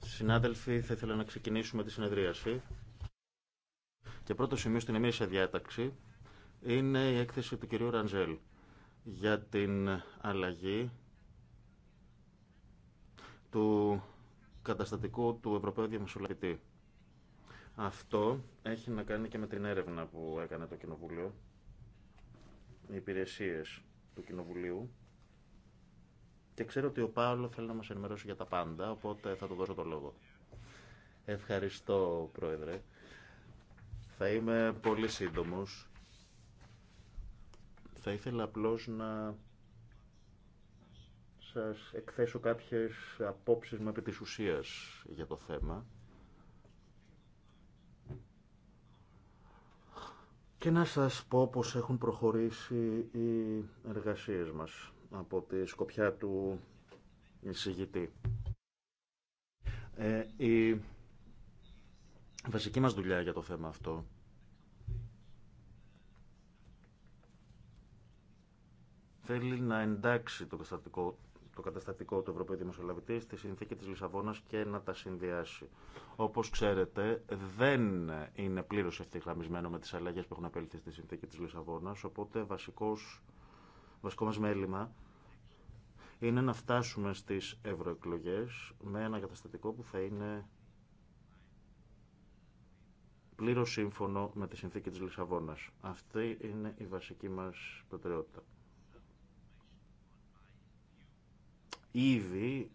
Συνάδελφοι, θα ήθελα να ξεκινήσουμε τη συνεδρίαση. Και πρώτο σημείο στην εμείς διάταξη είναι η έκθεση του κυρίου Ραντζέλ για την αλλαγή του καταστατικού του Ευρωπαίου Διαμεσολαβητή. Αυτό έχει να κάνει και με την έρευνα που έκανε το Κοινοβούλιο, οι υπηρεσίες του Κοινοβουλίου και ξέρω ότι ο Πάολο θέλει να μας ενημερώσει για τα πάντα, οπότε θα του δώσω το λόγο. Ευχαριστώ, Πρόεδρε. Θα είμαι πολύ σύντομος. Θα ήθελα απλώς να σας εκθέσω κάποιες απόψεις με επί της ουσίας για το θέμα. Και να σας πω πώς έχουν προχωρήσει οι εργασίες μας από τη σκοπιά του εισηγητή. Ε, η βασική μας δουλειά για το θέμα αυτό θέλει να εντάξει το καταστατικό το καταστατικό του Ευρωπαϊκού Δημοσιολαβητή στη συνθήκη της Λισαβόνας και να τα συνδυάσει. Όπως ξέρετε, δεν είναι πλήρως ευθυγραμμισμένο με τις αλλαγές που έχουν απέλθει στη συνθήκη της Λισαβόνας, οπότε βασικός βασικό μας μέλημα είναι να φτάσουμε στις ευρωεκλογέ με ένα καταστατικό που θα είναι πλήρως σύμφωνο με τη συνθήκη της Λισαβόνας. Αυτή είναι η βασική μας προτεραιότητα. Ήδη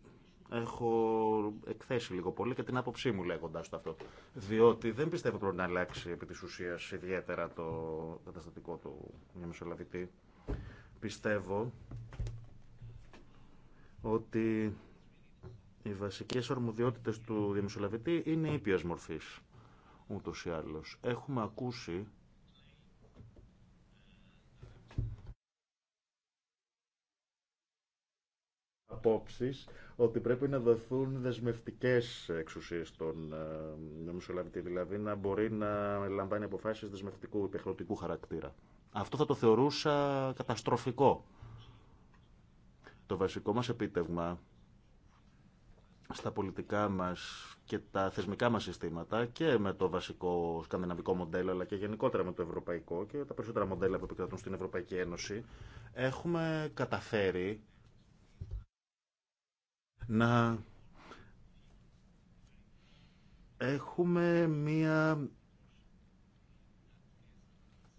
έχω εκθέσει λίγο πολύ και την άποψή μου λέγοντα το αυτό. Διότι δεν πιστεύω πρέπει να αλλάξει επί τη ουσία ιδιαίτερα το καταστατικό του Μεσολαβητή πιστεύω ότι οι βασικές αρμοδιότητες του διαμεσολαβητή είναι ήπιας μορφής, ούτως ή άλλως. Έχουμε ακούσει απόψεις ότι πρέπει να δοθούν δεσμευτικές εξουσίες στον ε, διαμεσολαβητή, δηλαδή να μπορεί να λαμβάνει αποφάσεις δεσμευτικού υπεχρεωτικού χαρακτήρα. Αυτό θα το θεωρούσα καταστροφικό. Το βασικό μας επίτευγμα στα πολιτικά μας και τα θεσμικά μας συστήματα και με το βασικό σκανδιναβικό μοντέλο αλλά και γενικότερα με το ευρωπαϊκό και τα περισσότερα μοντέλα που επικρατούν στην Ευρωπαϊκή Ένωση έχουμε καταφέρει να έχουμε μία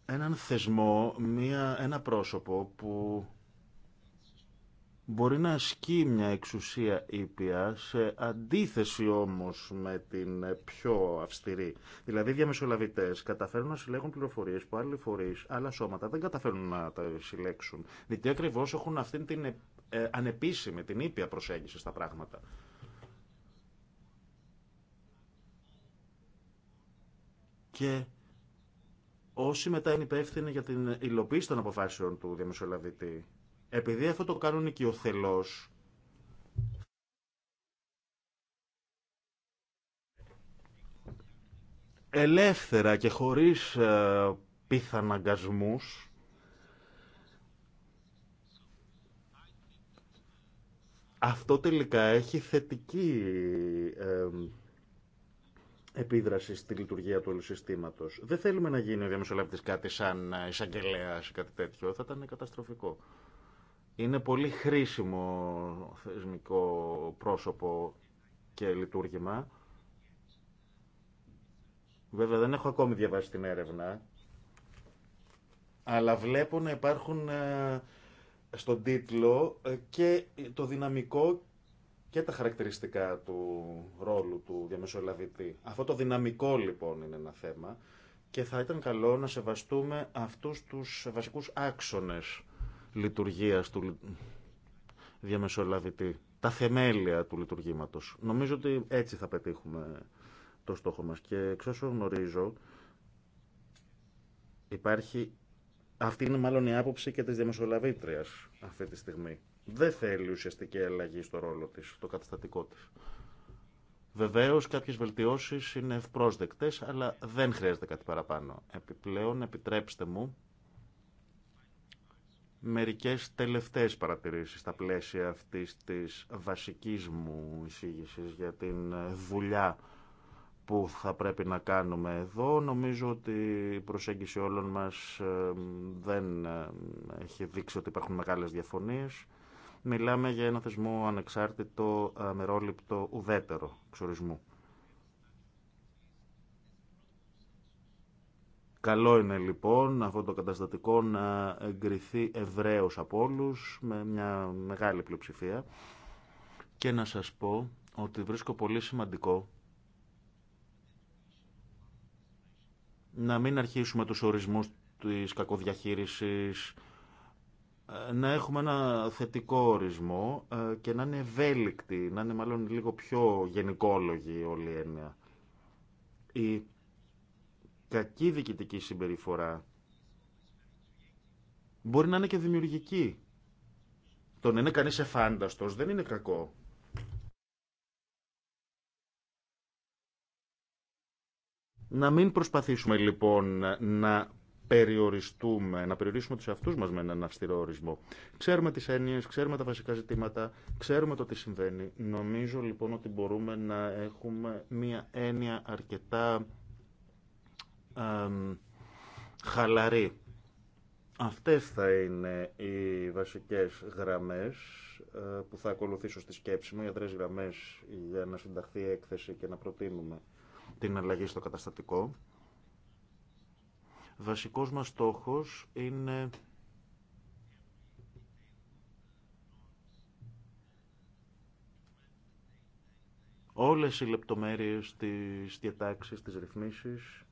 έναν θεσμό, μία, ένα πρόσωπο που μπορεί να ασκεί μια εξουσία ήπια, σε αντίθεση όμως με την πιο αυστηρή. Δηλαδή οι διαμεσολαβητές καταφέρουν να συλλέγουν πληροφορίες που άλλοι φορείς, άλλα σώματα δεν καταφέρνουν να τα συλλέξουν. Διότι ακριβώ έχουν αυτή την ε, ε, ανεπίσημη, την ήπια προσέγγιση στα πράγματα. Και όσοι μετά είναι υπεύθυνοι για την υλοποίηση των αποφάσεων του διαμεσολαβητή, επειδή αυτό το κάνουν οικειοθελώς, ελεύθερα και χωρίς ε, πιθαναγκασμούς, αυτό τελικά έχει θετική... Ε, επίδραση στη λειτουργία του όλου συστήματο. Δεν θέλουμε να γίνει ο διαμεσολαβητή κάτι σαν εισαγγελέα ή κάτι τέτοιο. Θα ήταν καταστροφικό. Είναι πολύ χρήσιμο θεσμικό πρόσωπο και λειτουργήμα. Βέβαια δεν έχω ακόμη διαβάσει την έρευνα, αλλά βλέπω να υπάρχουν ε, στον τίτλο ε, και το δυναμικό και τα χαρακτηριστικά του ρόλου του διαμεσολαβητή. Αυτό το δυναμικό λοιπόν είναι ένα θέμα και θα ήταν καλό να σεβαστούμε αυτούς τους βασικούς άξονες λειτουργίας του διαμεσολαβητή, τα θεμέλια του λειτουργήματος. Νομίζω ότι έτσι θα πετύχουμε το στόχο μας και εξ όσων γνωρίζω υπάρχει αυτή είναι μάλλον η άποψη και της διαμεσολαβήτριας αυτή τη στιγμή δεν θέλει ουσιαστική αλλαγή στο ρόλο της, στο καταστατικό της. Βεβαίως κάποιες βελτιώσεις είναι ευπρόσδεκτες, αλλά δεν χρειάζεται κάτι παραπάνω. Επιπλέον, επιτρέψτε μου μερικές τελευταίες παρατηρήσεις στα πλαίσια αυτής της βασικής μου εισήγηση για την δουλειά που θα πρέπει να κάνουμε εδώ. Νομίζω ότι η προσέγγιση όλων μας δεν έχει δείξει ότι υπάρχουν μεγάλες διαφωνίες. Μιλάμε για ένα θεσμό ανεξάρτητο, αμερόληπτο, ουδέτερο εξορισμού. Καλό είναι λοιπόν αυτό το καταστατικό να εγκριθεί ευρέως από όλου με μια μεγάλη πλειοψηφία και να σας πω ότι βρίσκω πολύ σημαντικό να μην αρχίσουμε τους ορισμούς της κακοδιαχείρισης, να έχουμε ένα θετικό ορισμό ε, και να είναι ευέλικτη, να είναι μάλλον λίγο πιο γενικόλογη όλη η έννοια. Η κακή διοικητική συμπεριφορά μπορεί να είναι και δημιουργική. Το να είναι κανείς εφάνταστος δεν είναι κακό. Να μην προσπαθήσουμε λοιπόν να περιοριστούμε, να περιορίσουμε τους αυτούς μας με έναν αυστηρό ορισμό. Ξέρουμε τις έννοιες, ξέρουμε τα βασικά ζητήματα, ξέρουμε το τι συμβαίνει. Νομίζω λοιπόν ότι μπορούμε να έχουμε μία έννοια αρκετά χαλαρή. Αυτές θα είναι οι βασικές γραμμές ε, που θα ακολουθήσω στη σκέψη μου, οι αδρές γραμμές για να συνταχθεί η έκθεση και να προτείνουμε την αλλαγή στο καταστατικό. Βασικός μας στόχος είναι όλες οι λεπτομέρειες της διατάξης, της ρυθμίσης,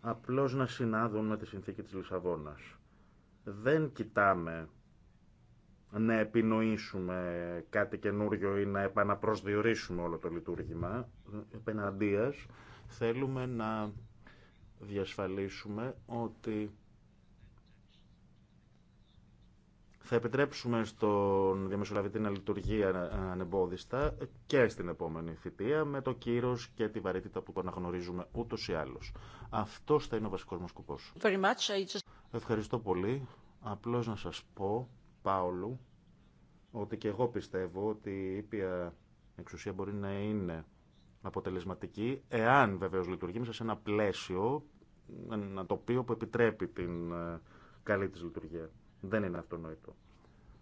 απλώς να συνάδουν με τη συνθήκη της Λισαβόνας. Δεν κοιτάμε να επινοήσουμε κάτι καινούριο ή να επαναπροσδιορίσουμε όλο το λειτουργήμα. Επεναντίας θέλουμε να διασφαλίσουμε ότι θα επιτρέψουμε στον διαμεσολαβητή να λειτουργεί ανεμπόδιστα και στην επόμενη θητεία με το κύρος και τη βαρύτητα που αναγνωρίζουμε ούτως ή άλλως. Αυτός θα είναι ο βασικός μας σκοπός. Just... Ευχαριστώ πολύ. Απλώς να σας πω, Πάολου, ότι και εγώ πιστεύω ότι η ήπια εξουσία μπορεί να είναι αποτελεσματική, εάν βεβαίως λειτουργεί μέσα σε ένα πλαίσιο, ένα τοπίο που επιτρέπει την ε, καλή της λειτουργία. Δεν είναι αυτονόητο.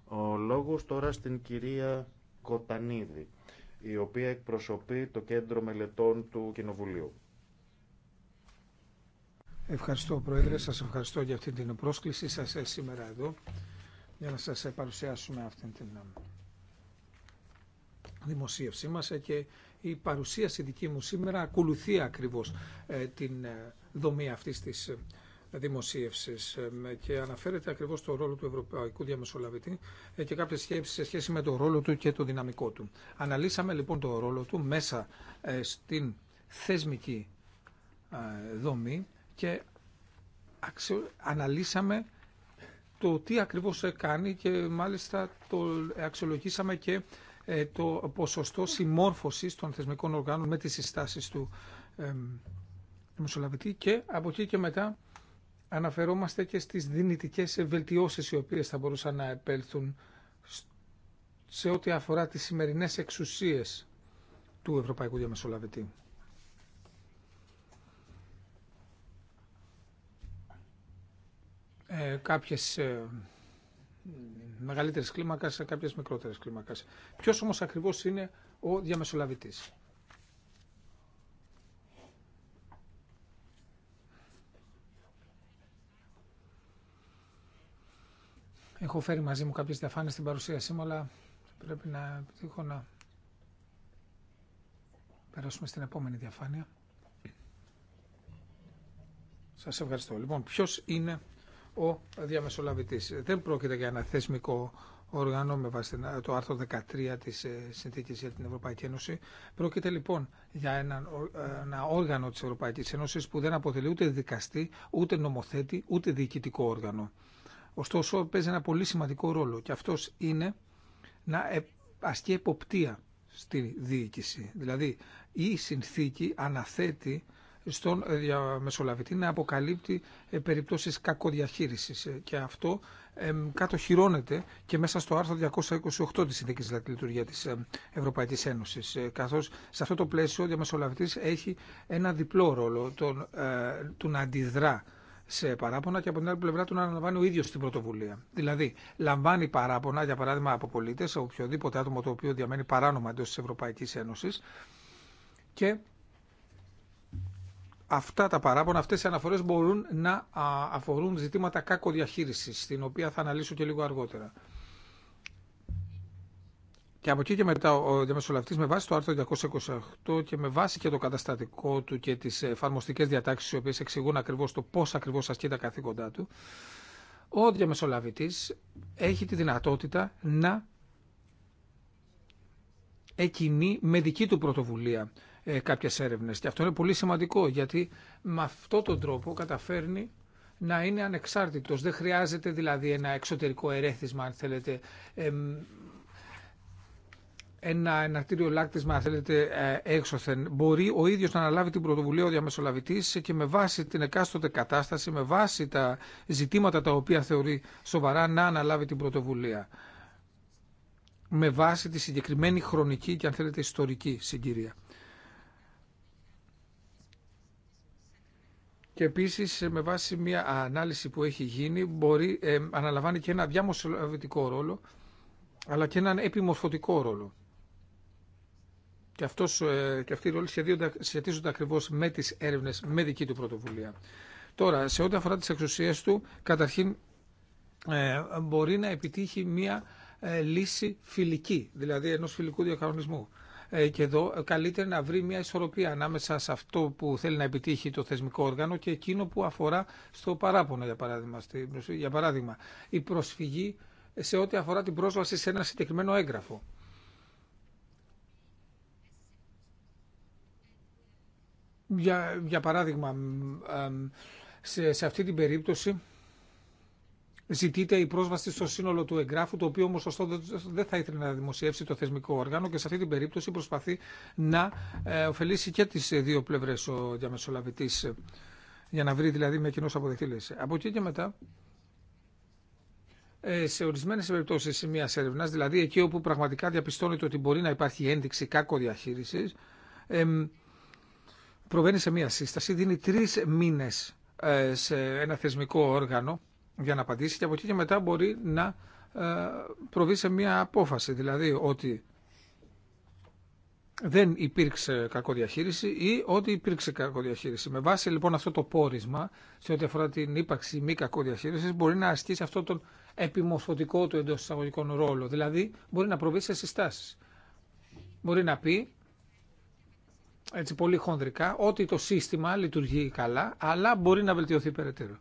Ο λόγος τώρα στην κυρία Κοτανίδη, η οποία εκπροσωπεί το Κέντρο Μελετών του Κοινοβουλίου. Ευχαριστώ Πρόεδρε, σας ευχαριστώ για αυτή την πρόσκληση σας σήμερα εδώ για να σας παρουσιάσουμε αυτή την ε, δημοσίευσή μας ε, και η παρουσίαση δική μου σήμερα ακολουθεί ακριβώς ε, την ε, δομή αυτής της ε, δημοσίευσης και αναφέρεται ακριβώς στο ρόλο του Ευρωπαϊκού Διαμεσολαβητή και κάποιες σκέψεις σε σχέση με το ρόλο του και το δυναμικό του. Αναλύσαμε λοιπόν το ρόλο του μέσα στην θεσμική δομή και αναλύσαμε το τι ακριβώς κάνει και μάλιστα το αξιολογήσαμε και ε, το ποσοστό συμμόρφωσης των θεσμικών οργάνων με τις συστάσεις του Μεσολαβητή και από εκεί και μετά αναφερόμαστε και στις δυνητικές βελτιώσεις οι οποίες θα μπορούσαν να επέλθουν σε ό,τι αφορά τις σημερινές εξουσίες του Ευρωπαϊκού Διαμεσολαβητή. Ε, κάποιες ε, μεγαλύτερες κλίμακας σε κάποιες μικρότερες κλίμακας. Ποιος όμως ακριβώς είναι ο διαμεσολαβητής. Έχω φέρει μαζί μου κάποιες διαφάνειες στην παρουσίασή μου, αλλά πρέπει να επιτύχω να περάσουμε στην επόμενη διαφάνεια. Σας ευχαριστώ. Λοιπόν, ποιος είναι ο διαμεσολαβητής. Δεν πρόκειται για ένα θεσμικό όργανο με βάση το άρθρο 13 της ε, Συνθήκης για την Ευρωπαϊκή Ένωση. Πρόκειται λοιπόν για ε, ένα, όργανο της Ευρωπαϊκής Ένωσης που δεν αποτελεί ούτε δικαστή, ούτε νομοθέτη, ούτε διοικητικό όργανο. Ωστόσο παίζει ένα πολύ σημαντικό ρόλο και αυτός είναι να ε, ασκεί εποπτεία στη διοίκηση. Δηλαδή η συνθήκη αναθέτει στον ε, διαμεσολαβητή να αποκαλύπτει ε, περιπτώσεις κακοδιαχείρισης ε, και αυτό κατοχυρώνεται και μέσα στο άρθρο 228 της Συνθήκης για τη Λειτουργία της Ευρωπαϊκής Ένωσης καθώς σε αυτό το πλαίσιο ο διαμεσολαβητής έχει ένα διπλό ρόλο τον, του να αντιδρά σε παράπονα και από την άλλη πλευρά του να αναλαμβάνει ο ίδιο την πρωτοβουλία. Δηλαδή, λαμβάνει παράπονα, για παράδειγμα, από πολίτε, από οποιοδήποτε άτομο το οποίο διαμένει παράνομα εντό τη Ευρωπαϊκή Ένωση και αυτά τα παράπονα, αυτές οι αναφορές μπορούν να αφορούν ζητήματα κακοδιαχείρισης, την οποία θα αναλύσω και λίγο αργότερα. Και από εκεί και μετά ο διαμεσολαβητή με βάση το άρθρο 228 και με βάση και το καταστατικό του και τι εφαρμοστικέ διατάξει, οι οποίες εξηγούν ακριβώς το πώς ακριβώς ασκεί τα καθήκοντά του, ο διαμεσολαβητή έχει τη δυνατότητα να εκινεί με δική του πρωτοβουλία ε, Κάποιε έρευνε. Και αυτό είναι πολύ σημαντικό γιατί με αυτόν τον τρόπο καταφέρνει να είναι ανεξάρτητος. Δεν χρειάζεται δηλαδή ένα εξωτερικό ερέθισμα, αν θέλετε, ένα εναρτήριο λάκτισμα, αν θέλετε, ε, έξωθεν. Μπορεί ο ίδιος να αναλάβει την πρωτοβουλία ο διαμεσολαβητής και με βάση την εκάστοτε κατάσταση, με βάση τα ζητήματα τα οποία θεωρεί σοβαρά, να αναλάβει την πρωτοβουλία. Με βάση τη συγκεκριμένη χρονική και, αν θέλετε, ιστορική συγκυρία. και επίσης με βάση μια ανάλυση που έχει γίνει μπορεί, ε, αναλαμβάνει και ένα διαμοσολαβητικό ρόλο αλλά και έναν επιμορφωτικό ρόλο. Και, αυτός, ε, και αυτοί οι ρόλοι σχετίζονται ακριβώς με τις έρευνες, με δική του πρωτοβουλία. Τώρα, σε ό,τι αφορά τι εξουσίες του, καταρχήν ε, μπορεί να επιτύχει μια ε, λύση φιλική, δηλαδή ενό φιλικού διακανονισμού. Ε, και εδώ ε, καλύτερα να βρει μια ισορροπία ανάμεσα σε αυτό που θέλει να επιτύχει το θεσμικό όργανο και εκείνο που αφορά στο παράπονο, για παράδειγμα. Για παράδειγμα, η προσφυγή σε ό,τι αφορά την πρόσβαση σε ένα συγκεκριμένο έγγραφο. Για, για παράδειγμα, ε, σε, σε αυτή την περίπτωση ζητείται η πρόσβαση στο σύνολο του εγγράφου, το οποίο όμω ωστόσο δεν θα ήθελε να δημοσιεύσει το θεσμικό όργανο και σε αυτή την περίπτωση προσπαθεί να ε, ωφελήσει και τι δύο πλευρέ ο διαμεσολαβητή, ε, για να βρει δηλαδή με κοινό αποδεκτή λύση. Από εκεί και μετά, ε, σε ορισμένε περιπτώσει μια έρευνα, δηλαδή εκεί όπου πραγματικά διαπιστώνεται ότι μπορεί να υπάρχει ένδειξη κάκο διαχείριση, προβαίνει σε μια σύσταση, δίνει τρει μήνε σε ένα θεσμικό όργανο για να απαντήσει και από εκεί και μετά μπορεί να ε, προβεί σε μια απόφαση, δηλαδή ότι δεν υπήρξε κακοδιαχείριση ή ότι υπήρξε κακοδιαχείριση. Με βάση λοιπόν αυτό το πόρισμα σε ό,τι αφορά την ύπαρξη μη κακοδιαχείριση μπορεί να ασκήσει αυτό τον επιμορφωτικό του εντό εισαγωγικών ρόλο. Δηλαδή μπορεί να προβεί σε συστάσει. Μπορεί να πει έτσι πολύ χονδρικά ότι το σύστημα λειτουργεί καλά αλλά μπορεί να βελτιωθεί περαιτέρω.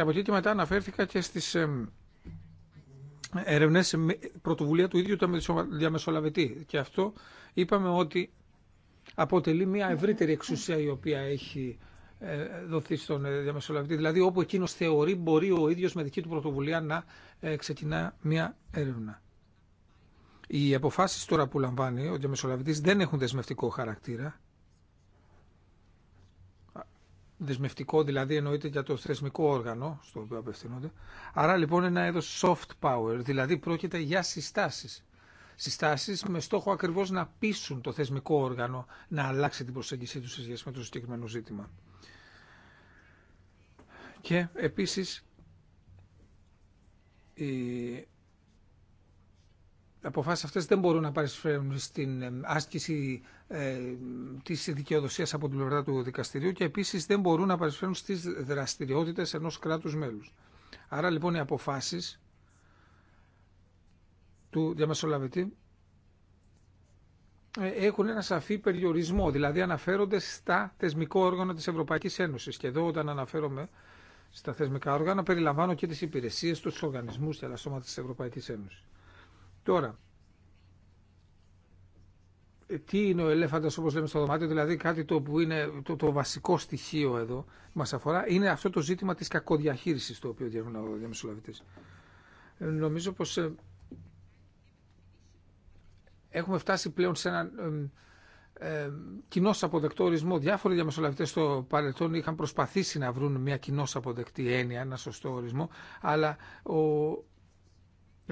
Και από εκεί και μετά αναφέρθηκα και στις ερευνές πρωτοβουλία του ίδιου του διαμεσολαβητή. Και αυτό είπαμε ότι αποτελεί μια ευρύτερη εξουσία η οποία έχει ε, δοθεί στον ε, διαμεσολαβητή. Δηλαδή όπου εκείνο θεωρεί μπορεί ο ίδιος με δική του πρωτοβουλία να ε, ξεκινά μια έρευνα. Οι αποφάσει τώρα που λαμβάνει ο διαμεσολαβητή δεν έχουν δεσμευτικό χαρακτήρα δεσμευτικό δηλαδή εννοείται για το θεσμικό όργανο στο οποίο απευθύνονται. Άρα λοιπόν ένα είδο soft power, δηλαδή πρόκειται για συστάσεις. Συστάσεις με στόχο ακριβώς να πείσουν το θεσμικό όργανο να αλλάξει την προσέγγιση του σε σχέση με το συγκεκριμένο ζήτημα. Και επίσης αποφάσεις αυτές δεν μπορούν να παρισφέρουν στην ε, άσκηση ε, της δικαιοδοσίας από την πλευρά του δικαστηρίου και επίσης δεν μπορούν να παρισφέρουν στις δραστηριότητες ενός κράτους μέλους. Άρα λοιπόν οι αποφάσεις του διαμεσολαβητή ε, έχουν ένα σαφή περιορισμό, δηλαδή αναφέρονται στα θεσμικό όργανα της Ευρωπαϊκής Ένωσης. Και εδώ όταν αναφέρομαι στα θεσμικά όργανα περιλαμβάνω και τις υπηρεσίες, τους οργανισμούς και τα σώματα της Ευρωπαϊκής Ένωσης. Τώρα, ε, τι είναι ο ελέφαντας όπως λέμε στο δωμάτιο, δηλαδή κάτι το που είναι το, το βασικό στοιχείο εδώ που μας αφορά, είναι αυτό το ζήτημα της κακοδιαχείρισης το οποίο διέρχονται ο διαμεσολαβητής. Ε, νομίζω πως ε, έχουμε φτάσει πλέον σε έναν ε, κοινό αποδεκτό ορισμό. Διάφοροι διαμεσολαβητέ στο παρελθόν είχαν προσπαθήσει να βρουν μια κοινό αποδεκτή έννοια, ένα σωστό ορισμό, αλλά ο,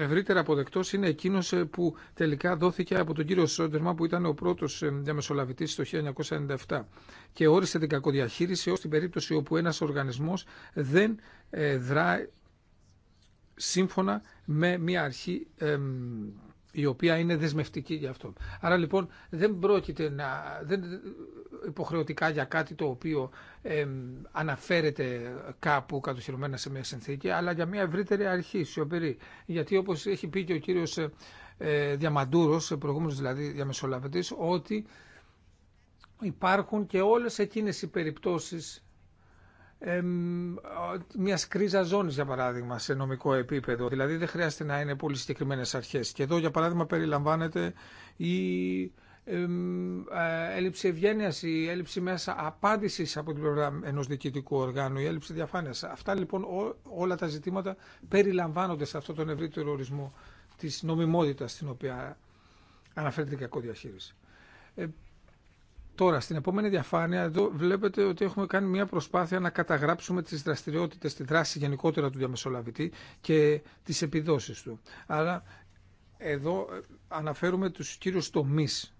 ευρύτερα αποδεκτό είναι εκείνο ε, που τελικά δόθηκε από τον κύριο Σόντερμα που ήταν ο πρώτο ε, διαμεσολαβητή το 1997 και όρισε την κακοδιαχείριση ω την περίπτωση όπου ένα οργανισμό δεν ε, δράει σύμφωνα με μια αρχή η οποία είναι δεσμευτική για αυτό. Άρα λοιπόν δεν πρόκειται να, δεν υποχρεωτικά για κάτι το οποίο ε, αναφέρεται κάπου κατοχυρωμένα σε μια συνθήκη, αλλά για μια ευρύτερη αρχή, σιωπηρή. Γιατί όπως έχει πει και ο κύριος ε, ε Διαμαντούρος, προηγούμενος δηλαδή διαμεσολαβητής, ότι υπάρχουν και όλες εκείνες οι περιπτώσεις μια κρίζα ζώνη, για παράδειγμα, σε νομικό επίπεδο. Δηλαδή δεν χρειάζεται να είναι πολύ συγκεκριμένε αρχέ. Και εδώ, για παράδειγμα, περιλαμβάνεται η έλλειψη ευγένεια, η έλλειψη μέσα απάντηση από την πλευρά ενό διοικητικού οργάνου, η έλλειψη διαφάνεια. Αυτά λοιπόν όλα τα ζητήματα περιλαμβάνονται σε αυτόν τον ευρύτερο ορισμό τη νομιμότητα στην οποία αναφέρεται η κακό διαχείριση. Ε, Τώρα, στην επόμενη διαφάνεια, εδώ βλέπετε ότι έχουμε κάνει μια προσπάθεια να καταγράψουμε τις δραστηριότητες, τη δράση γενικότερα του διαμεσολαβητή και τις επιδόσεις του. Αλλά εδώ ε, αναφέρουμε τους κύριους τομείς,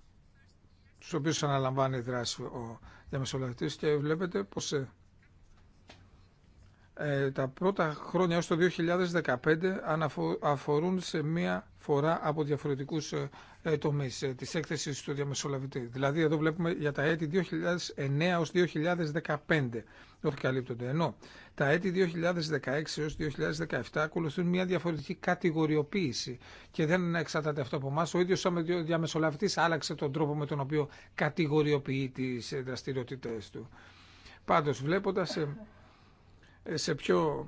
του οποίους αναλαμβάνει η δράση ο διαμεσολαβητής και βλέπετε πως ε, ε, τα πρώτα χρόνια έως το 2015 αφορούν σε μία φορά από διαφορετικούς ε, ε, τομείς της έκθεσης του διαμεσολαβητή. Δηλαδή εδώ βλέπουμε για τα έτη 2009 έως 2015 όχι καλύπτονται. Ενώ τα έτη 2016 έως 2017 ακολουθούν μια διαφορετική κατηγοριοποίηση και δεν εξαρτάται αυτό από εμά. Ο ίδιος ο διαμεσολαβητής άλλαξε τον τρόπο με τον οποίο κατηγοριοποιεί τις δραστηριότητες του. Πάντως βλέποντας σε πιο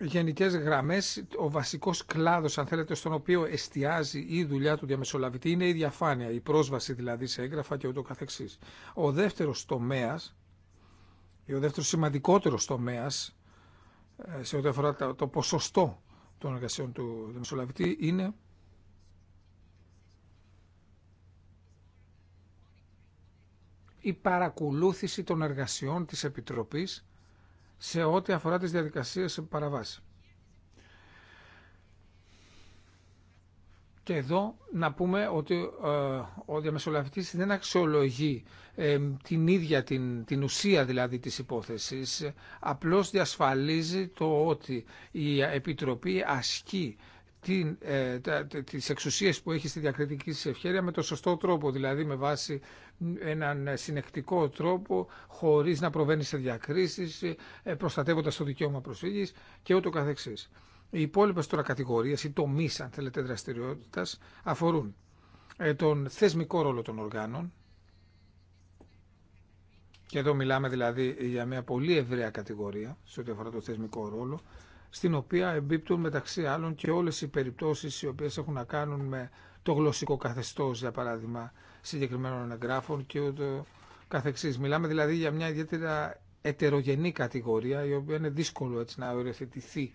γενικές γραμμές ο βασικός κλάδος αν θέλετε στον οποίο εστιάζει η δουλειά του διαμεσολαβητή είναι η διαφάνεια, η πρόσβαση δηλαδή σε έγγραφα και ούτω καθεξής. Ο δεύτερος τομέας ή ο δεύτερος σημαντικότερος τομέας ε, σε ό,τι αφορά το ποσοστό των εργασιών του διαμεσολαβητή είναι η παρακολούθηση των εργασιών της Επιτροπής σε ό,τι αφορά τις διαδικασίες σε παραβάση. Και εδώ να πούμε ότι ε, ο διαμεσολαβητής δεν αξιολογεί ε, την ίδια την, την ουσία δηλαδή της υπόθεσης, απλώς διασφαλίζει το ότι η Επιτροπή ασκεί την, ε, τα, τις εξουσίες που έχει στη διακριτική ευχέρεια με το σωστό τρόπο, δηλαδή με βάση έναν συνεκτικό τρόπο, χωρίς να προβαίνει σε διακρίσεις, ε, προστατεύοντας το δικαίωμα προσφύγης και ούτω καθεξής. Οι υπόλοιπε τώρα κατηγορίες, ή τομεί αν θέλετε δραστηριότητας, αφορούν ε, τον θεσμικό ρόλο των οργάνων, και εδώ μιλάμε δηλαδή για μια πολύ ευρεία κατηγορία σε ό,τι αφορά τον θεσμικό ρόλο, στην οποία εμπίπτουν μεταξύ άλλων και όλες οι περιπτώσεις οι οποίες έχουν να κάνουν με το γλωσσικό καθεστώς, για παράδειγμα, συγκεκριμένων εγγράφων και ούτω καθεξής. Μιλάμε δηλαδή για μια ιδιαίτερα ετερογενή κατηγορία, η οποία είναι δύσκολο έτσι να οριοθετηθεί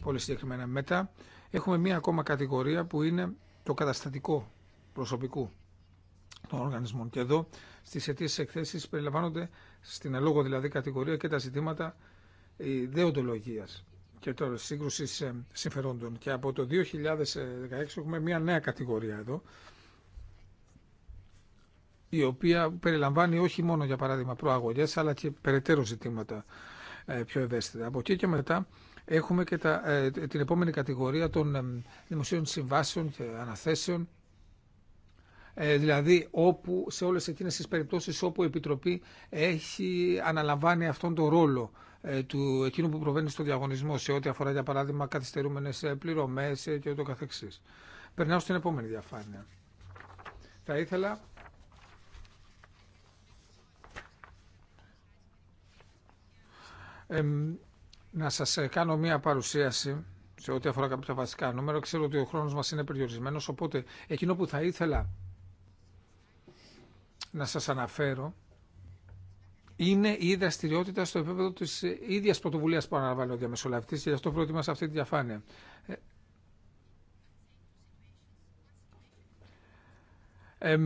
πολύ συγκεκριμένα. Μετά έχουμε μια ακόμα κατηγορία που είναι το καταστατικό προσωπικού των οργανισμών. Και εδώ στις αιτήσεις εκθέσεις περιλαμβάνονται στην αλόγω δηλαδή κατηγορία και τα ζητήματα ε, δεοντολογίας και τώρα σύγκρουση συμφερόντων. Και από το 2016 έχουμε μια νέα κατηγορία εδώ, η οποία περιλαμβάνει όχι μόνο για παράδειγμα προαγωγές, αλλά και περαιτέρω ζητήματα ε, πιο ευαίσθητα. Από εκεί και μετά έχουμε και τα, ε, την επόμενη κατηγορία των ε, δημοσίων συμβάσεων και αναθέσεων, δηλαδή όπου, σε όλες εκείνες τις περιπτώσεις όπου η Επιτροπή έχει αναλαμβάνει αυτόν τον ρόλο ε, του εκείνου που προβαίνει στο διαγωνισμό σε ό,τι αφορά για παράδειγμα καθυστερούμενες ε, πληρωμές ε, και ούτω καθεξής. Περνάω στην επόμενη διαφάνεια. Θα ήθελα να σας κάνω μία παρουσίαση σε ό,τι αφορά κάποια βασικά νούμερα. Ξέρω ότι ο χρόνος μας είναι περιορισμένος, οπότε εκείνο που θα ήθελα να σας αναφέρω είναι η δραστηριότητα στο επίπεδο τη ίδια πρωτοβουλία που αναλαμβάνει ο διαμεσολαβητή και γι' αυτό προετοιμάσα αυτή τη διαφάνεια. Ε,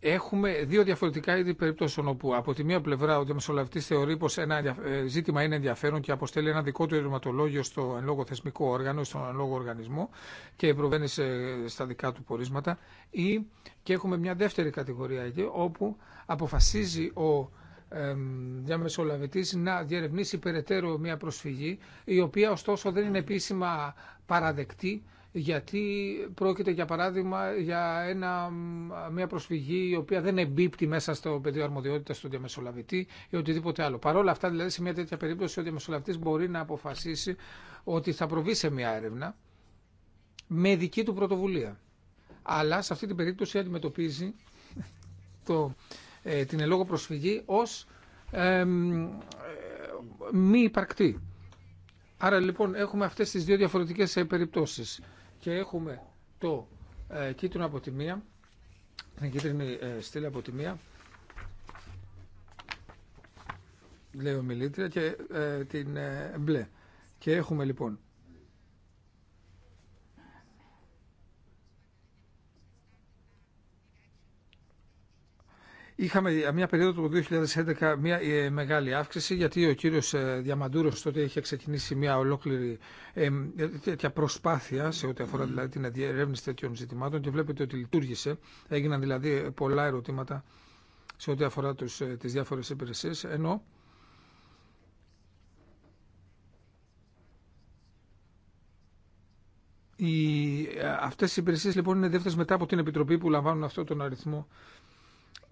έχουμε δύο διαφορετικά είδη περιπτώσεων όπου από τη μία πλευρά ο διαμεσολαβητη θεωρεί πως ένα ε, ζήτημα είναι ενδιαφέρον και αποστέλει ένα δικό του ερωτηματολόγιο στο εν λόγω θεσμικό όργανο, στον εν λόγω οργανισμό και προβαίνει στα δικά του πορίσματα ή και έχουμε μια δεύτερη κατηγορία εκεί όπου αποφασίζει ο διαμεσολαβητής να διερευνήσει περαιτέρω μια προσφυγή η οποία διαμεσολαβητη να διερευνησει περαιτερω μια προσφυγη η οποια ωστοσο δεν είναι επίσημα παραδεκτή γιατί πρόκειται για παράδειγμα για ένα, μια προσφυγή η οποία δεν εμπίπτει μέσα στο πεδίο αρμοδιότητα του διαμεσολαβητή ή οτιδήποτε άλλο. Παρ' όλα αυτά, δηλαδή, σε μια τέτοια περίπτωση ο διαμεσολαβητή μπορεί να αποφασίσει ότι θα προβεί σε μια έρευνα με δική του πρωτοβουλία. Αλλά σε αυτή την περίπτωση αντιμετωπίζει το, ε, την ελόγω προσφυγή ως ε, μη υπαρκτή. Άρα λοιπόν έχουμε αυτές τις δύο διαφορετικές ε, περιπτώσεις και έχουμε το ε, κίτρινο από τη μία, την κίτρινη ε, στήλη από τη μία, λέει ο μιλήτρια, και ε, την ε, μπλε. Και έχουμε λοιπόν Είχαμε μια περίοδο του 2011 μια ε, μεγάλη αύξηση γιατί ο κύριος ε, Διαμαντούρος τότε είχε ξεκινήσει μια ολόκληρη ε, τέτοια προσπάθεια σε ό,τι αφορά δηλαδή, την διερεύνηση τέτοιων ζητημάτων και βλέπετε ότι λειτουργήσε. Έγιναν δηλαδή πολλά ερωτήματα σε ό,τι αφορά τους, τις διάφορες υπηρεσίες ενώ οι, αυτές οι υπηρεσίες λοιπόν είναι δεύτερες μετά από την Επιτροπή που λαμβάνουν αυτό τον αριθμό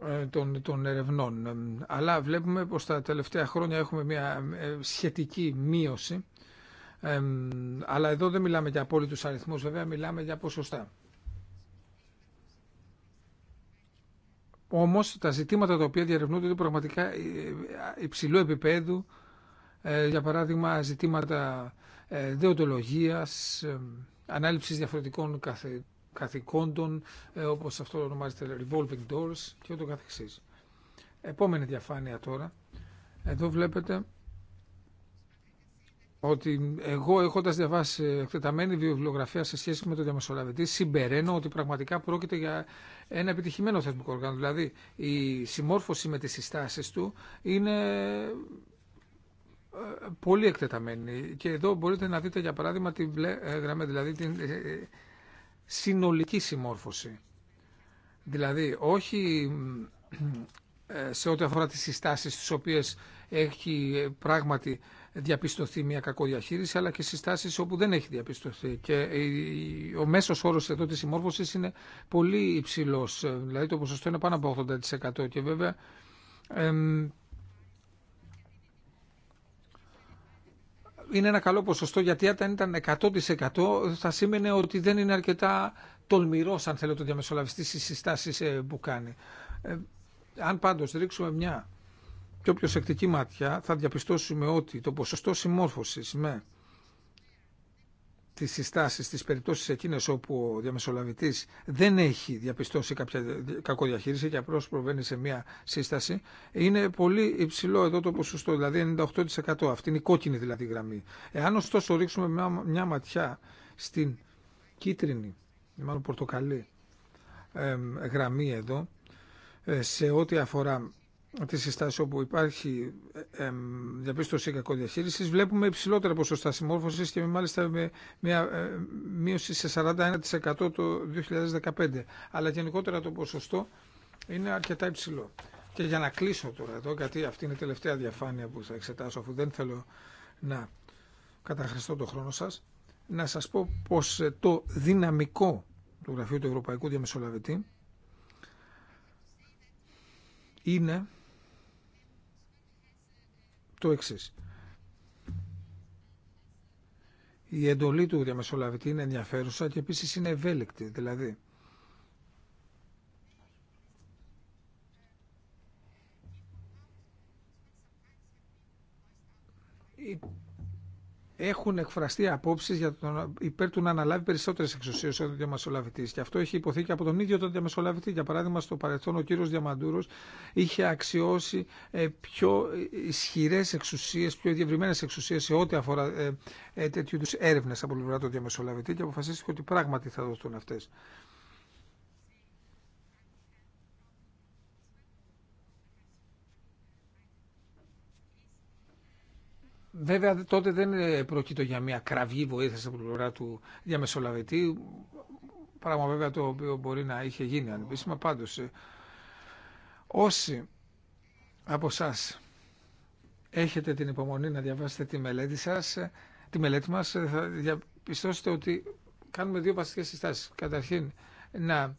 ε, των, ερευνών. Ε, αλλά βλέπουμε πως τα τελευταία χρόνια έχουμε μια ε, σχετική μείωση. Ε, αλλά εδώ δεν μιλάμε για απόλυτους αριθμούς, βέβαια μιλάμε για ποσοστά. Όμως τα ζητήματα τα οποία διαρευνούνται είναι πραγματικά υψηλού επίπεδου, για παράδειγμα ζητήματα ε, δεοντολογίας, ανάληψης διαφορετικών καθετών, καθηκόντων, ε, όπως αυτό ονομάζεται revolving doors και ούτω καθεξής. Επόμενη διαφάνεια τώρα. Εδώ βλέπετε ότι εγώ έχοντας διαβάσει εκτεταμένη βιβλιογραφία σε σχέση με τον διαμεσολαβητή συμπεραίνω ότι πραγματικά πρόκειται για ένα επιτυχημένο θεσμικό οργάνο. Δηλαδή η συμμόρφωση με τις συστάσεις του είναι ε, πολύ εκτεταμένη. Και εδώ μπορείτε να δείτε για παράδειγμα τη ε, γραμμή, δηλαδή την συνολική συμμόρφωση. Δηλαδή, όχι ε, σε ό,τι αφορά τις συστάσεις τις οποίες έχει ε, πράγματι διαπιστωθεί μια κακό διαχείριση, αλλά και συστάσεις όπου δεν έχει διαπιστωθεί. Και ο μέσος όρος εδώ της συμμόρφωσης είναι πολύ υψηλός, ε, δηλαδή το ποσοστό είναι πάνω από 80% και βέβαια είναι ένα καλό ποσοστό γιατί αν ήταν 100% θα σήμαινε ότι δεν είναι αρκετά τολμηρό αν θέλω το διαμεσολαβητή στις συστάσεις ε, που κάνει. Ε, αν πάντως ρίξουμε μια πιο σεκτική μάτια θα διαπιστώσουμε ότι το ποσοστό συμμόρφωσης με τι συστάσεις, τι περιπτώσεις εκείνες όπου ο διαμεσολαβητής δεν έχει διαπιστώσει κάποια διαχείριση και απλώς προβαίνει σε μία σύσταση, είναι πολύ υψηλό εδώ το ποσοστό, δηλαδή 98%. Αυτή είναι η κόκκινη δηλαδή γραμμή. Εάν ωστόσο ρίξουμε μια, μια ματιά στην κίτρινη, μάλλον πορτοκαλί, ε, γραμμή εδώ, ε, σε ό,τι αφορά τη συστάση όπου υπάρχει ε, διαπίστωση κακοδιαχείριση, βλέπουμε υψηλότερα ποσοστά συμμόρφωση και μάλιστα με μια ε, μείωση σε 41% το 2015. Αλλά γενικότερα το ποσοστό είναι αρκετά υψηλό. Και για να κλείσω τώρα εδώ, γιατί αυτή είναι η τελευταία διαφάνεια που θα εξετάσω, αφού δεν θέλω να καταχρηστώ το χρόνο σας, να σας πω πως ε, το δυναμικό του Γραφείου του Ευρωπαϊκού Διαμεσολαβητή είναι το εξή. Η εντολή του διαμεσολαβητή είναι ενδιαφέρουσα και επίσης είναι ευέλικτη. Δηλαδή, έχουν εκφραστεί απόψει για τον υπέρ του να αναλάβει περισσότερε εξουσίε ο διαμεσολαβητή. Και αυτό έχει υποθεί και από τον ίδιο τον διαμεσολαβητή. Για παράδειγμα, στο παρελθόν ο κύριο Διαμαντούρο είχε αξιώσει ε, πιο ισχυρέ εξουσίε, πιο διευρυμένε εξουσίε σε ό,τι αφορά ε, ε, τέτοιου είδου έρευνε από πλευρά του διαμεσολαβητή και αποφασίστηκε ότι πράγματι θα δοθούν αυτέ. Βέβαια τότε δεν ε, πρόκειται για μια κραυγή βοήθεια από την πλευρά του διαμεσολαβητή, πράγμα βέβαια το οποίο μπορεί να είχε γίνει ανεπίσημα. πάντω. Ε, όσοι από εσά έχετε την υπομονή να διαβάσετε τη μελέτη σας, ε, τη μελέτη μας, θα διαπιστώσετε ότι κάνουμε δύο βασικές συστάσεις. Καταρχήν, να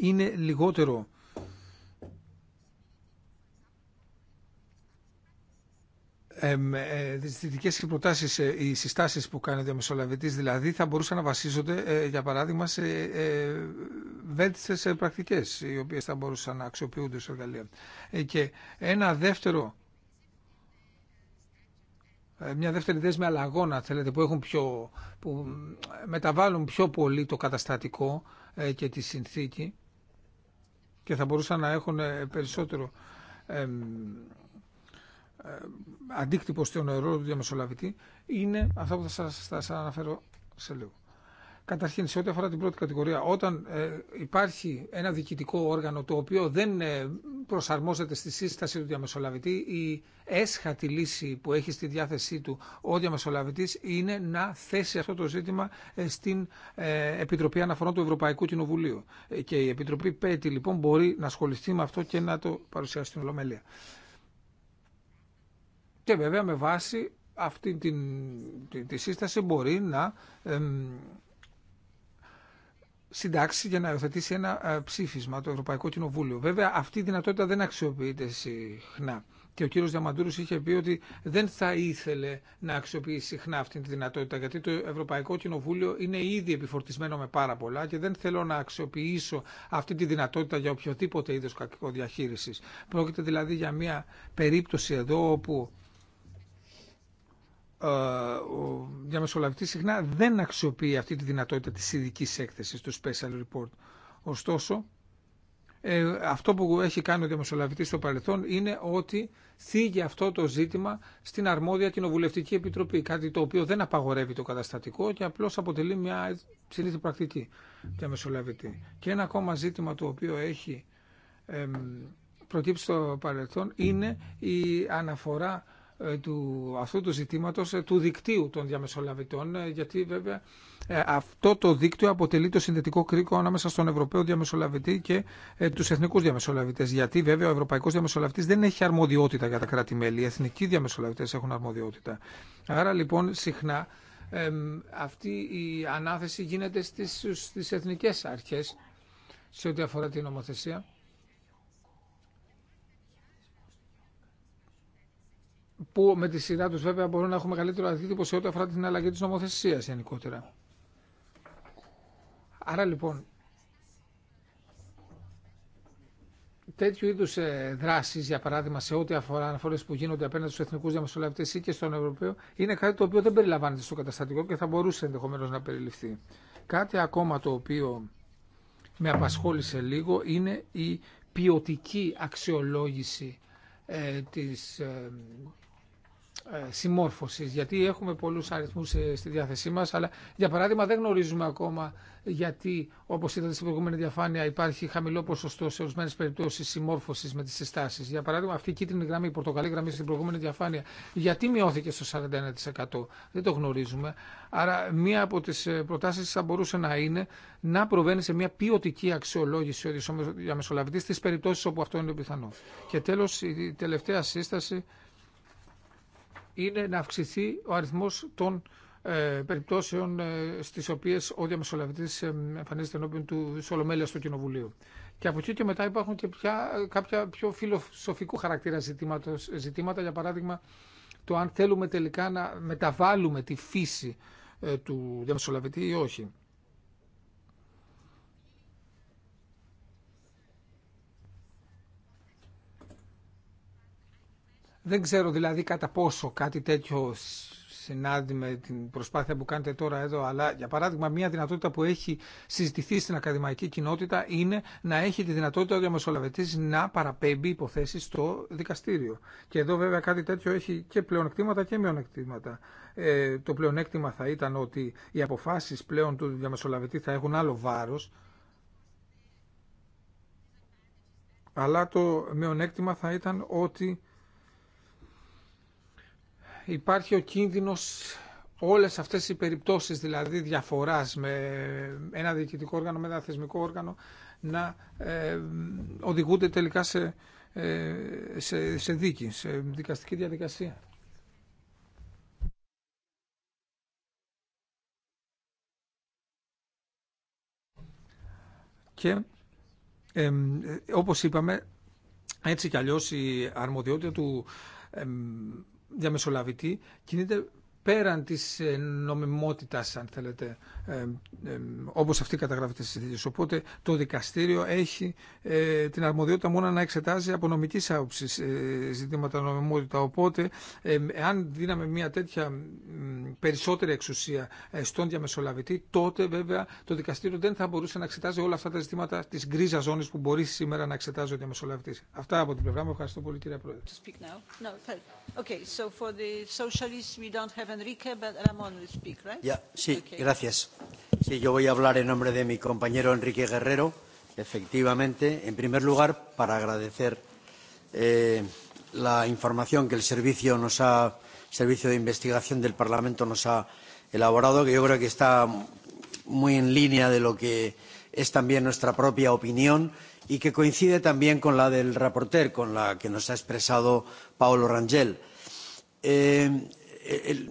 είναι λιγότερο Ε, τις δυτικές προτάσεις, ε, οι συστάσεις που κάνει ο Μεσολαβητής δηλαδή θα μπορούσαν να βασίζονται ε, για παράδειγμα σε βέλτιστες πρακτικέ, οι οποίες θα μπορούσαν να αξιοποιούνται στο εργαλείο. Και ένα δεύτερο μια δεύτερη δέσμη αλλαγών, θέλετε, που, έχουν πιο, που μεταβάλλουν πιο πολύ το καταστατικό και τη συνθήκη και θα μπορούσαν να έχουν περισσότερο ε, αντίκτυπο στον νερό του διαμεσολαβητή είναι αυτά που θα σας, σας αναφέρω σε λίγο. Καταρχήν, σε ό,τι αφορά την πρώτη κατηγορία, όταν ε, υπάρχει ένα διοικητικό όργανο το οποίο δεν ε, προσαρμόζεται στη σύσταση του διαμεσολαβητή, η έσχατη λύση που έχει στη διάθεσή του ο διαμεσολαβητής είναι να θέσει αυτό το ζήτημα στην Επιτροπή Αναφορών του Ευρωπαϊκού Κοινοβουλίου. Και η Επιτροπή ΠΕΤΗ λοιπόν μπορεί να ασχοληθεί με αυτό και να το παρουσιάσει στην Ολομέλεια. Και βέβαια με βάση αυτή την, τη, σύσταση μπορεί να εμ, συντάξει για να υιοθετήσει ένα ε, ψήφισμα το Ευρωπαϊκό Κοινοβούλιο. Βέβαια αυτή η δυνατότητα δεν αξιοποιείται συχνά. Και ο κύριο Διαμαντούρο είχε πει ότι δεν θα ήθελε να αξιοποιήσει συχνά αυτή τη δυνατότητα γιατί το Ευρωπαϊκό Κοινοβούλιο είναι ήδη επιφορτισμένο με πάρα πολλά και δεν θέλω να αξιοποιήσω αυτή τη δυνατότητα για οποιοδήποτε είδο κακοδιαχείρισης. Πρόκειται δηλαδή για μια περίπτωση εδώ όπου ε, ο διαμεσολαβητής συχνά δεν αξιοποιεί αυτή τη δυνατότητα της ειδική έκθεσης του Special Report. Ωστόσο, ε, αυτό που έχει κάνει ο διαμεσολαβητής στο παρελθόν είναι ότι θίγει αυτό το ζήτημα στην αρμόδια κοινοβουλευτική επιτροπή, κάτι το οποίο δεν απαγορεύει το καταστατικό και απλώς αποτελεί μια συνήθεια πρακτική διαμεσολαβητή. Και ένα ακόμα ζήτημα το οποίο έχει ε, προκύψει στο παρελθόν είναι η αναφορά ε, του, αυτού του ζητήματος ε, του δικτύου των διαμεσολαβητών ε, γιατί βέβαια αυτό το δίκτυο αποτελεί το συνδετικό κρίκο ανάμεσα στον Ευρωπαίο Διαμεσολαβητή και τους εθνικούς διαμεσολαβητές γιατί βέβαια ο Ευρωπαϊκό Διαμεσολαβητής δεν έχει αρμοδιότητα για τα κράτη-μέλη οι εθνικοί διαμεσολαβητές έχουν αρμοδιότητα άρα λοιπόν συχνά αυτή η ανάθεση γίνεται στι εθνικέ αρχέ σε ό,τι αφορά την νομοθεσία που με τη σειρά του βέβαια μπορούν να έχουν μεγαλύτερο αντίτυπο σε ό,τι αφορά την αλλαγή τη νομοθεσία γενικότερα. Άρα λοιπόν, τέτοιου είδου ε, δράσει, για παράδειγμα, σε ό,τι αφορά αναφορέ που γίνονται απέναντι στου εθνικού διαμεσολαβητέ ή και στον Ευρωπαίο, είναι κάτι το οποίο δεν περιλαμβάνεται στο καταστατικό και θα μπορούσε ενδεχομένω να περιληφθεί. Κάτι ακόμα το οποίο με απασχόλησε λίγο είναι η ποιοτική αξιολόγηση ε, τη. Ε, ε, συμμόρφωση, γιατί έχουμε πολλούς αριθμούς ε, στη διάθεσή μα, αλλά για παράδειγμα δεν γνωρίζουμε ακόμα γιατί, όπω είδατε στην προηγούμενη διαφάνεια, υπάρχει χαμηλό ποσοστό σε ορισμένε περιπτώσει συμμόρφωση με τι συστάσει. Για παράδειγμα, αυτή η κίτρινη γραμμή, η πορτοκαλή γραμμή στην προηγούμενη διαφάνεια, γιατί μειώθηκε στο 41%. Δεν το γνωρίζουμε. Άρα, μία από τι ε, προτάσει θα μπορούσε να είναι να προβαίνει σε μια ποιοτική αξιολόγηση ο διαμεσολαβητή στι περιπτώσει όπου αυτό είναι πιθανό. Και τέλο, η τελευταία σύσταση είναι να αυξηθεί ο αριθμός των ε, περιπτώσεων ε, στις οποίες ο διαμεσολαβητής ε, εμφανίζεται ενώπιον του Σολομέλεια στο Κοινοβουλίου. Και από εκεί και μετά υπάρχουν και πια, κάποια πιο φιλοσοφικού χαρακτήρα ζητήματα, για παράδειγμα το αν θέλουμε τελικά να μεταβάλουμε τη φύση του διαμεσολαβητή ή όχι. Δεν ξέρω δηλαδή κατά πόσο κάτι τέτοιο συνάδει με την προσπάθεια που κάνετε τώρα εδώ, αλλά για παράδειγμα μια δυνατότητα που έχει συζητηθεί στην ακαδημαϊκή κοινότητα είναι να έχει τη δυνατότητα ο διαμεσολαβητής να παραπέμπει υποθέσει στο δικαστήριο. Και εδώ βέβαια κάτι τέτοιο έχει και πλεονεκτήματα και μειονεκτήματα. Ε, το πλεονέκτημα θα ήταν ότι οι αποφάσεις πλέον του διαμεσολαβητή θα έχουν άλλο βάρος, αλλά το μειονέκτημα θα ήταν ότι υπάρχει ο κίνδυνος όλες αυτές οι περιπτώσεις δηλαδή διαφοράς με ένα διοικητικό όργανο, με ένα θεσμικό όργανο να ε, οδηγούνται τελικά ε, σε, σε, δίκη, σε δικαστική διαδικασία. Και ε, όπως είπαμε, έτσι κι αλλιώς η αρμοδιότητα του διαμεσολαβητή κινείται πέραν της ε, νομιμότητας, αν θέλετε, ε, ε, όπως αυτή καταγράφεται στις συνθήκες. Οπότε το δικαστήριο έχει την αρμοδιότητα μόνο να εξετάζει από νομική άποψη ζητήματα νομιμότητα. Οπότε, αν δίναμε μια τέτοια περισσότερη εξουσία στον διαμεσολαβητή, τότε βέβαια το δικαστήριο δεν θα μπορούσε να εξετάζει όλα αυτά τα ζητήματα της γκρίζα ζώνης που μπορεί σήμερα να εξετάζει ο διαμεσολαβητής. Αυτά από την πλευρά μου. Ευχαριστώ πολύ, κύριε Πρόεδρε. Enrique, sí, gracias. Sí, yo voy a hablar en nombre de mi compañero Enrique Guerrero. Efectivamente, en primer lugar, para agradecer la información que el servicio nos ha servicio de investigación del Parlamento nos ha elaborado, que yo creo que está muy en línea de lo que es también nuestra propia opinión y que coincide también con la del reporter, con la que nos ha expresado Paolo Rangel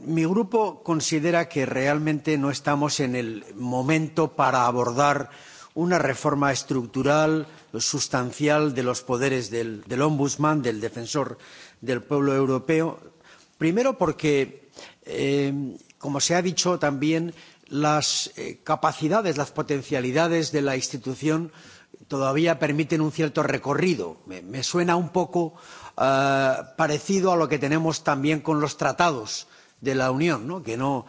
mi grupo considera que realmente no estamos en el momento para abordar una reforma estructural sustancial de los poderes del ombudsman del defensor del pueblo europeo primero porque como se ha dicho también las capacidades las potencialidades de la institución todavía permiten un cierto recorrido me suena un poco parecido a lo que tenemos también con los tratados de la Unión, que no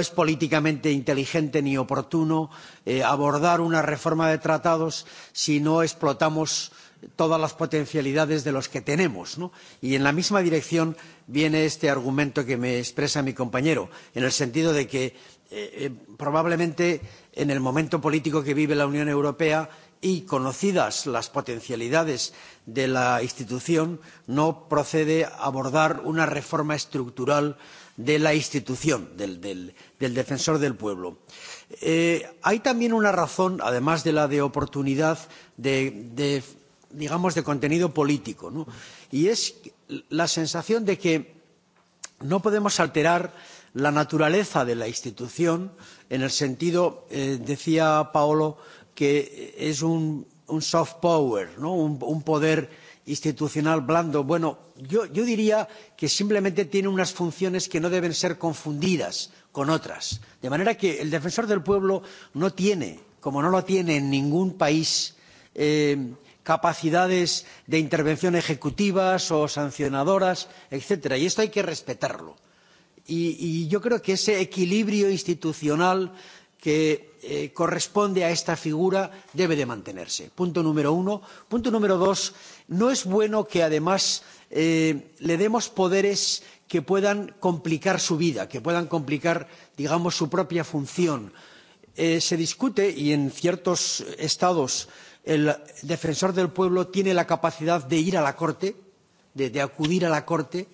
es políticamente inteligente ni oportuno abordar una reforma de tratados si no explotamos todas las potencialidades de los que tenemos. Y en la misma dirección viene este argumento que me expresa mi compañero, en el sentido de que probablemente en el momento político que vive la Unión Europea y conocidas las potencialidades de la institución, no procede abordar una reforma estructural de la institución, del defensor del pueblo. Hay también una razón, además de la de oportunidad, de digamos de contenido político, y es la sensación de que no podemos alterar la naturaleza de la institución en el sentido, decía Paolo, que es un soft power, ¿no? un poder institucional blando. Bueno, yo yo diría que simplemente tiene unas funciones que no deben ser confundidas con otras. De manera que el defensor del pueblo no tiene, como no lo tiene en ningún país, capacidades de intervención ejecutivas o sancionadoras, etcétera Y esto hay que respetarlo. Y yo creo que ese equilibrio institucional que corresponde a esta figura debe de mantenerse. Punto número uno. Punto número dos. No es bueno que además le demos poderes que puedan complicar su vida, que puedan complicar, digamos, su propia función. se discute y en ciertos estados el defensor del pueblo tiene la capacidad de ir a la corte, de, acudir a la corte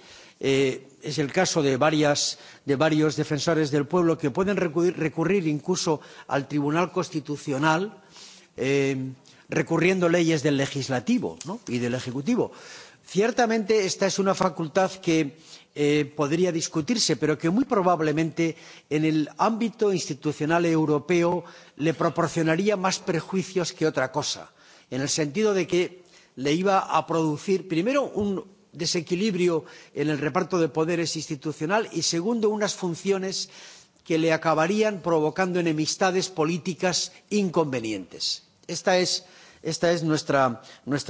es el caso de varios defensores del pueblo que pueden recurrir incluso al tribunal constitucional recurriendo leyes del legislativo y del ejecutivo. ciertamente esta es una facultad que podría discutirse pero que muy probablemente en el ámbito institucional europeo le proporcionaría más perjuicios que otra cosa en el sentido de que le iba a producir primero un desequilibrio en el reparto de poderes institucional y segundo unas funciones que le acabarían provocando enemistades políticas inconvenientes. esta es nuestra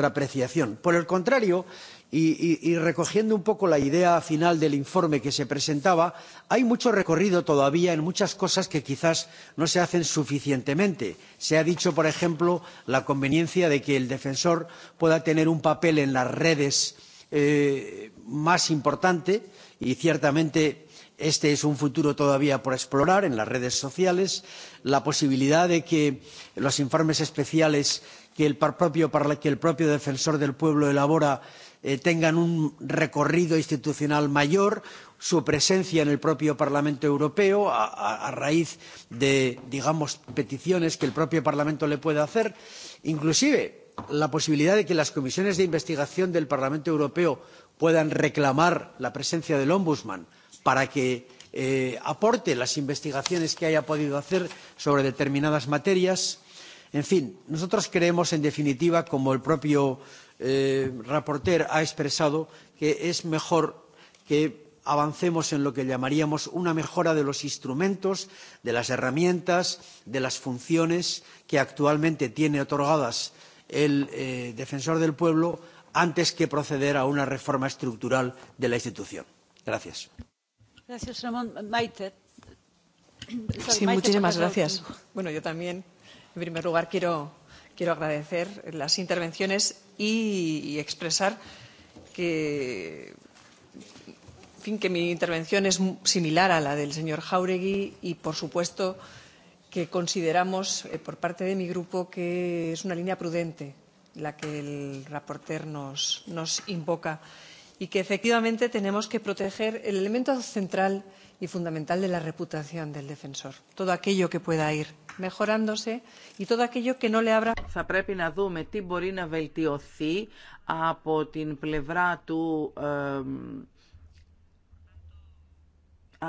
apreciación. por el contrario y recogiendo un poco la idea final del informe que se presentaba hay mucho recorrido todavía en muchas cosas que quizás no se hacen suficientemente. se ha dicho por ejemplo la conveniencia de que el defensor pueda tener un papel en las redes más importante y ciertamente este es un futuro todavía por explorar en las redes sociales la posibilidad de que los informes especiales que el propio defensor del pueblo elabora tengan un recorrido institucional mayor su presencia en el propio parlamento europeo a raíz de digamos peticiones que el propio parlamento le pueda hacer inclusive la posibilidad de que las comisiones de investigación del Parlamento Europeo puedan reclamar la presencia del Ombudsman para que aporte las investigaciones que haya podido hacer sobre determinadas materias. En fin, nosotros creemos, en definitiva, como el propio reporter ha expresado, que es mejor que avancemos en lo que llamaríamos una mejora de los instrumentos, de las herramientas, de las funciones que actualmente tiene otorgadas el defensor del pueblo antes que proceder a una reforma estructural de la institución. Gracias. Gracias, Ramón. Maite. Sí, muchísimas gracias. Bueno, yo también, en primer lugar, quiero, quiero agradecer las intervenciones y, expresar que fin, que mi intervención es similar a la del señor Jauregui y, por supuesto, que consideramos por parte de mi grupo que es una línea prudente la que el reporter nos invoca y que efectivamente tenemos que proteger el elemento central y fundamental de la reputación del defensor. Todo aquello que pueda ir mejorándose y todo aquello que no le abra. Θα πρέπει να δούμε τι μπορεί να βελτιωθεί από την πλευρά του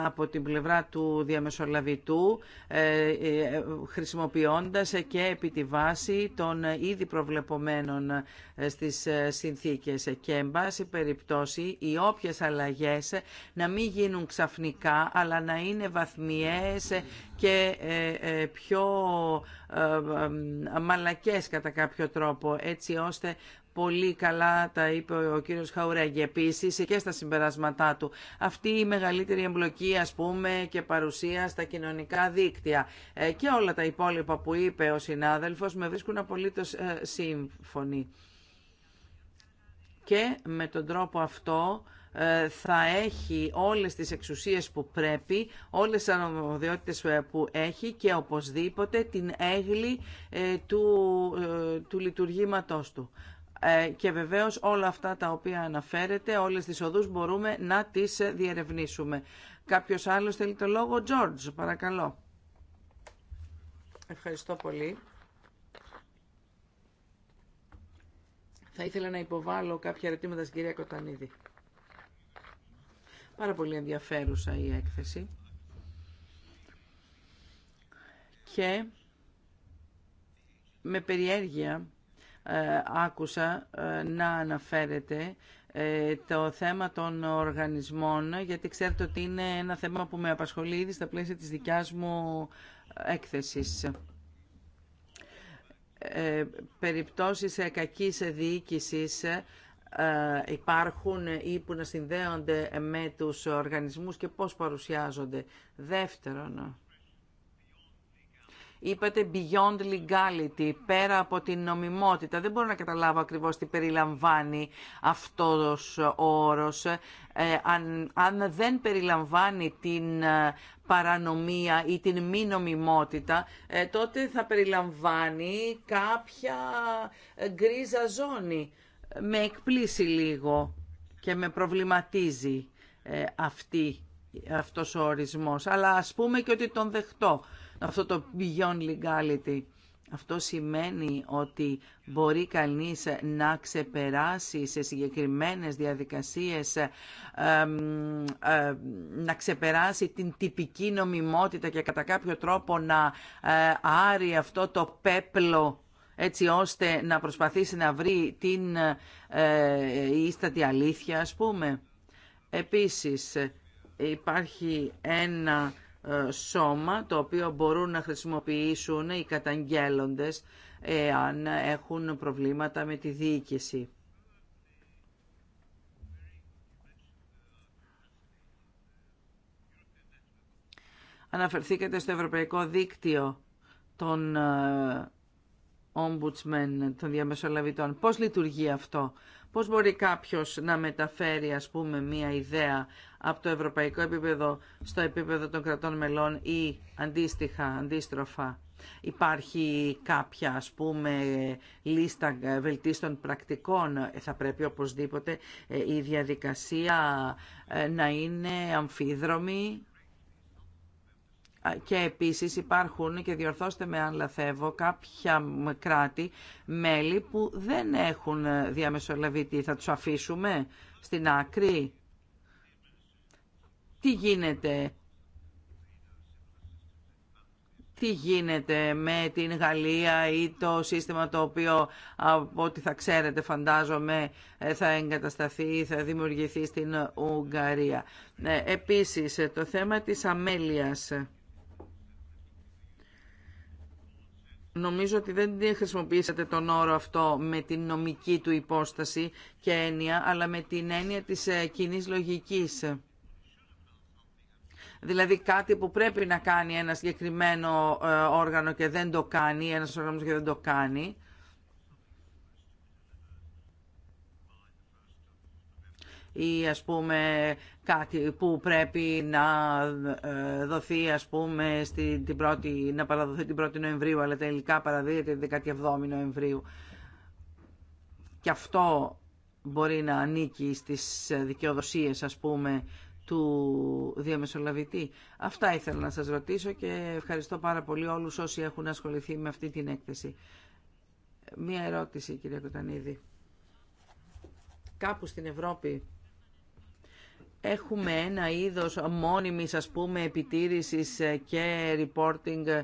από την πλευρά του διαμεσολαβητού ε, ε, χρησιμοποιώντας και επί τη βάση των ήδη προβλεπομένων ε, στις συνθήκες και εν πάση περιπτώσει οι όποιες αλλαγές να μην γίνουν ξαφνικά αλλά να είναι βαθμιές και πιο μαλακές κατά κάποιο τρόπο έτσι ώστε πολύ καλά τα είπε ο κύριος Χαουρέγγι επίση και στα συμπεράσματά του. Αυτή η μεγαλύτερη εμπλοκή ας πούμε και παρουσία στα κοινωνικά δίκτυα ε, και όλα τα υπόλοιπα που είπε ο συνάδελφος με βρίσκουν απολύτως ε, σύμφωνοι. Και με τον τρόπο αυτό ε, θα έχει όλες τις εξουσίες που πρέπει, όλες τις αρμοδιότητες ε, που έχει και οπωσδήποτε την έγλη του, του λειτουργήματός του. Ε, και βεβαίως όλα αυτά τα οποία αναφέρετε, όλες τις οδούς μπορούμε να τις ε, διερευνήσουμε. Κάποιος άλλος θέλει το λόγο, Τζόρτζ, παρακαλώ. Ευχαριστώ πολύ. Θα ήθελα να υποβάλω κάποια ερωτήματα στην κυρία Κοτανίδη. Πάρα πολύ ενδιαφέρουσα η έκθεση. Και με περιέργεια ε, άκουσα ε, να αναφέρεται ε, το θέμα των οργανισμών, γιατί ξέρετε ότι είναι ένα θέμα που με απασχολεί ήδη στα πλαίσια της δικιάς μου έκθεσης. Περιπτώσεις κακής διοίκησης υπάρχουν ή που να συνδέονται με τους οργανισμούς και πώς παρουσιάζονται. Δεύτερον, Είπατε beyond legality, πέρα από την νομιμότητα. Δεν μπορώ να καταλάβω ακριβώς τι περιλαμβάνει αυτός ο όρος. Ε, αν, αν δεν περιλαμβάνει την ε, παρανομία ή την μη νομιμότητα, ε, τότε θα περιλαμβάνει κάποια γκρίζα ζώνη. Με εκπλήσει λίγο και με προβληματίζει αυτή, αυτός ο ορισμός. Αλλά ας πούμε και ότι τον δεχτώ αυτό το beyond legality. Αυτό σημαίνει ότι μπορεί κανείς να ξεπεράσει σε συγκεκριμένες διαδικασίες, να ξεπεράσει την τυπική νομιμότητα και κατά κάποιο τρόπο να ε, άρει αυτό το πέπλο έτσι ώστε να προσπαθήσει να βρει την ε, ίστατη αλήθεια, ας πούμε. Επίσης, υπάρχει ένα ε, σώμα το οποίο μπορούν να χρησιμοποιήσουν οι καταγγέλλοντες εάν έχουν προβλήματα με τη διοίκηση. Αναφερθήκατε στο Ευρωπαϊκό Δίκτυο των Ομπουτσμέν ε, των διαμεσολαβητών. Πώς λειτουργεί αυτό, Πώς μπορεί κάποιος να μεταφέρει, ας πούμε, μία ιδέα από το ευρωπαϊκό επίπεδο στο επίπεδο των κρατών μελών ή αντίστοιχα, αντίστροφα. Υπάρχει κάποια, ας πούμε, λίστα βελτίστων πρακτικών. Ε, θα πρέπει οπωσδήποτε ε, η διαδικασία ε, να είναι αμφίδρομη και επίσης υπάρχουν και διορθώστε με αν λαθεύω κάποια κράτη μέλη που δεν έχουν ε, διαμεσολαβητή. Θα τους αφήσουμε στην άκρη. Τι γίνεται τι γίνεται με την Γαλλία ή το σύστημα το οποίο από ό,τι θα ξέρετε φαντάζομαι ε, θα εγκατασταθεί ή θα δημιουργηθεί στην Ουγγαρία. Ε, επίσης το θέμα της αμέλειας. Νομίζω ότι δεν χρησιμοποιήσατε τον όρο αυτό με την νομική του υπόσταση και έννοια, αλλά με την έννοια της ε, κοινή λογικής. Δηλαδή κάτι που πρέπει να κάνει ένα συγκεκριμένο ε, όργανο και δεν το κάνει, ένας οργανός και δεν το κάνει, ή ας πούμε κάτι που πρέπει να ε, δοθεί ας πούμε στην, την πρώτη, να παραδοθεί την 1η Νοεμβρίου αλλά τελικά παραδίδεται την 17η Νοεμβρίου. Και αυτό μπορεί να ανήκει στις δικαιοδοσίες ας πούμε του διαμεσολαβητή. Αυτά ήθελα να σας ρωτήσω και ευχαριστώ πάρα πολύ όλους όσοι έχουν ασχοληθεί με αυτή την έκθεση. Μία ερώτηση, κυρία Κοτανίδη. Κάπου στην Ευρώπη έχουμε ένα είδος μόνιμης ας πούμε επιτήρησης και reporting ε,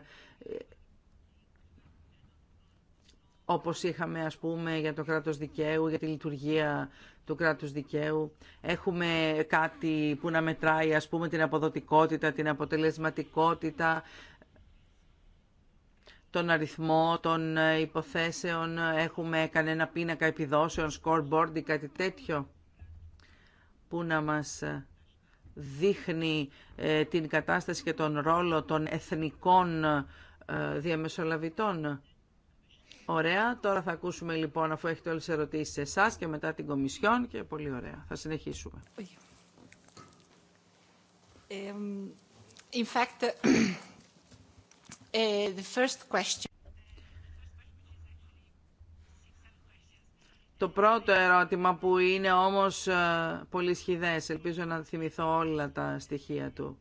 όπως είχαμε ας πούμε για το κράτος δικαίου, για τη λειτουργία του κράτους δικαίου. Έχουμε κάτι που να μετράει ας πούμε την αποδοτικότητα, την αποτελεσματικότητα, τον αριθμό των ε, υποθέσεων, έχουμε κανένα πίνακα επιδόσεων, scoreboard ή κάτι τέτοιο που να μας ε, δείχνει ε, την κατάσταση και τον ρόλο των εθνικών ε, διαμεσολαβητών. Ωραία. Τώρα θα ακούσουμε λοιπόν, αφού έχετε όλες τις ερωτήσεις σε εσάς και μετά την Κομισιόν και πολύ ωραία. Θα συνεχίσουμε. In fact, the first question... Το πρώτο ερώτημα που είναι όμως ε, πολύ σχηδές, ελπίζω να θυμηθώ όλα τα στοιχεία του.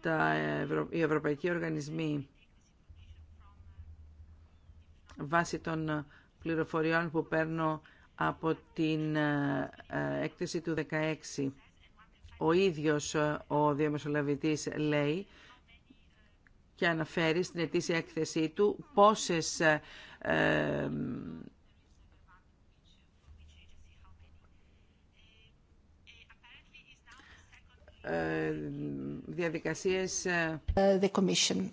Τα ε, ευρω... Οι ευρωπαϊκοί οργανισμοί βάσει των πληροφοριών που παίρνω από την ε, έκθεση του 16. Ο ίδιος ο διαμεσολαβητής λέει και αναφέρει στην ετήσια έκθεσή του πόσες Ε, διαδικασίες ε, ε, the commission.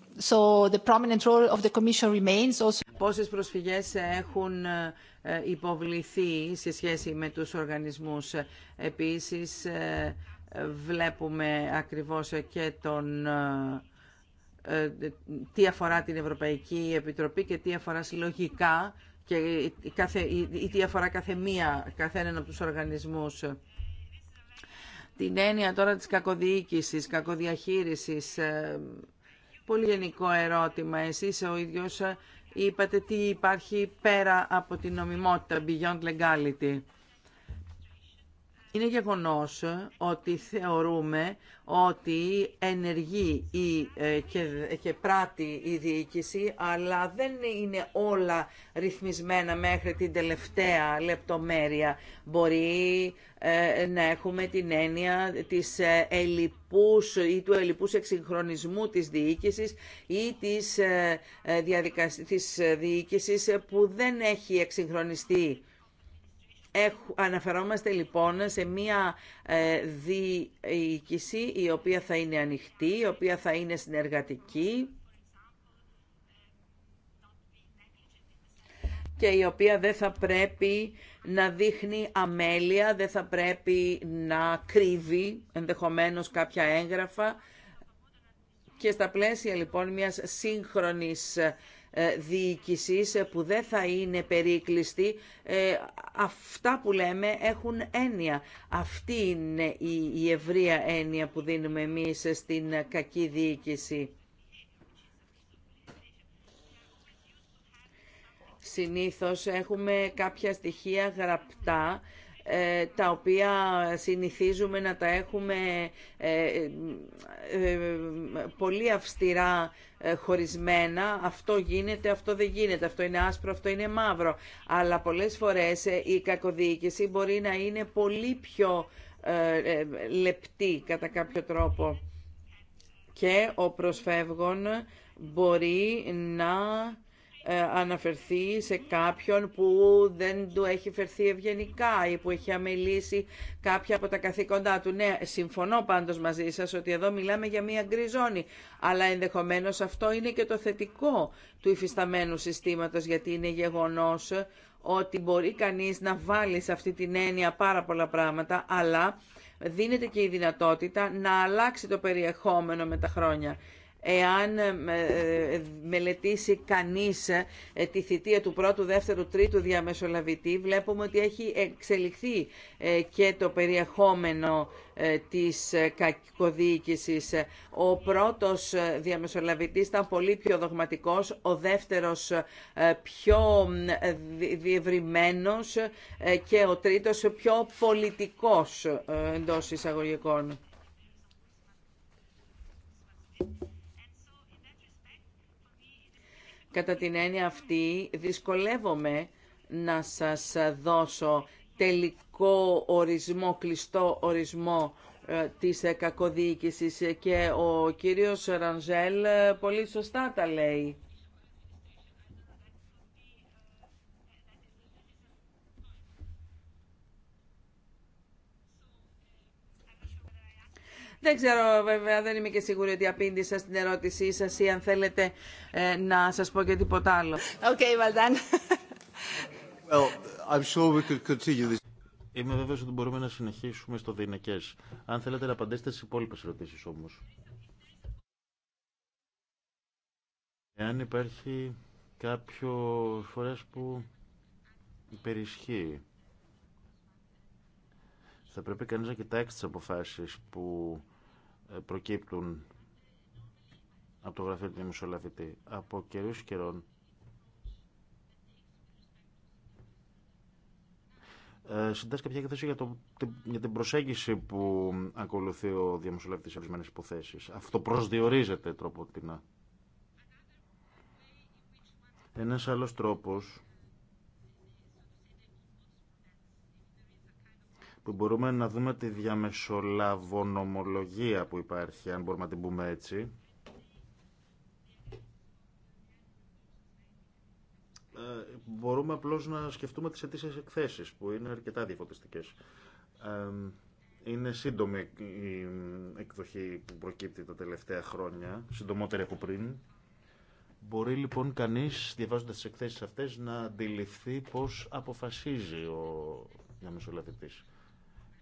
Πόσες προσφυγές έχουν υποβληθεί σε σχέση με τους οργανισμούς. Επίσης βλέπουμε ακριβώς και τον τι αφορά την Ευρωπαϊκή Επιτροπή και τι αφορά συλλογικά και ή τι αφορά κάθε μία, καθέναν από τους οργανισμούς την έννοια τώρα της κακοδιοίκησης, κακοδιαχείρισης, ε, πολύ γενικό ερώτημα. Εσείς ο ίδιος ε, είπατε τι υπάρχει πέρα από την νομιμότητα, beyond legality. Είναι γεγονός ότι θεωρούμε ότι ενεργεί η, ε, και, πράττει η διοίκηση, αλλά δεν είναι όλα ρυθμισμένα μέχρι την τελευταία λεπτομέρεια. Μπορεί ε, να έχουμε την έννοια της ε, ελιπούς ή του ελιπούς εξυγχρονισμού της διοίκησης ή της, ε, της διοίκησης που δεν έχει εξυγχρονιστεί Αναφερόμαστε λοιπόν σε μία ε, διοίκηση η οποία θα είναι ανοιχτή, η οποία θα είναι συνεργατική και η οποία δεν θα πρέπει να δείχνει αμέλεια, δεν θα πρέπει να κρύβει ενδεχομένως κάποια έγγραφα και στα πλαίσια λοιπόν μιας σύγχρονης ε, διοίκησης ε, που δεν θα είναι περίκλειστη, ε, αυτά που λέμε έχουν έννοια. Αυτή είναι η ευρεία έννοια που δίνουμε εμείς στην κακή διοίκηση. Συνήθως έχουμε κάποια στοιχεία γραπτά ε, τα οποία συνηθίζουμε να τα έχουμε ε, ε, πολύ αυστηρά χωρισμένα. Αυτό γίνεται, αυτό δεν γίνεται, αυτό είναι άσπρο, αυτό είναι μαύρο. Αλλά πολλές φορές η κακοδιοίκηση μπορεί να είναι πολύ πιο λεπτή κατά κάποιο τρόπο και ο προσφεύγων μπορεί να ε, αναφερθεί σε κάποιον που δεν του έχει φερθεί ευγενικά ή που έχει αμελήσει κάποια από τα καθήκοντά του. Ναι, συμφωνώ πάντως μαζί σας ότι εδώ μιλάμε για μία γκριζόνη, αλλά ενδεχομένως αυτό είναι και το θετικό του υφισταμένου συστήματος, γιατί είναι γεγονός ότι μπορεί κανείς να βάλει σε αυτή την έννοια πάρα πολλά πράγματα, αλλά δίνεται και η δυνατότητα να αλλάξει το περιεχόμενο με τα χρόνια εάν ε, ε, μελετήσει κανείς ε, τη θητεία του πρώτου, δεύτερου, τρίτου διαμεσολαβητή, βλέπουμε ότι έχει εξελιχθεί και το περιεχόμενο της κακοδιοίκησης. Ο πρώτος διαμεσολαβητής ήταν πολύ πιο δογματικός, ο δεύτερος πιο διευρυμένος και ο τρίτος πιο πολιτικός εντός εισαγωγικών. Κατά την έννοια αυτή δυσκολεύομαι να σας δώσω τελικό ορισμό, κλειστό ορισμό ε, της ε, κακοδιοίκησης και ο κύριος Ρανζέλ ε, πολύ σωστά τα λέει. Δεν ξέρω βέβαια, δεν είμαι και σίγουρη ότι απήντησα στην ερώτησή σας ή αν θέλετε ε, να σας πω και τίποτα άλλο. Είμαι βέβαιο ότι μπορούμε να συνεχίσουμε στο Δινεκέ. Αν θέλετε να απαντήσετε στι υπόλοιπε ερωτήσει όμω. Εάν υπάρχει κάποιο φορέ που υπερισχύει, θα πρέπει κανείς να κοιτάξει τις αποφάσεις που προκύπτουν από το γραφείο του Δημοσιολαβητή. Από καιρού καιρών ε, συντάσσει κάποια έκθεση για, για την προσέγγιση που ακολουθεί ο διαμεσολαβητής σε υποθέσει. Αυτό προσδιορίζεται τρόπο τινά Ένας άλλος τρόπος μπορούμε να δούμε τη διαμεσολαβονομολογία που υπάρχει, αν μπορούμε να την πούμε έτσι, ε, μπορούμε απλώς να σκεφτούμε τις αιτήσεις εκθέσεις, που είναι αρκετά διαφωτιστικές. Ε, είναι σύντομη η εκδοχή που προκύπτει τα τελευταία χρόνια, συντομότερη από πριν. Μπορεί λοιπόν κανείς, διαβάζοντας τις εκθέσεις αυτές, να αντιληφθεί πώς αποφασίζει ο διαμεσολαβητής.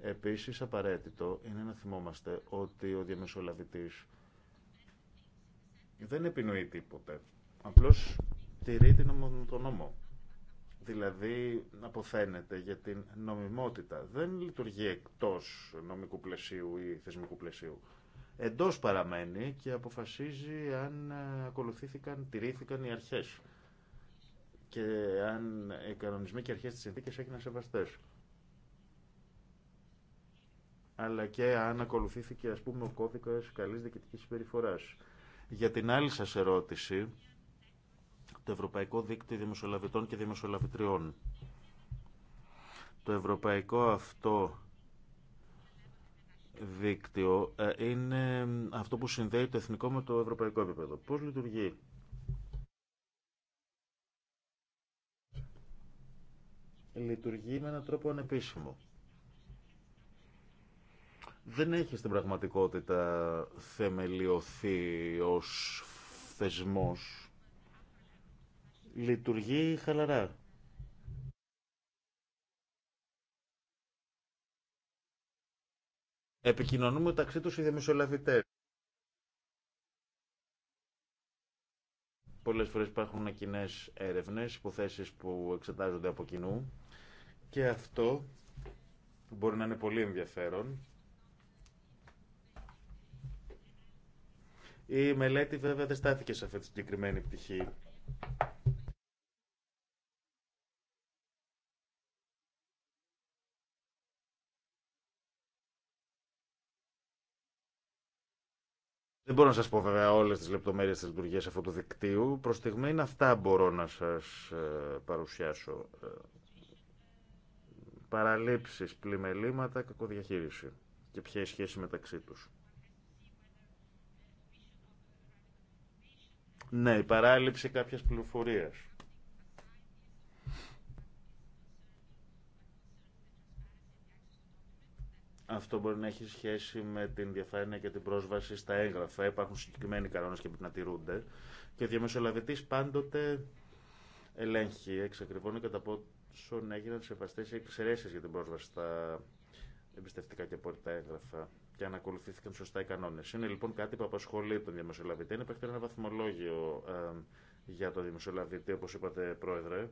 Επίσης απαραίτητο είναι να θυμόμαστε ότι ο διαμεσολαβητής δεν επινοεί τίποτε. Απλώς τηρεί τον νόμο. Δηλαδή αποφαίνεται για την νομιμότητα. Δεν λειτουργεί εκτός νομικού πλαισίου ή θεσμικού πλαισίου. Εντός παραμένει και αποφασίζει αν ε, ακολουθήθηκαν, τηρήθηκαν οι αρχές. Και αν οι κανονισμοί και αρχέ αρχές της έγιναν σεβαστές αλλά και αν ακολουθήθηκε ας πούμε ο κώδικας καλής διοικητικής συμπεριφορά. Για την άλλη σας ερώτηση, το Ευρωπαϊκό Δίκτυο Δημοσιολαβητών και Δημοσιολαβητριών. Το ευρωπαϊκό αυτό δίκτυο ε, είναι αυτό που συνδέει το εθνικό με το ευρωπαϊκό επίπεδο. Πώς λειτουργεί. Λειτουργεί με έναν τρόπο ανεπίσημο δεν έχει στην πραγματικότητα θεμελιωθεί ως θεσμός. Λειτουργεί χαλαρά. Επικοινωνούμε μεταξύ τους οι δημοσιολαβητές. Πολλές φορές υπάρχουν κοινέ έρευνες, υποθέσεις που εξετάζονται από κοινού και αυτό μπορεί να είναι πολύ ενδιαφέρον Η μελέτη βέβαια δεν στάθηκε σε αυτή τη συγκεκριμένη πτυχή. Δεν μπορώ να σας πω βέβαια όλες τις λεπτομέρειες της λειτουργίας αυτού του δικτύου. Προς στιγμή είναι αυτά μπορώ να σας ε, παρουσιάσω. Ε, παραλήψεις, πλημελήματα, κακοδιαχείριση και ποια η σχέση μεταξύ τους. Ναι, η παράληψη κάποιας πληροφορίας. Αυτό μπορεί να έχει σχέση με την διαφάνεια και την πρόσβαση στα έγγραφα. Υπάρχουν συγκεκριμένοι κανόνε και πρέπει να τηρούνται. Και ο διαμεσολαβητή πάντοτε ελέγχει, εξακριβώνει κατά πόσο έγιναν σεβαστέ εξαιρέσει για την πρόσβαση στα εμπιστευτικά και απόρριτα έγγραφα και αν ακολουθήθηκαν σωστά οι κανόνε. Είναι λοιπόν κάτι που απασχολεί τον δημοσιολαβητή. Είναι υπάρχει ένα βαθμολόγιο ε, για τον δημοσιολαβητή, όπω είπατε, Πρόεδρε.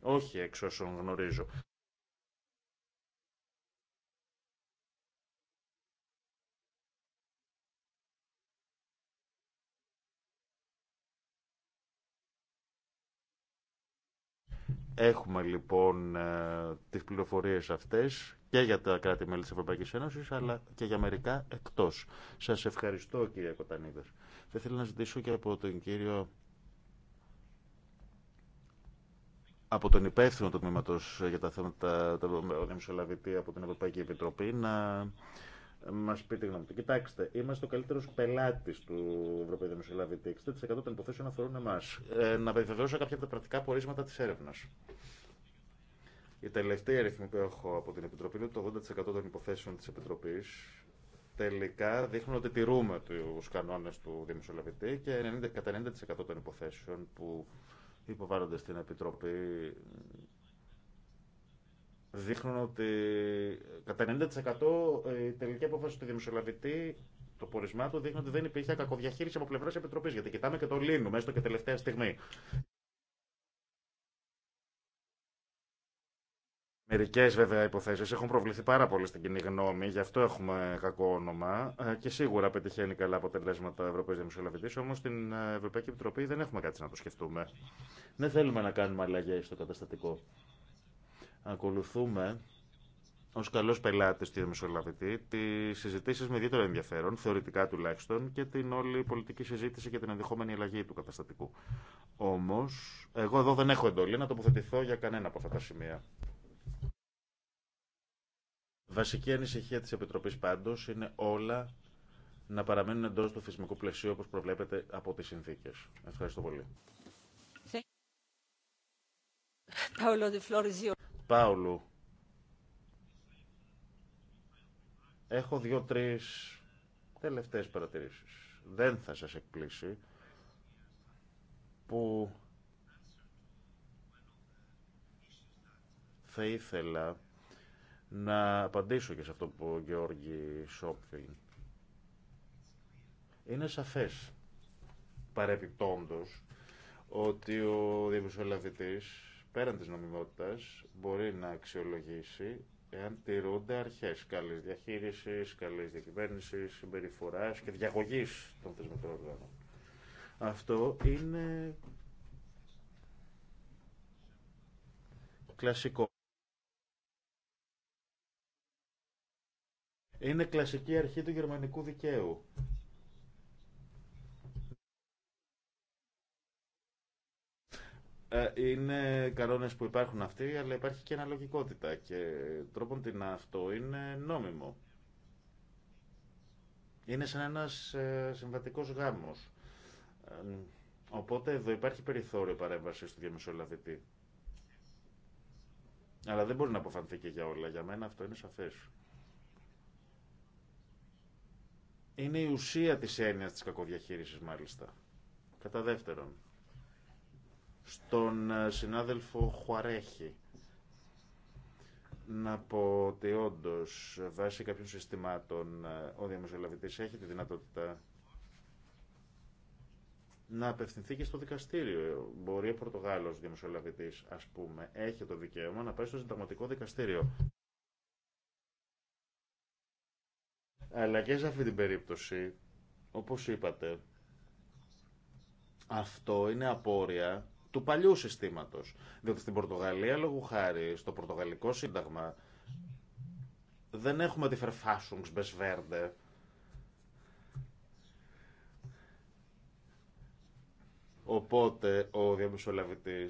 Όχι εξ όσων γνωρίζω. Έχουμε λοιπόν ε, τις πληροφορίες αυτές και για τα κράτη-μέλη της Ευρωπαϊκής Ένωσης, αλλά και για μερικά εκτός. Σας ευχαριστώ κύριε Κοτανίδας. Θα ήθελα να ζητήσω και από τον κύριο από τον υπεύθυνο του τμήματο για τα θέματα, τον μεσολαβητή από την Ευρωπαϊκή Επιτροπή, να μα πει τη γνώμη του. Κοιτάξτε, είμαστε ο καλύτερο πελάτη του Ευρωπαίου Δημοσιολαβητή. 60% των υποθέσεων αφορούν εμά. Ε, να επιβεβαιώσω κάποια από τα πρακτικά πορίσματα τη έρευνα. Η τελευταία αριθμή που έχω από την Επιτροπή είναι ότι το 80% των υποθέσεων τη Επιτροπή τελικά δείχνουν ότι τηρούμε του κανόνε του Δημοσιολαβητή και 90, κατά 90% των υποθέσεων που υποβάλλονται στην Επιτροπή δείχνουν ότι κατά 90% ε, η τελική απόφαση του δημοσιολαβητή, το πορισμά του, δείχνει ότι δεν υπήρχε κακοδιαχείριση από πλευρά Επιτροπή. Γιατί κοιτάμε και το Λίνου, μέσα και τελευταία στιγμή. Μερικέ βέβαια υποθέσει έχουν προβληθεί πάρα πολύ στην κοινή γνώμη, γι' αυτό έχουμε κακό όνομα ε, και σίγουρα πετυχαίνει καλά αποτελέσματα ο Ευρωπαίο Δημοσιολαβητή. Όμω στην ε, Ευρωπαϊκή Επιτροπή δεν έχουμε κάτι να το σκεφτούμε. Δεν θέλουμε να κάνουμε αλλαγέ στο καταστατικό. Ακολουθούμε ως καλός πελάτης τη Μεσολαβητή τις συζητήσεις με ιδιαίτερο ενδιαφέρον, θεωρητικά τουλάχιστον, και την όλη πολιτική συζήτηση για την ενδεχόμενη αλλαγή του καταστατικού. Όμως, εγώ εδώ δεν έχω εντολή να τοποθετηθώ για κανένα από αυτά τα σημεία. Βασική ανησυχία της Επιτροπής πάντως είναι όλα να παραμένουν εντός του θεσμικού πλαισίου όπως προβλέπεται από τις συνθήκες. Ευχαριστώ πολύ παυλου εχω Έχω δύο-τρεις τελευταίες παρατηρήσεις. Δεν θα σας εκπλήσει που θα ήθελα να απαντήσω και σε αυτό που ο Γεώργη Σόπφιν. Είναι σαφές παρεπιπτόντος ότι ο Δημοσιολαβητής πέραν της νομιμότητας μπορεί να αξιολογήσει εάν τηρούνται αρχές καλής διαχείρισης, καλής διακυβέρνησης, συμπεριφοράς και διαγωγής των θεσμικών οργάνων. Αυτό είναι κλασικό. Είναι κλασική αρχή του γερμανικού δικαίου. Ε, είναι κανόνε που υπάρχουν αυτοί, αλλά υπάρχει και αναλογικότητα και τρόπον την αυτό είναι νόμιμο. Είναι σαν ένας ε, συμβατικός γάμος. Ε, οπότε εδώ υπάρχει περιθώριο παρέμβαση του διαμεσολαβητή. Αλλά δεν μπορεί να αποφανθεί και για όλα. Για μένα αυτό είναι σαφές. Είναι η ουσία της έννοιας της κακοδιαχείρισης μάλιστα. Κατά δεύτερον, στον ε, συνάδελφο Χουαρέχη να πω ότι όντω βάσει κάποιων συστημάτων ε, ο διαμεσολαβητής έχει τη δυνατότητα να απευθυνθεί και στο δικαστήριο. Μπορεί ο Πορτογάλος διαμεσολαβητής, ας πούμε, έχει το δικαίωμα να πάει στο συνταγματικό δικαστήριο. Αλλά και σε αυτή την περίπτωση, όπως είπατε, αυτό είναι απόρρια του παλιού συστήματος. Διότι στην Πορτογαλία, λόγω χάρη, στο Πορτογαλικό Σύνταγμα, δεν έχουμε τη Verfassungsbeschwerde, Οπότε ο διαμεσολαβητή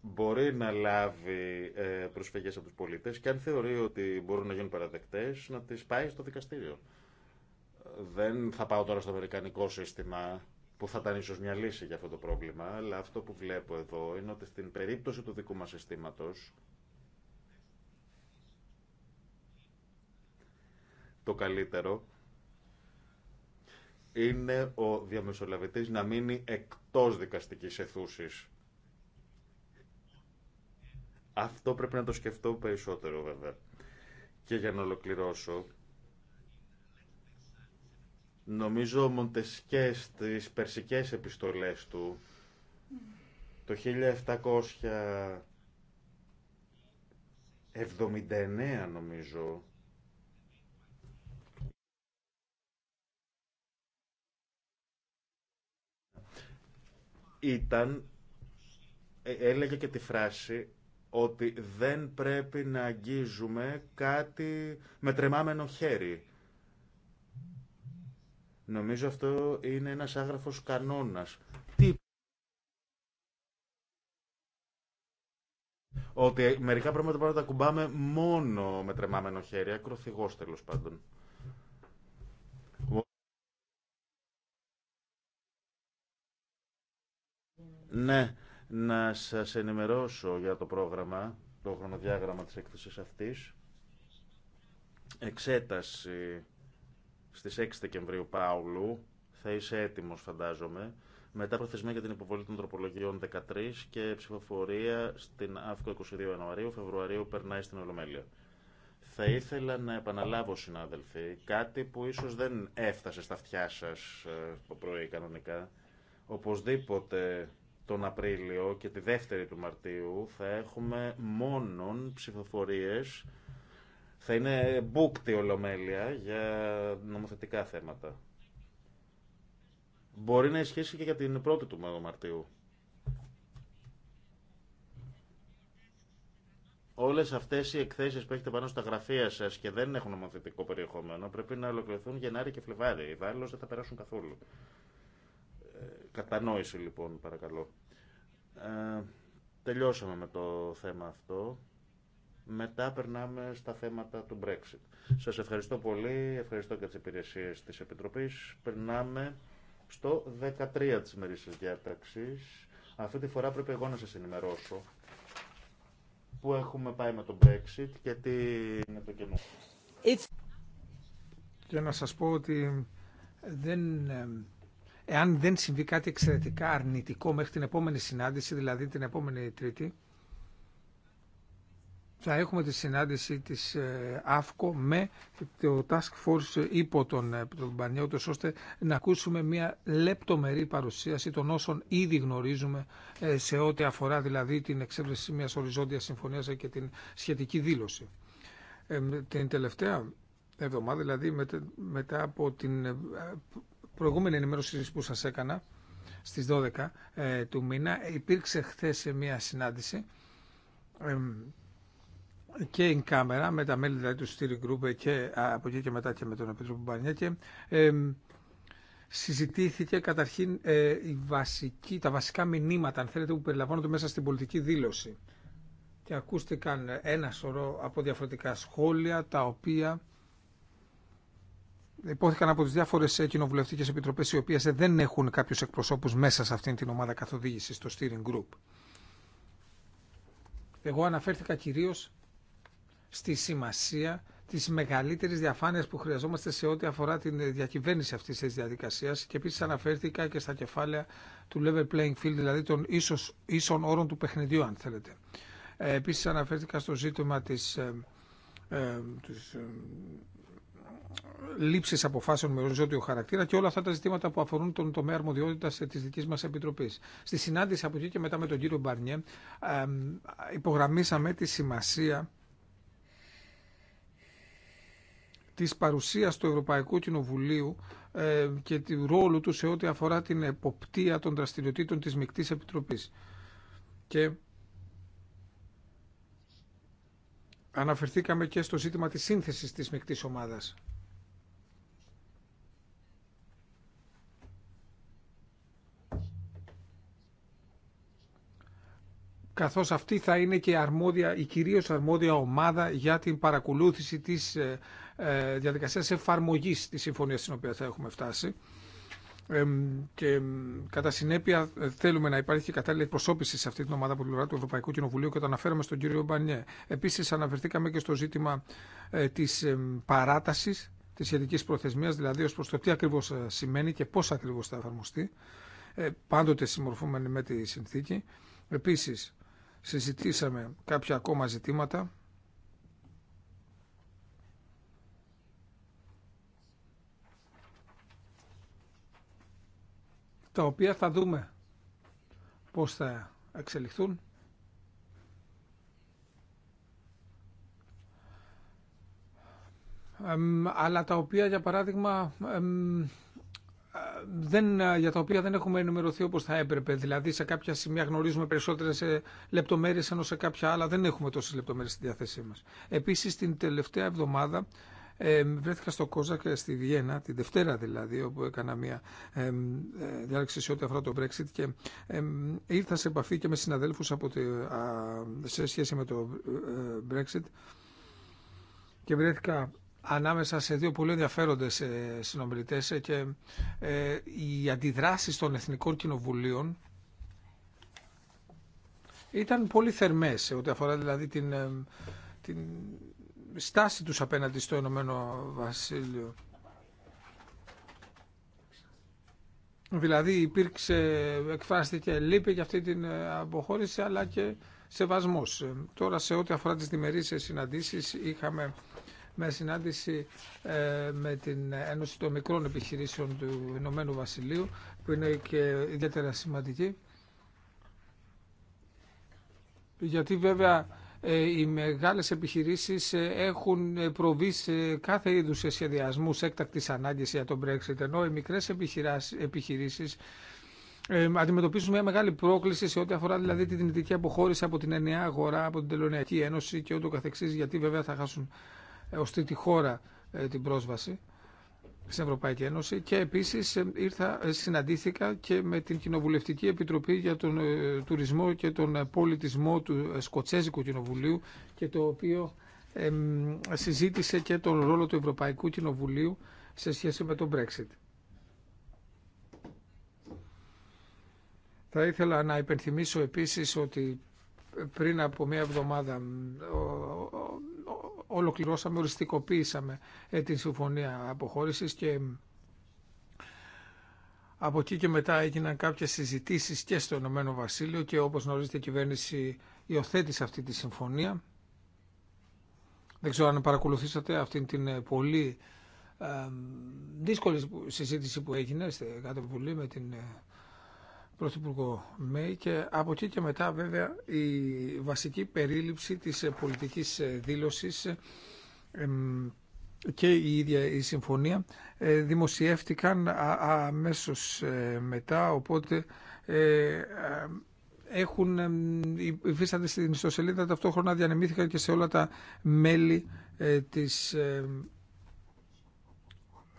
μπορεί να λάβει ε, προσφυγές από του πολίτες και αν θεωρεί ότι μπορούν να γίνουν παραδεκτές να τις πάει στο δικαστήριο. Δεν θα πάω τώρα στο αμερικανικό σύστημα που θα ήταν ίσως μια λύση για αυτό το πρόβλημα, αλλά αυτό που βλέπω εδώ είναι ότι στην περίπτωση του δικού μας συστήματος το καλύτερο είναι ο διαμεσολαβητής να μείνει εκτός δικαστικής αιθούσης. Αυτό πρέπει να το σκεφτώ περισσότερο βέβαια. Και για να ολοκληρώσω, Νομίζω ο Μοντεσκέ στις περσικές επιστολές του το 1779 νομίζω ήταν ε, έλεγε και τη φράση ότι δεν πρέπει να αγγίζουμε κάτι με τρεμάμενο χέρι Νομίζω αυτό είναι ένας άγραφος κανόνας. Τι ότι μερικά πράγματα πρέπει να τα κουμπάμε μόνο με τρεμάμενο χέρι, ακροθυγός τέλος πάντων. Ναι, να σας ενημερώσω για το πρόγραμμα, το χρονοδιάγραμμα της έκθεσης αυτής. Εξέταση στις 6 Δεκεμβρίου Πάουλου. Θα είσαι έτοιμος φαντάζομαι. Μετά προθεσμία για την υποβολή των τροπολογιών 13 και ψηφοφορία στην ΑΦΚΟ 22 Ιανουαρίου, Φεβρουαρίου περνάει στην Ολομέλεια. Θα ήθελα να επαναλάβω, συνάδελφοι, κάτι που ίσως δεν έφτασε στα αυτιά σας ε, το πρωί κανονικά. Οπωσδήποτε τον Απρίλιο και τη δεύτερη του Μαρτίου θα έχουμε μόνον ψηφοφορίες θα είναι μπούκτη ολομέλεια για νομοθετικά θέματα. Μπορεί να ισχύσει και για την πρώτη του Μαρτίου. Όλες αυτές οι εκθέσεις που έχετε πάνω στα γραφεία σας και δεν έχουν νομοθετικό περιεχόμενο πρέπει να ολοκληρωθούν Γενάρη και Φλεβάρι. Οι δεν θα περάσουν καθόλου. Ε, κατανόηση λοιπόν παρακαλώ. Ε, τελειώσαμε με το θέμα αυτό. Μετά περνάμε στα θέματα του Brexit. Σας ευχαριστώ πολύ, ευχαριστώ και τις υπηρεσίες της Επιτροπής. Περνάμε στο 13 της ημερήσιας διάταξης. Αυτή τη φορά πρέπει εγώ να σας ενημερώσω που έχουμε πάει με το Brexit και τι είναι το κενό. Και να σας πω ότι δεν, εάν δεν συμβεί κάτι εξαιρετικά αρνητικό μέχρι την επόμενη συνάντηση, δηλαδή την επόμενη Τρίτη, θα έχουμε τη συνάντηση της ε, ΑΦΚΟ με το Task Force υπό τον ε, Πανιώτο ώστε να ακούσουμε μια λεπτομερή παρουσίαση των όσων ήδη γνωρίζουμε ε, σε ό,τι αφορά δηλαδή την εξέβρεση μιας οριζόντιας συμφωνίας και την σχετική δήλωση. Την τελευταία εβδομάδα, δηλαδή μετά από την προηγούμενη ενημέρωση που σας έκανα, στις 12 του μήνα, υπήρξε χθες μια συνάντηση και in camera με τα μέλη δηλαδή του Steering Group ε, και από εκεί και μετά και με τον Επίτροπο Μπαρνιέκε συζητήθηκε καταρχήν ε, βασική, τα βασικά μηνύματα αν θέλετε που περιλαμβάνονται μέσα στην πολιτική δήλωση και ακούστηκαν ένα σωρό από διαφορετικά σχόλια τα οποία υπόθηκαν από τις διάφορες ε, κοινοβουλευτικές επιτροπές οι οποίες ε, δεν έχουν κάποιους εκπροσώπους μέσα σε αυτήν την ομάδα καθοδήγησης το Steering Group. Εγώ αναφέρθηκα κυρίως στη σημασία τη μεγαλύτερη διαφάνεια που χρειαζόμαστε σε ό,τι αφορά την διακυβέρνηση αυτή τη διαδικασία και επίση αναφέρθηκα και στα κεφάλαια του level playing field, δηλαδή των ίσως, ίσων όρων του παιχνιδιού, αν θέλετε. Ε, επίση αναφέρθηκα στο ζήτημα τη. Ε, ε, της, ε, λήψη αποφάσεων με οριζόντιο χαρακτήρα και όλα αυτά τα ζητήματα που αφορούν τον τομέα αρμοδιότητα ε, τη δική μα Επιτροπή. Στη συνάντηση από εκεί και μετά με τον κύριο Μπαρνιέ, ε, υπογραμμίσαμε τη σημασία της παρουσίας του Ευρωπαϊκού Κοινοβουλίου ε, και του ρόλου του σε ό,τι αφορά την εποπτεία των δραστηριοτήτων της Μικτής Επιτροπής. Και αναφερθήκαμε και στο ζήτημα της σύνθεσης της Μικτής Ομάδας. καθώς αυτή θα είναι και αρμόδια, η κυρίως αρμόδια ομάδα για την παρακολούθηση της ε, ε, διαδικασίας εφαρμογής της συμφωνίας στην οποία θα έχουμε φτάσει και κατά συνέπεια ε, θέλουμε να υπάρχει και κατάλληλη εκπροσώπηση σε αυτή την ομάδα που του Ευρωπαϊκού Κοινοβουλίου και το αναφέραμε στον κύριο Μπανιέ. Επίσης αναφερθήκαμε και στο ζήτημα ε, της παράτασης της σχετικής προθεσμίας, δηλαδή ως προς το τι ακριβώς σημαίνει και πώς ακριβώς θα εφαρμοστεί, πάντοτε συμμορφούμενοι με τη συνθήκη. Επίσης συζητήσαμε κάποια ακόμα ζητήματα τα οποία θα δούμε πώς θα εξελιχθούν. αλλά τα οποία για παράδειγμα δεν, για τα οποία δεν έχουμε ενημερωθεί όπως θα έπρεπε. Δηλαδή σε κάποια σημεία γνωρίζουμε περισσότερες ε, λεπτομέρειες ενώ σε κάποια άλλα δεν έχουμε τόσες λεπτομέρειες στη διάθεσή μας. Επίσης την τελευταία εβδομάδα βρέθηκα στο Κόζακ ε, στη Βιέννα, την Δευτέρα δηλαδή, όπου έκανα μια ε, διάρκεια σε ό,τι αφορά το Brexit και ήρθα σε επαφή και με συναδέλφους από τη, σε σχέση με το ε, Brexit και βρέθηκα ανάμεσα σε δύο πολύ ενδιαφέροντες συνομιλητές και οι αντιδράσεις των Εθνικών Κοινοβουλίων ήταν πολύ θερμές σε ό,τι αφορά δηλαδή την, την στάση τους απέναντι στο Ηνωμένο Βασίλειο. Δηλαδή υπήρξε, εκφράστηκε λύπη για αυτή την ε, αποχώρηση αλλά και σεβασμός. Ε, τώρα σε ό,τι αφορά τις διμερείς συναντήσεις είχαμε με συνάντηση ε, με την Ένωση των Μικρών Επιχειρήσεων του Ηνωμένου Βασιλείου που είναι και ιδιαίτερα σημαντική γιατί βέβαια ε, οι μεγάλες επιχειρήσεις ε, έχουν προβεί σε κάθε είδους σχεδιασμούς έκτακτης ανάγκης για τον Brexit, ενώ οι μικρές επιχειρήσεις ε, αντιμετωπίζουν μια μεγάλη πρόκληση σε ό,τι αφορά δηλαδή την δυνητική αποχώρηση από την ενιαία αγορά, από την Τελωνιακή Ένωση και ούτω καθεξής, γιατί βέβαια θα χάσουν ως τρίτη χώρα την πρόσβαση στην Ευρωπαϊκή Ένωση και επίσης ε, ήρθα, ε, συναντήθηκα και με την Κοινοβουλευτική Επιτροπή για τον ε, Τουρισμό και τον Πολιτισμό του Σκοτσέζικου Κοινοβουλίου και το οποίο συζήτησε και τον ρόλο του Ευρωπαϊκού Κοινοβουλίου σε σχέση με τον Brexit. Θα ήθελα να υπενθυμίσω επίσης ότι πριν από μία εβδομάδα ολοκληρώσαμε, οριστικοποίησαμε ε, την συμφωνία αποχώρησης και από εκεί και μετά έγιναν κάποιες συζητήσεις και στο Ηνωμένο Βασίλειο και όπως γνωρίζετε η κυβέρνηση υιοθέτησε αυτή τη συμφωνία. Δεν ξέρω αν παρακολουθήσατε αυτή την ε, πολύ ε, δύσκολη συζήτηση που έγινε στην Κάτω Βουλή με την Πρωθυπουργό Μέη και από εκεί και μετά βέβαια η βασική περίληψη της ε, πολιτικής ε, δήλωσης και η ίδια η συμφωνία ε, δημοσιεύτηκαν αμέσως μετά οπότε έχουν υφίσταται στην ιστοσελίδα ταυτόχρονα διανεμήθηκαν και σε όλα τα μέλη της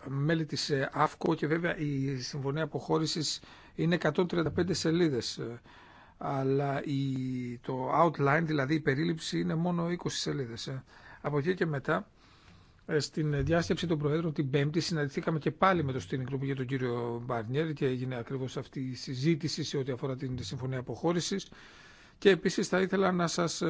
μέλη της ΑΦΚΟ και βέβαια η συμφωνία αποχώρησης είναι 135 σελίδες ε, αλλά το outline, δηλαδή η περίληψη, είναι μόνο 20 σελίδες. Ε. Από εκεί και μετά, ε, στην διάσκεψη των Προέδρων την Πέμπτη, συναντηθήκαμε και πάλι με το Steering Group για τον κύριο Μπαρνιέρ και έγινε ακριβώς αυτή η συζήτηση σε ό,τι αφορά την συμφωνία αποχώρησης. Και επίσης θα ήθελα να σας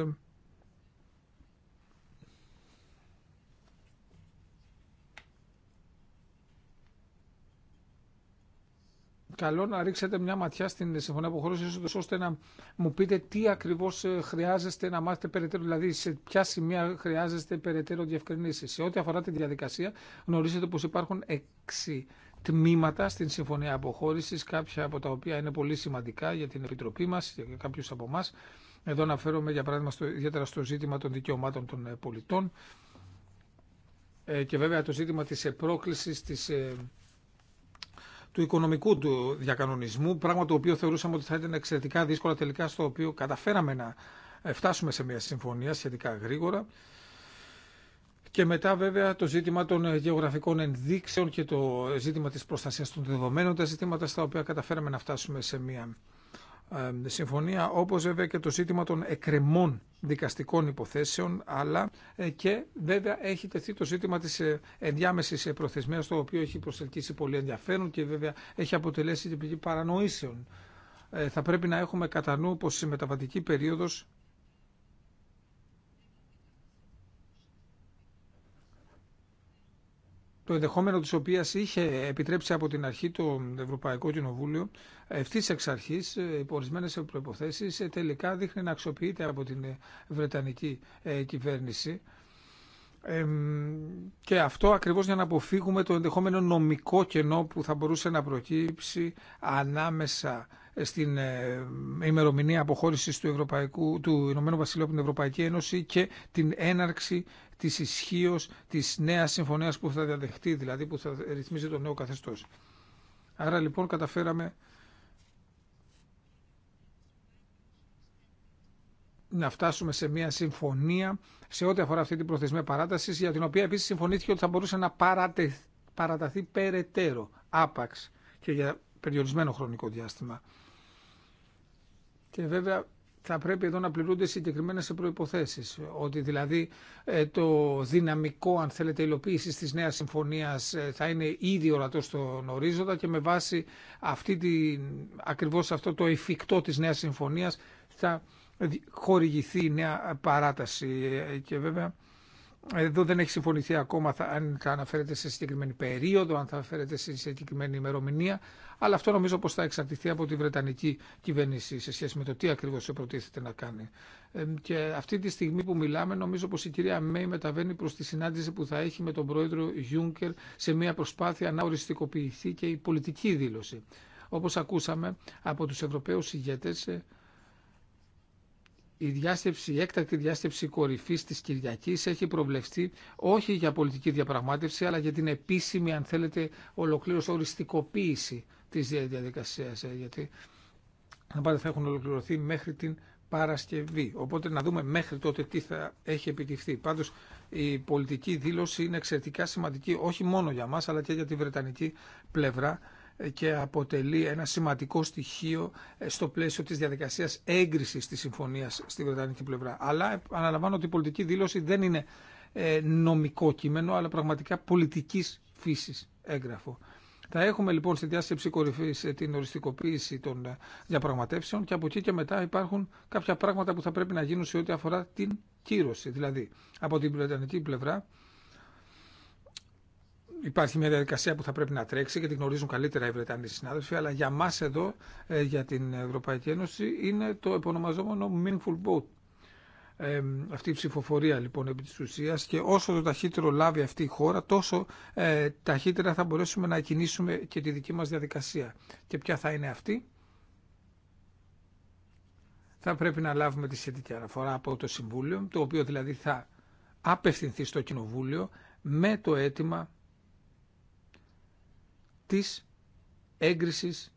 καλό να ρίξετε μια ματιά στην Συμφωνία Αποχώρησης, ώστε να μου πείτε τι ακριβώς ε, χρειάζεστε να μάθετε περαιτέρω, δηλαδή σε ποια σημεία χρειάζεστε περαιτέρω διευκρινήσεις. Σε ό,τι αφορά τη διαδικασία, γνωρίζετε πως υπάρχουν έξι τμήματα στην Συμφωνία αποχώρηση, κάποια από τα οποία είναι πολύ σημαντικά για την Επιτροπή μας, για κάποιου από εμά. Εδώ αναφέρομαι για παράδειγμα στο, ιδιαίτερα στο ζήτημα των δικαιωμάτων των ε, πολιτών ε, και βέβαια το ζήτημα της τη. της του οικονομικού του διακανονισμού, πράγμα το οποίο θεωρούσαμε ότι θα ήταν εξαιρετικά δύσκολα τελικά στο οποίο καταφέραμε να ε, φτάσουμε σε μια συμφωνία σχετικά γρήγορα. Και μετά βέβαια το ζήτημα των ε, γεωγραφικών ενδείξεων και το ε, ζήτημα της προστασίας των δεδομένων, τα ζητήματα στα οποία καταφέραμε να φτάσουμε σε μια συμφωνία όπως βέβαια και το ζήτημα των εκκρεμών δικαστικών υποθέσεων αλλά ε, και βέβαια έχει τεθεί το ζήτημα της ε, ενδιάμεσης ε, προθεσμίας το οποίο έχει προσελκύσει πολύ ενδιαφέρον και βέβαια έχει αποτελέσει την πηγή παρανοήσεων. Θα πρέπει να έχουμε κατά νου πως η μεταβατική περίοδος το ενδεχόμενο της οποίας είχε επιτρέψει από την αρχή το Ευρωπαϊκό Κοινοβούλιο ευθύ εξ αρχή, ε, υπό ορισμένε προποθέσει, ε, τελικά δείχνει να αξιοποιείται από την ε, Βρετανική κυβέρνηση. Και αυτό ακριβώς για να αποφύγουμε το ενδεχόμενο νομικό κενό που θα μπορούσε να προκύψει ανάμεσα στην ημερομηνία αποχώρησης του, του Ηνωμένου Βασιλείου από την Ευρωπαϊκή Ένωση και την έναρξη Τη ισχύω της νέας συμφωνίας που θα διαδεχτεί, δηλαδή που θα ρυθμίζει το νέο καθεστώς. Άρα λοιπόν καταφέραμε να φτάσουμε σε μια συμφωνία σε ό,τι αφορά αυτή την προθεσμία παράταση, για την οποία επίση συμφωνήθηκε ότι θα μπορούσε να παραταθεί περαιτέρω, άπαξ και για περιορισμένο χρονικό διάστημα. Και βέβαια θα πρέπει εδώ να πληρούνται συγκεκριμένε προποθέσει. Ότι δηλαδή ε, το δυναμικό, αν θέλετε, υλοποίηση τη νέα συμφωνία ε, θα είναι ήδη ορατό στον ορίζοντα και με βάση αυτή την, ακριβώς αυτό το εφικτό τη νέα συμφωνία θα χορηγηθεί η νέα παράταση. Ε, και βέβαια εδώ δεν έχει συμφωνηθεί ακόμα αν θα αναφέρεται σε συγκεκριμένη περίοδο, αν θα αναφέρεται σε συγκεκριμένη ημερομηνία, αλλά αυτό νομίζω πως θα εξαρτηθεί από τη Βρετανική κυβέρνηση σε σχέση με το τι ακριβώς προτίθεται να κάνει. και αυτή τη στιγμή που μιλάμε νομίζω πως η κυρία Μέη μεταβαίνει προς τη συνάντηση που θα έχει με τον πρόεδρο Γιούνκερ σε μια προσπάθεια να οριστικοποιηθεί και η πολιτική δήλωση. Όπως ακούσαμε από τους Ευρωπαίους ηγέτες, ε, η, η έκτακτη διάσκεψη κορυφή τη Κυριακή έχει προβλεφθεί όχι για πολιτική διαπραγμάτευση, αλλά για την επίσημη, αν θέλετε, ολοκλήρωση, οριστικοποίηση τη διαδικασία. Ε, γιατί να θα έχουν ολοκληρωθεί μέχρι την Παρασκευή. Οπότε να δούμε μέχρι τότε τι θα έχει επιτυχθεί. Πάντω η πολιτική δήλωση είναι εξαιρετικά σημαντική όχι μόνο για μα, αλλά και για τη Βρετανική πλευρά και αποτελεί ένα σημαντικό στοιχείο ε, στο πλαίσιο της διαδικασίας έγκρισης της συμφωνίας στη Βρετανική πλευρά. Αλλά ε, αναλαμβάνω ότι η πολιτική δήλωση δεν είναι ε, νομικό κείμενο, αλλά πραγματικά πολιτικής φύσης έγγραφο. Θα έχουμε λοιπόν στη διάσκεψη κορυφή την οριστικοποίηση των διαπραγματεύσεων και από εκεί και μετά υπάρχουν κάποια πράγματα που θα πρέπει να γίνουν σε ό,τι αφορά την κύρωση. Δηλαδή, από την Βρετανική πλευρά υπάρχει μια διαδικασία που θα πρέπει να τρέξει και την γνωρίζουν καλύτερα οι Βρετανοί συνάδελφοι, αλλά για μα εδώ, ε, για την Ευρωπαϊκή Ένωση, είναι το επωνομαζόμενο Meanful vote. Ε, αυτή η ψηφοφορία λοιπόν επί της ουσίας και όσο το ταχύτερο λάβει αυτή η χώρα τόσο ε, ταχύτερα θα μπορέσουμε να κινήσουμε και τη δική μας διαδικασία. Και ποια θα είναι αυτή θα πρέπει να λάβουμε τη σχετική αναφορά από το Συμβούλιο, το οποίο δηλαδή θα απευθυνθεί στο Κοινοβούλιο με το αίτημα της έγκρισης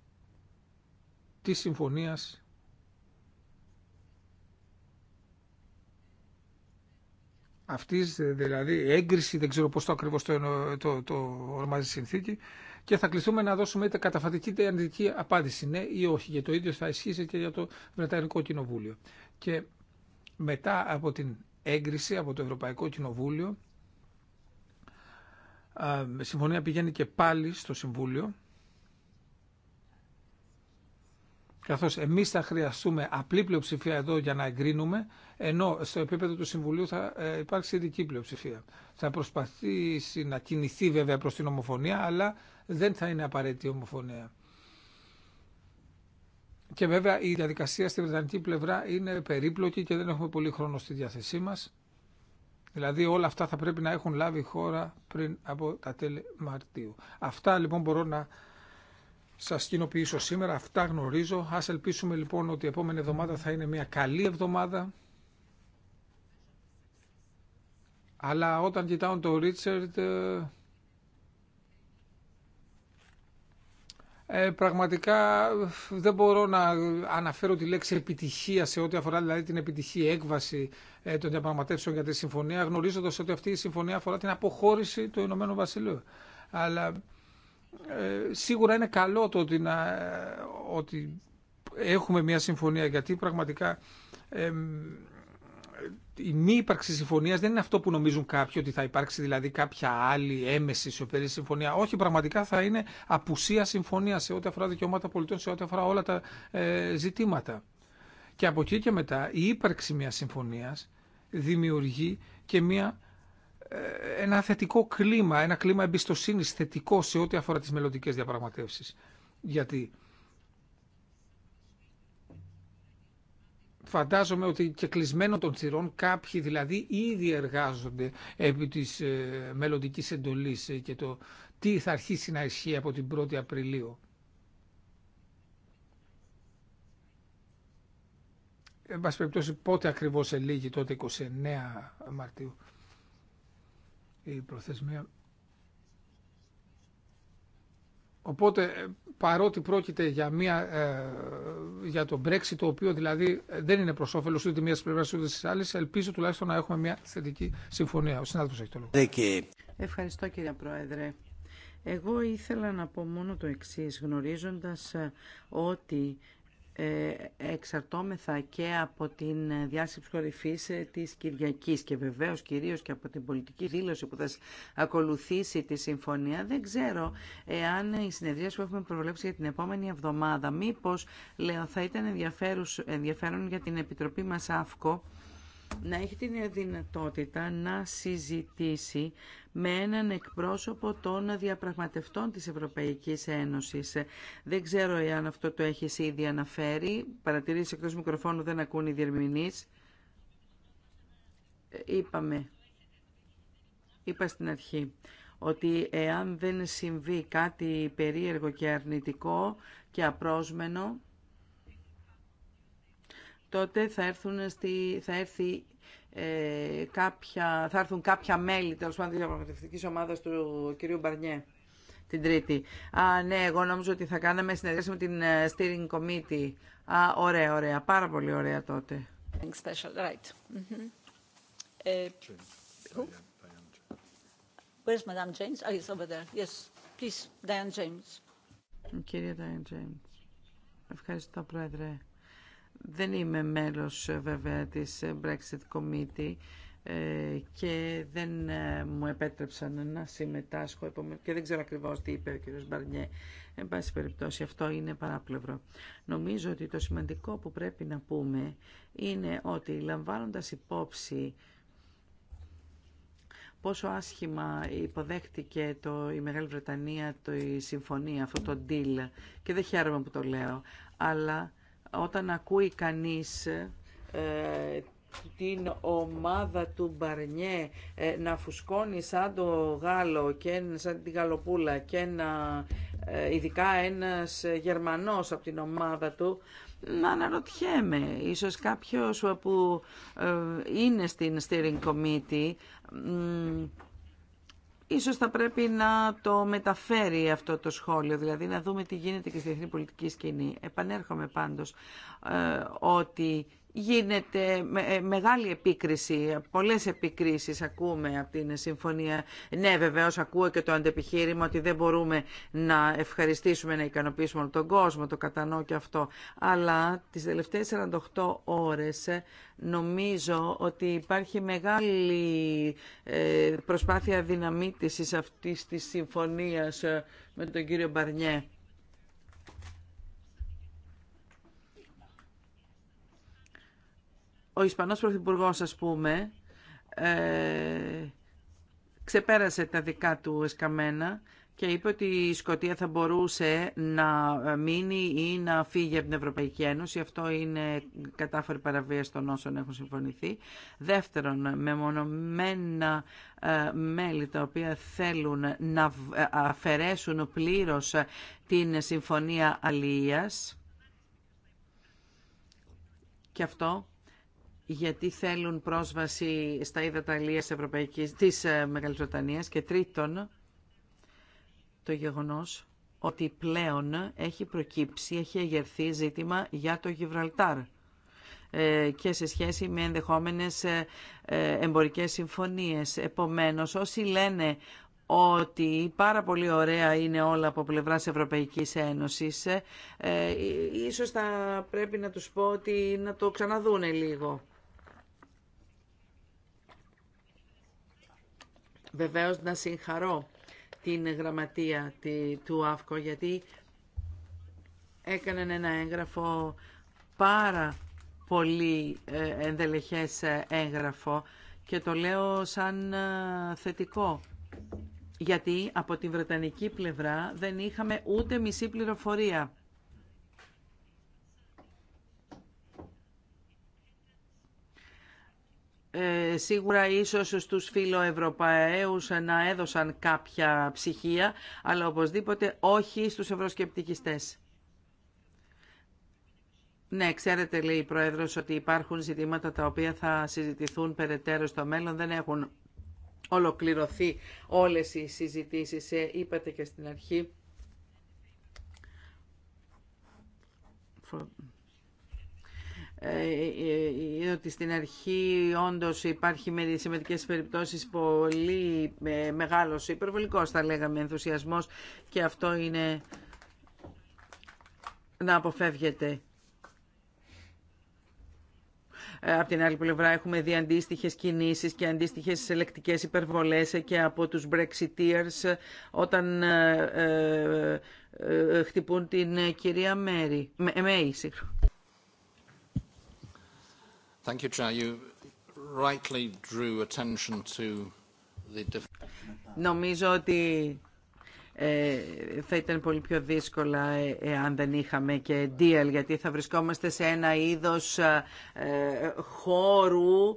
της συμφωνίας αυτής, δηλαδή έγκριση, δεν ξέρω πώς το ακριβώς το, το, ορμάζει συνθήκη, και θα κληθούμε να δώσουμε είτε καταφατική είτε αρνητική απάντηση, ναι ή όχι. για το ίδιο θα ισχύσει και για το Βρετανικό Κοινοβούλιο. Και μετά από την έγκριση από το Ευρωπαϊκό Κοινοβούλιο, συμφωνία πηγαίνει και πάλι στο Συμβούλιο καθώς εμείς θα χρειαστούμε απλή πλειοψηφία εδώ για να εγκρίνουμε, ενώ στο επίπεδο του Συμβουλίου θα ε, υπάρξει ειδική πλειοψηφία. Θα προσπαθήσει να κινηθεί βέβαια προς την ομοφωνία, αλλά δεν θα είναι απαραίτητη η ομοφωνία. Και βέβαια η διαδικασία στη Βρετανική πλευρά είναι περίπλοκη και δεν έχουμε πολύ χρόνο στη διάθεσή μας. Δηλαδή όλα αυτά θα πρέπει να έχουν λάβει χώρα πριν από τα τέλη Μαρτίου. Αυτά λοιπόν μπορώ να σας κοινοποιήσω σήμερα, αυτά γνωρίζω. Ας ελπίσουμε λοιπόν ότι η επόμενη εβδομάδα θα είναι μια καλή εβδομάδα. Αλλά όταν κοιτάω το Ρίτσερτ, Ε, πραγματικά δεν μπορώ να αναφέρω τη λέξη επιτυχία σε ό,τι αφορά δηλαδή, την επιτυχή έκβαση ε, των διαπραγματεύσεων για τη συμφωνία, γνωρίζοντα ότι αυτή η συμφωνία αφορά την αποχώρηση του Ηνωμένου Βασιλείου. Αλλά ε, σίγουρα είναι καλό το ότι, να, ε, ότι έχουμε μια συμφωνία, γιατί πραγματικά η μη ύπαρξη συμφωνία δεν είναι αυτό που νομίζουν κάποιοι, ότι θα υπάρξει δηλαδή κάποια άλλη έμεση οποία συμφωνία. Όχι, πραγματικά θα είναι απουσία συμφωνία σε ό,τι αφορά δικαιώματα πολιτών, σε ό,τι αφορά όλα τα ε, ζητήματα. Και από εκεί και μετά η ύπαρξη μια συμφωνία δημιουργεί και μια ε, ένα θετικό κλίμα, ένα κλίμα εμπιστοσύνη θετικό σε ό,τι αφορά τι μελλοντικέ διαπραγματεύσει. Γιατί φαντάζομαι ότι και κλεισμένο των θυρών κάποιοι δηλαδή ήδη εργάζονται επί της ε, μελλοντικής εντολής ε, και το τι θα αρχίσει να ισχύει από την 1η Απριλίου. Εν πάση περιπτώσει πότε ακριβώς ελήγει τότε 29 Μαρτίου η προθεσμία. Οπότε ε, παρότι πρόκειται για, μια, ε, για το Brexit, το οποίο δηλαδή ε, δεν είναι προ όφελο ούτε τη μία πλευρά ούτε τη άλλη, ελπίζω τουλάχιστον να έχουμε μια θετική συμφωνία. Ο συνάδελφο έχει το λόγο. Ευχαριστώ κύριε Πρόεδρε. Εγώ ήθελα να πω μόνο το εξής, γνωρίζοντας ότι ε, εξαρτώμεθα και από την διάσκεψη κορυφή ε, της Κυριακή και βεβαίω κυρίω και από την πολιτική δήλωση που θα ακολουθήσει τη συμφωνία. Δεν ξέρω εάν οι συνεδρίε που έχουμε προβλέψει για την επόμενη εβδομάδα μήπως λέω, θα ήταν ενδιαφέρον για την Επιτροπή μα ΑΦΚΟ να έχει την δυνατότητα να συζητήσει με έναν εκπρόσωπο των διαπραγματευτών της Ευρωπαϊκής Ένωσης. Δεν ξέρω εάν αυτό το έχει ήδη αναφέρει. Παρατηρήσει εκτός μικροφώνου δεν ακούν οι διερμηνείς. Ε, είπαμε, είπα στην αρχή, ότι εάν δεν συμβεί κάτι περίεργο και αρνητικό και απρόσμενο, τότε θα, έρθουν στη, θα έρθει ε, κάποια, θα έρθουν κάποια μέλη τέλο πάντων τη διαπραγματευτική ομάδα του κυρίου Μπαρνιέ την Τρίτη. Α, ναι, εγώ νόμιζα ότι θα κάναμε συνεργασία με την ε, Steering Committee. Α, ωραία, ωραία. Πάρα πολύ ωραία τότε. Special, right. Mm-hmm. Ε, Where's Madame James? Oh, he's over there. Yes, please, Diane James. Κύριε Diane James. Ευχαριστώ, Πρόεδρε. Δεν είμαι μέλος ε, βέβαια της ε, Brexit Committee ε, και δεν μου επέτρεψαν να συμμετάσχω και δεν ξέρω ακριβώς τι είπε ο κ. Μπαρνιέ. Εν πάση περιπτώσει αυτό είναι παράπλευρο. Νομίζω ότι το σημαντικό που πρέπει να πούμε είναι ότι λαμβάνοντας υπόψη πόσο άσχημα υποδέχτηκε το, η Μεγάλη Βρετανία το, η συμφωνία, αυτό το deal και δεν χαίρομαι που το λέω, αλλά όταν ακούει κανείς ε, την ομάδα του Μπαρνιέ ε, να φουσκώνει σαν το Γάλλο και σαν τη Γαλοπούλα και να, ε, ειδικά ένας Γερμανός από την ομάδα του να αναρωτιέμαι ίσως κάποιος που είναι στην steering committee Ίσως θα πρέπει να το μεταφέρει αυτό το σχόλιο, δηλαδή να δούμε τι γίνεται και στη διεθνή πολιτική σκηνή. Επανέρχομαι πάντως ε, ότι γίνεται ε, μεγάλη επίκριση, πολλές επικρίσεις ακούμε από την συμφωνία. Ναι, βεβαίως ακούω και το αντεπιχείρημα ότι δεν μπορούμε να ευχαριστήσουμε, να ικανοποιήσουμε όλο τον κόσμο, το κατανοώ και αυτό. Αλλά τις τελευταίες 48 ώρες ε, νομίζω ότι υπάρχει μεγάλη ε, προσπάθεια δυναμήτησης αυτής της συμφωνίας με τον κύριο Μπαρνιέ. Ο Ισπανός Πρωθυπουργός, ας πούμε, ε, ξεπέρασε τα δικά του εσκαμένα και είπε ότι η Σκοτία θα μπορούσε να μείνει ή να φύγει από την Ευρωπαϊκή Ένωση. Αυτό είναι κατάφορη παραβίαση των όσων έχουν συμφωνηθεί. Δεύτερον, με μεμονωμένα ε, μέλη τα οποία θέλουν να ε, αφαιρέσουν πλήρως την Συμφωνία Αλίας και αυτό γιατί θέλουν πρόσβαση στα είδατα της, Ευρωπαϊκής, της ε, Μεγάλης και τρίτον το γεγονός ότι πλέον έχει προκύψει, έχει εγερθεί ζήτημα για το Γιβραλτάρ ε, και σε σχέση με ενδεχόμενες ε, εμπορικές συμφωνίες. Επομένως, όσοι λένε ότι πάρα πολύ ωραία είναι όλα από πλευράς Ευρωπαϊκής Ένωσης, ίσως θα πρέπει να τους πω ότι να το ξαναδούνε λίγο. βεβαίως να συγχαρώ την γραμματεία του ΑΦΚΟ γιατί έκαναν ένα έγγραφο πάρα πολύ ε, ενδελεχές ε, έγγραφο και το λέω σαν ε, θετικό. Γιατί από την Βρετανική πλευρά δεν είχαμε ούτε μισή πληροφορία. Ε, σίγουρα ίσως στους φιλοευρωπαίους να έδωσαν κάποια ψυχία, αλλά οπωσδήποτε όχι στους ευρωσκεπτικιστές. Ναι, ξέρετε, λέει η Πρόεδρος, ότι υπάρχουν ζητήματα τα οποία θα συζητηθούν περαιτέρω στο μέλλον. Δεν έχουν ολοκληρωθεί όλες οι συζητήσεις. Ε, είπατε και στην αρχή Ε, ε, ε, ότι στην αρχή όντως υπάρχει με σημαντικές περιπτώσεις πολύ μεγάλος υπερβολικός θα λέγαμε ενθουσιασμός και αυτό είναι να αποφεύγεται. Απ' την άλλη πλευρά έχουμε δει αντίστοιχε κινήσεις και αντίστοιχε ελεκτικές υπερβολές και από τους Brexiteers όταν ε, ε, χτυπούν την κυρία Μέι, Μέη, Νομίζω ότι ε, θα ήταν πολύ πιο δύσκολα αν ε, δεν είχαμε και deal, γιατί θα βρισκόμαστε σε ένα είδος ε, χώρου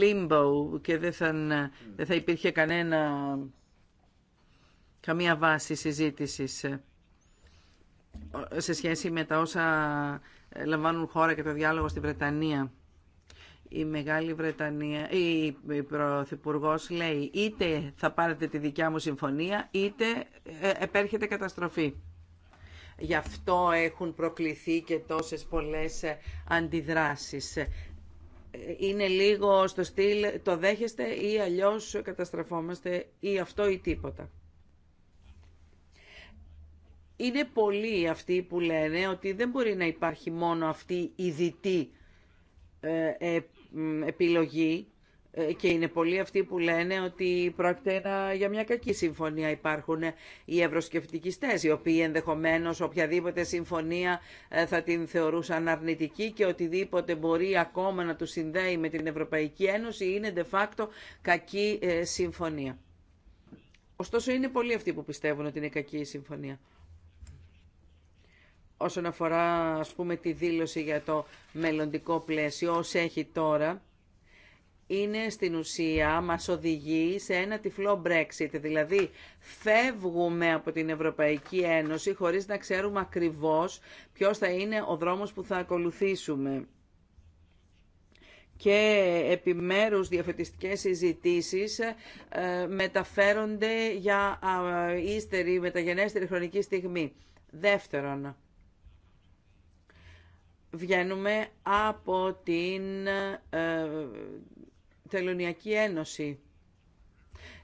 limbo και δεν θα, θα υπήρχε κανένα, καμία βάση συζήτησης σε σχέση με τα όσα ε, λαμβάνουν χώρα και το διάλογο στη Βρετανία. Η Μεγάλη Βρετανία, η Πρωθυπουργό λέει είτε θα πάρετε τη δικιά μου συμφωνία είτε ε, επέρχεται καταστροφή. Γι' αυτό έχουν προκληθεί και τόσες πολλές ε, αντιδράσεις. Είναι λίγο στο στυλ το δέχεστε ή αλλιώς καταστραφόμαστε ή αυτό ή τίποτα. Είναι πολλοί αυτοί που λένε ότι δεν μπορεί να υπάρχει μόνο αυτή η δυτή ε, ε, επιλογή ε, και είναι πολλοί αυτοί που λένε ότι πρόκειται για μια κακή συμφωνία. Υπάρχουν οι ευρωσκεφτικιστές οι οποίοι ενδεχομένως οποιαδήποτε συμφωνία θα την θεωρούσαν αρνητική και οτιδήποτε μπορεί ακόμα να του συνδέει με την Ευρωπαϊκή Ένωση είναι de facto κακή συμφωνία. Ωστόσο είναι πολλοί αυτοί που πιστεύουν ότι είναι κακή η συμφωνία όσον αφορά ας πούμε τη δήλωση για το μελλοντικό πλαίσιο όσο έχει τώρα είναι στην ουσία μας οδηγεί σε ένα τυφλό Brexit, δηλαδή φεύγουμε από την Ευρωπαϊκή Ένωση χωρίς να ξέρουμε ακριβώς ποιος θα είναι ο δρόμος που θα ακολουθήσουμε. Και επιμέρους διαφετιστικές συζητήσεις ε, μεταφέρονται για ύστερη, μεταγενέστερη χρονική στιγμή. Δεύτερον, βγαίνουμε από την ε, Τελωνιακή Ένωση.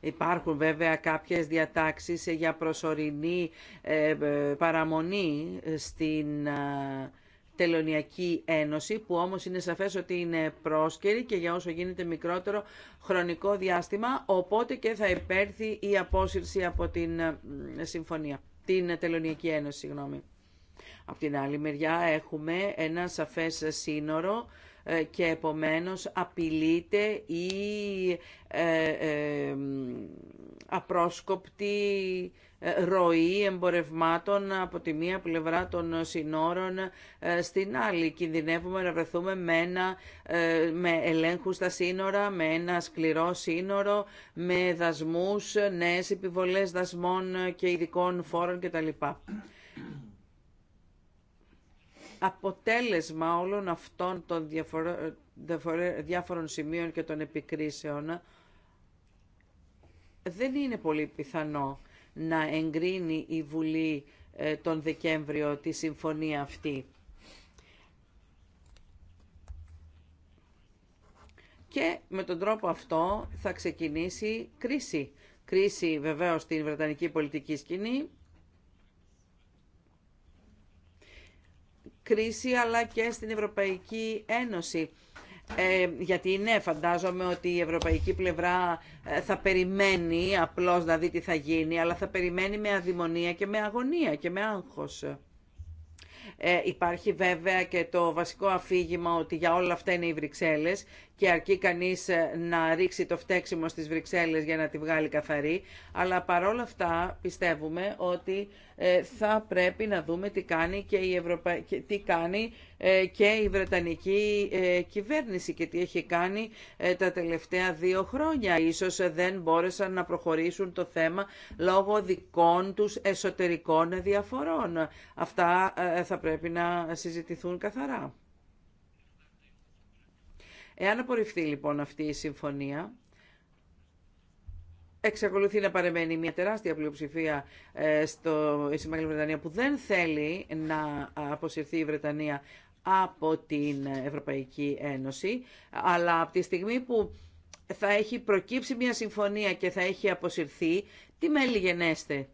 Υπάρχουν βέβαια κάποιες διατάξεις για προσωρινή ε, παραμονή στην ε, Τελωνιακή Ένωση, που όμως είναι σαφές ότι είναι πρόσκαιρη και για όσο γίνεται μικρότερο χρονικό διάστημα, οπότε και θα υπέρθει η απόσυρση από την ε, Συμφωνία, την Τελωνιακή Ένωση, συγγνώμη. Από την άλλη μεριά έχουμε ένα σαφές σύνορο ε, και επομένως απειλείται η ε, ε, απρόσκοπτη ροή εμπορευμάτων από τη μία πλευρά των συνόρων στην άλλη. Κινδυνεύουμε να βρεθούμε με, ένα, με ελέγχου στα σύνορα, με ένα σκληρό σύνορο, με δασμούς, νέες επιβολές δασμών και ειδικών φόρων κτλ αποτέλεσμα όλων αυτών των διάφορων σημείων και των επικρίσεων δεν είναι πολύ πιθανό να εγκρίνει η Βουλή ε, τον Δεκέμβριο τη συμφωνία αυτή. Και με τον τρόπο αυτό θα ξεκινήσει κρίση. Κρίση βεβαίως στην Βρετανική πολιτική σκηνή κρίση αλλά και στην Ευρωπαϊκή Ένωση. Ε, γιατί ναι, φαντάζομαι ότι η ευρωπαϊκή πλευρά ε, θα περιμένει απλώς να δει τι θα γίνει, αλλά θα περιμένει με αδημονία και με αγωνία και με άγχος. Ε, υπάρχει βέβαια και το βασικό αφήγημα ότι για όλα αυτά είναι οι Βρυξέλλες και αρκεί κανείς ε, να ρίξει το φταίξιμο στις Βρυξέλλες για να τη βγάλει καθαρή, αλλά παρόλα αυτά πιστεύουμε ότι ε, θα πρέπει να δούμε τι κάνει και η, Ευρωπα... τι κάνει, ε, και η Βρετανική κυβέρνηση και τι έχει κάνει τα τελευταία δύο χρόνια. Ίσως δεν μπόρεσαν να προχωρήσουν το θέμα λόγω δικών τους εσωτερικών διαφορών. Αυτά θα πρέπει να συζητηθούν καθαρά. Εάν απορριφθεί λοιπόν αυτή η συμφωνία, εξακολουθεί να παρεμένει μια τεράστια πλειοψηφία ε, στο, στη Βρετανία που δεν θέλει να αποσυρθεί η Βρετανία από την Ευρωπαϊκή Ένωση, αλλά από τη στιγμή που θα έχει προκύψει μια συμφωνία και θα έχει αποσυρθεί, τι μέλη γενέστε.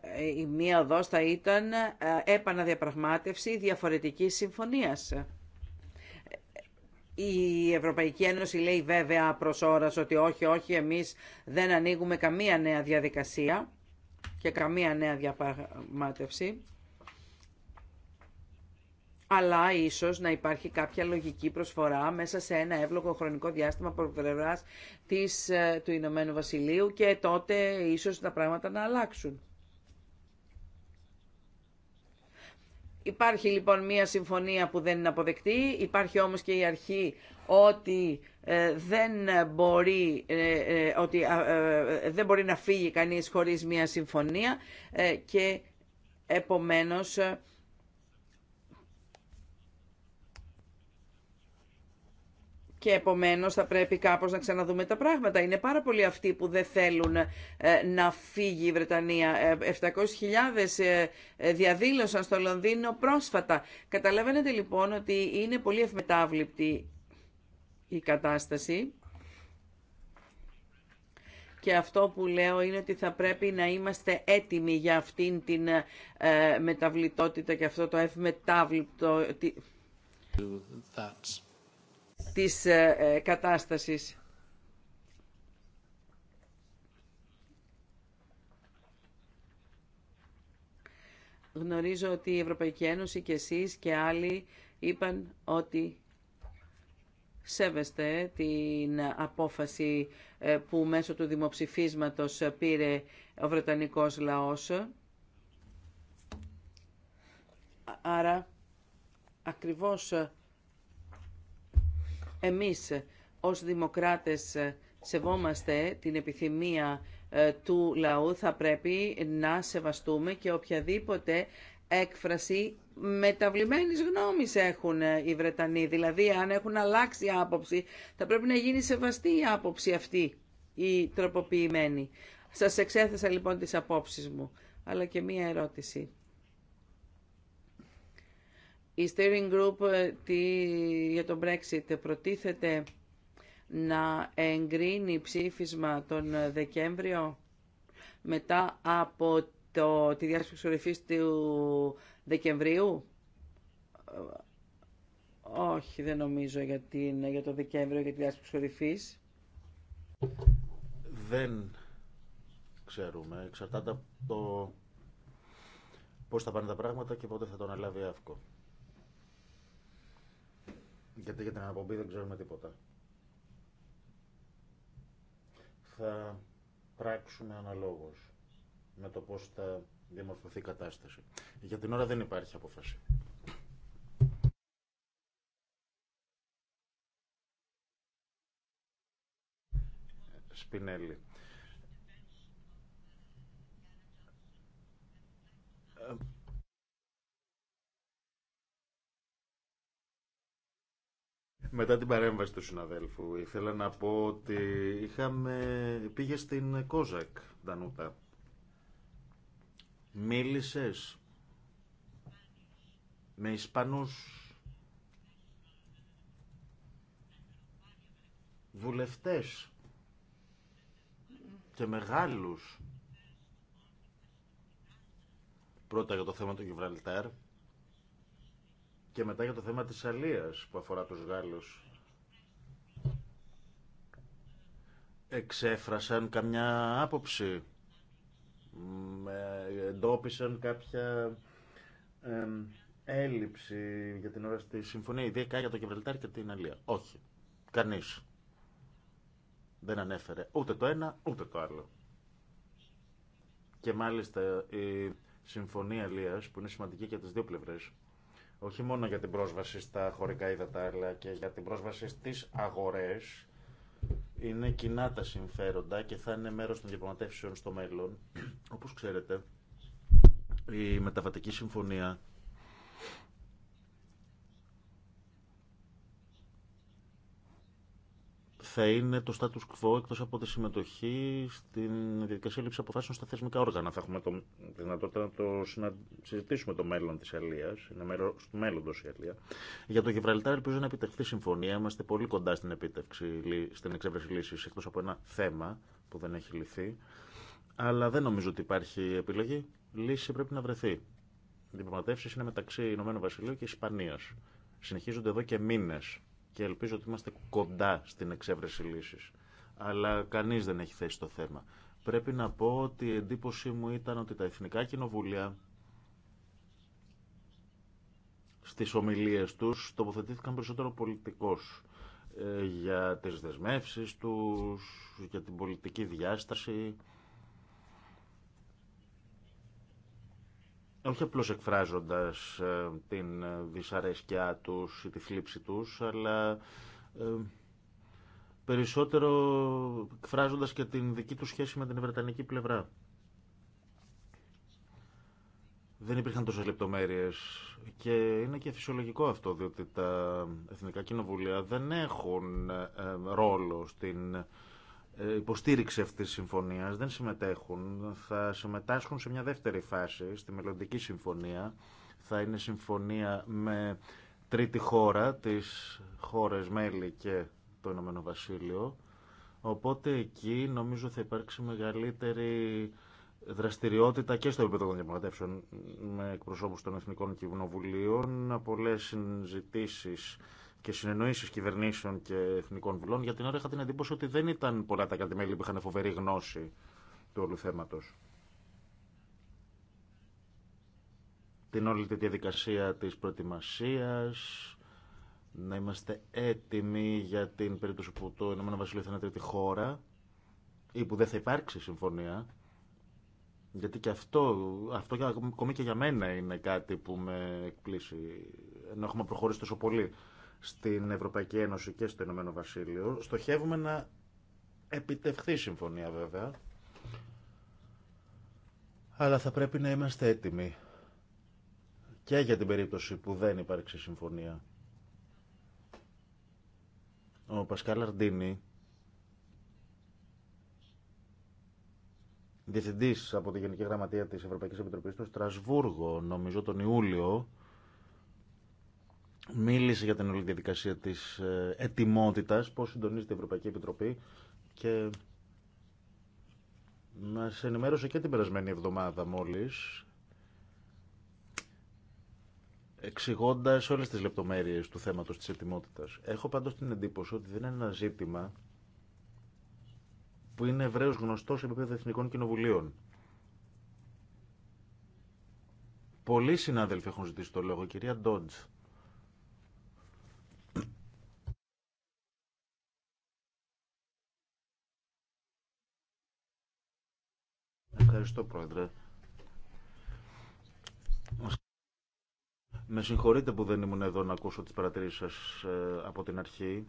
Ε, η μία οδός θα ήταν ε, επαναδιαπραγμάτευση διαφορετικής συμφωνίας. Η Ευρωπαϊκή Ένωση λέει βέβαια προς ώρας ότι όχι, όχι, εμείς δεν ανοίγουμε καμία νέα διαδικασία και καμία νέα διαπραγμάτευση. Αλλά ίσως να υπάρχει κάποια λογική προσφορά μέσα σε ένα εύλογο χρονικό διάστημα πλευρά ε, του Ηνωμένου Βασιλείου και τότε ίσως τα πράγματα να αλλάξουν. Υπάρχει λοιπόν μία συμφωνία που δεν είναι αποδεκτή, υπάρχει όμως και η αρχή ότι ε, δεν μπορεί, ε, ε, ότι, δεν μπορεί να φύγει κανείς χωρίς μία συμφωνία και επομένως και επομένως θα πρέπει κάπως να ξαναδούμε τα πράγματα. Είναι πάρα πολλοί αυτοί που δεν θέλουν ε, να φύγει η Βρετανία. 700.000 ε, ε, διαδήλωσαν στο Λονδίνο πρόσφατα. Καταλαβαίνετε λοιπόν ότι είναι πολύ ευμετάβληπτη η κατάσταση. Και αυτό που λέω είναι ότι θα πρέπει να είμαστε έτοιμοι για αυτήν την μεταβλητότητα και αυτό το ευμετάβληπτο της ε, ε, κατάστασης. Γνωρίζω ότι η Ευρωπαϊκή Ένωση και εσείς και άλλοι είπαν ότι σέβεστε την απόφαση ε, που μέσω του δημοψηφίσματος πήρε ο Βρετανικός λαός. Άρα, ακριβώς εμείς ως δημοκράτες σεβόμαστε την επιθυμία ε, του λαού, θα πρέπει να σεβαστούμε και οποιαδήποτε έκφραση μεταβλημένης γνώμης έχουν ε, οι Βρετανοί. Δηλαδή, αν έχουν αλλάξει άποψη, θα πρέπει να γίνει σεβαστή η άποψη αυτή, η τροποποιημένη. Σας εξέθεσα λοιπόν τις απόψεις μου, αλλά και μία ερώτηση. Η Steering Group ε, τι, για τον Brexit προτίθεται να εγκρίνει ψήφισμα τον ε, Δεκέμβριο μετά από το, τη διάσκεψη του Δεκεμβρίου. Όχι, δεν νομίζω για, την, για το Δεκέμβριο για τη διάσκεψη Ορυφή. Δεν ξέρουμε. Εξαρτάται από το πώς θα πάνε τα πράγματα και πότε θα τον αναλάβει ΑΦΚΟ. Γιατί για την αναπομπή δεν ξέρουμε τίποτα. Θα πράξουμε αναλόγως με το πώς θα διαμορφωθεί η κατάσταση. Για την ώρα δεν υπάρχει απόφαση. Σπινέλη. Μετά την παρέμβαση του συναδέλφου ήθελα να πω ότι είχαμε, πήγε στην Κόζακ, Ντανούτα. Μίλησες με Ισπανούς βουλευτές και μεγάλους πρώτα για το θέμα του Γιβραλτάρ και μετά για το θέμα της αλίας που αφορά τους Γάλλους. Εξέφρασαν καμιά άποψη. Ε, εντόπισαν κάποια έλλειψη για την ώρα στη συμφωνία, ιδιαίτερα για το Κεβραλτάρ και την Αλία. Όχι. Κανείς. Δεν ανέφερε ούτε το ένα ούτε το άλλο. Και μάλιστα η συμφωνία Αλίας, που είναι σημαντική για τις δύο πλευρές, όχι μόνο για την πρόσβαση στα χωρικά ύδατα, αλλά και για την πρόσβαση στις αγορές, είναι κοινά τα συμφέροντα και θα είναι μέρος των διαπραγματεύσεων στο μέλλον. Όπως ξέρετε, η μεταβατική συμφωνία θα είναι το status quo εκτό από τη συμμετοχή στην διαδικασία λήψη αποφάσεων στα θεσμικά όργανα. Θα έχουμε το, τη δυνατότητα να το συζητήσουμε το μέλλον τη Ελία, είναι μέρο του μέλλοντο η Αλία. Για το Γιβραλτάρ ελπίζω να επιτευχθεί συμφωνία, είμαστε πολύ κοντά στην επίτευξη, στην εξέβρεση λύση εκτό από ένα θέμα που δεν έχει λυθεί. Αλλά δεν νομίζω ότι υπάρχει επιλογή. Λύση πρέπει να βρεθεί. Οι διαπραγματεύσει είναι μεταξύ Ηνωμένου Βασιλείου και Ισπανία. Συνεχίζονται εδώ και μήνε και ελπίζω ότι είμαστε κοντά στην εξέβρεση λύση. Αλλά κανεί δεν έχει θέσει το θέμα. Πρέπει να πω ότι η εντύπωσή μου ήταν ότι τα εθνικά κοινοβούλια στις ομιλίες τους τοποθετήθηκαν περισσότερο πολιτικός ε, για τις δεσμεύσεις τους, για την πολιτική διάσταση όχι απλώς εκφράζοντας ε, την ε, δυσαρέσκειά τους ή τη θλίψη τους, αλλά ε, περισσότερο εκφράζοντας και την δική τους σχέση με την Βρετανική πλευρά. Δεν υπήρχαν τόσες λεπτομέρειες και είναι και φυσιολογικό αυτό, διότι τα Εθνικά Κοινοβουλία δεν έχουν ρόλο στην ε, υποστήριξη αυτή τη συμφωνίας δεν συμμετέχουν. Θα συμμετάσχουν σε μια δεύτερη φάση, στη μελλοντική συμφωνία. Θα είναι συμφωνία με τρίτη χώρα, τις χώρες μέλη και το Ηνωμένο Βασίλειο. Οπότε εκεί νομίζω θα υπάρξει μεγαλύτερη δραστηριότητα και στο επίπεδο των διαπραγματεύσεων με εκπροσώπους των Εθνικών Κοινοβουλίων, πολλές συζητήσεις και συνεννοήσει κυβερνήσεων και εθνικών βουλών. Για την ώρα είχα την εντύπωση ότι δεν ήταν πολλά τα κράτη-μέλη που είχαν φοβερή γνώση του όλου θέματο. Την όλη τη διαδικασία τη προετοιμασία, να είμαστε έτοιμοι για την περίπτωση που το Ηνωμένο Βασίλειο θα είναι τρίτη χώρα ή που δεν θα υπάρξει συμφωνία. Γιατί και αυτό, αυτό ακόμη και για μένα είναι κάτι που με εκπλήσει. Ενώ έχουμε προχωρήσει τόσο πολύ στην Ευρωπαϊκή Ένωση και στο Ηνωμένο Βασίλειο. Στοχεύουμε να επιτευχθεί συμφωνία βέβαια, αλλά θα πρέπει να είμαστε έτοιμοι και για την περίπτωση που δεν υπάρξει συμφωνία. Ο Πασκάλ Αρντίνη, διευθυντής από τη Γενική Γραμματεία της Ευρωπαϊκής Επιτροπής στο Στρασβούργο, νομίζω τον Ιούλιο, μίλησε για την όλη διαδικασία της ε, ετοιμότητας, πώς συντονίζεται η Ευρωπαϊκή Επιτροπή και μας ενημέρωσε και την περασμένη εβδομάδα μόλις εξηγώντα όλες τις λεπτομέρειες του θέματος της ετοιμότητας. Έχω πάντως την εντύπωση ότι δεν είναι ένα ζήτημα που είναι ευρέως γνωστό σε επίπεδο εθνικών κοινοβουλίων. Πολλοί συνάδελφοι έχουν ζητήσει το λόγο. κυρία Ντότζ Ευχαριστώ, Πρόεδρε. Με συγχωρείτε που δεν ήμουν εδώ να ακούσω τις παρατηρήσεις σας ε, από την αρχή.